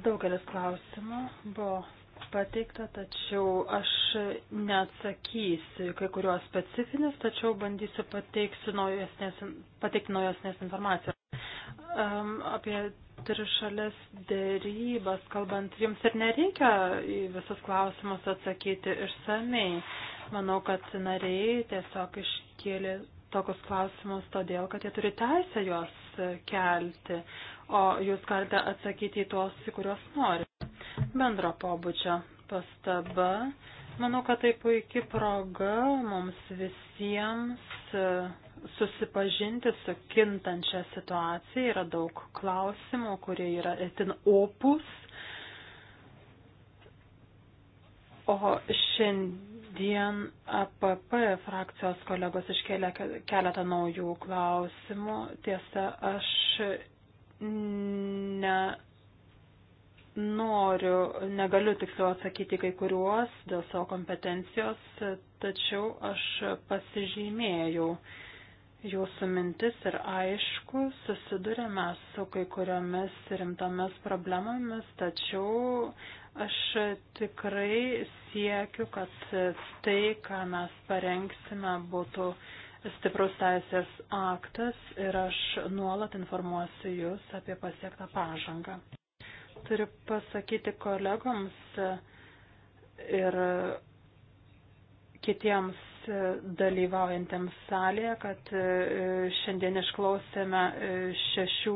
Daugelis klausimų buvo pateikta, tačiau aš neatsakysiu kai kuriuos specifinius, tačiau bandysiu naujasnės, pateikti naujasnės informacijos. Um, apie trišalės dėrybas, kalbant, jums ir nereikia į visus klausimus atsakyti išsamei. Manau, kad nariai tiesiog iškėlė tokius klausimus todėl, kad jie turi teisę juos kelti o jūs galite atsakyti į tuos, į kuriuos norite. Bendro pobūdžio pastaba. Manau, kad tai puikia proga mums visiems e, susipažinti su kintančia situacija. Yra daug klausimų, kurie yra itin opus. O šiandien APP frakcijos kolegos iškėlė keletą naujų klausimų. Tiesa, aš ne, noriu, negaliu tiksliau atsakyti kai kuriuos dėl savo kompetencijos, tačiau aš pasižymėjau jūsų mintis ir aišku, susidurėme su kai kuriomis rimtomis problemomis, tačiau aš tikrai siekiu, kad tai, ką mes parengsime, būtų uh, stiprus teisės aktas ir aš nuolat informuosiu Jūs apie pasiektą pažangą. Turiu pasakyti kolegoms ir kitiems dalyvaujantiems salėje, kad e, šiandien išklausėme e, šešių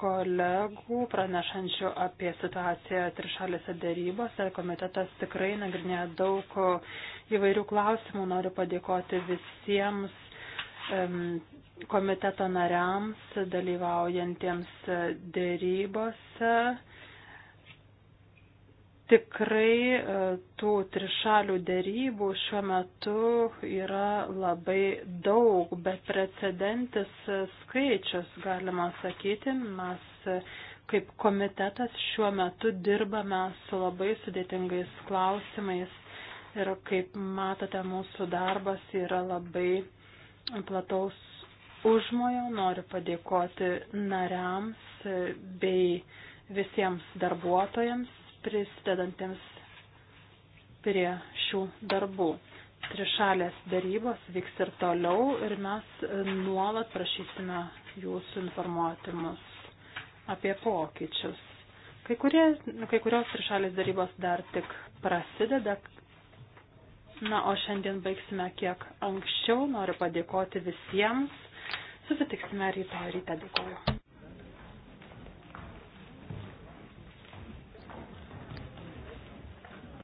kolegų pranešančių apie situaciją trišalėse dėrybose. Komitetas tikrai nagrinėja daug įvairių klausimų. Noriu padėkoti visiems komiteto nariams dalyvaujantiems dėrybose tikrai e, tų trišalių dėrybų šiuo metu yra labai daug, bet precedentis skaičius, galima sakyti, mes e, kaip komitetas šiuo metu dirbame su labai sudėtingais klausimais ir kaip matote, mūsų darbas yra labai plataus užmojo, noriu padėkoti nariams e, bei visiems darbuotojams prisidedantiems prie šių darbų. Trišalės darybos vyks ir toliau ir mes nuolat prašysime jūsų informuoti mus apie pokyčius. Kai, kurie, kai kurios trišalės darybos dar tik prasideda, na, o šiandien baigsime kiek anksčiau. Noriu padėkoti visiems. Susitiksime rytoj ryte. Dėkuoju.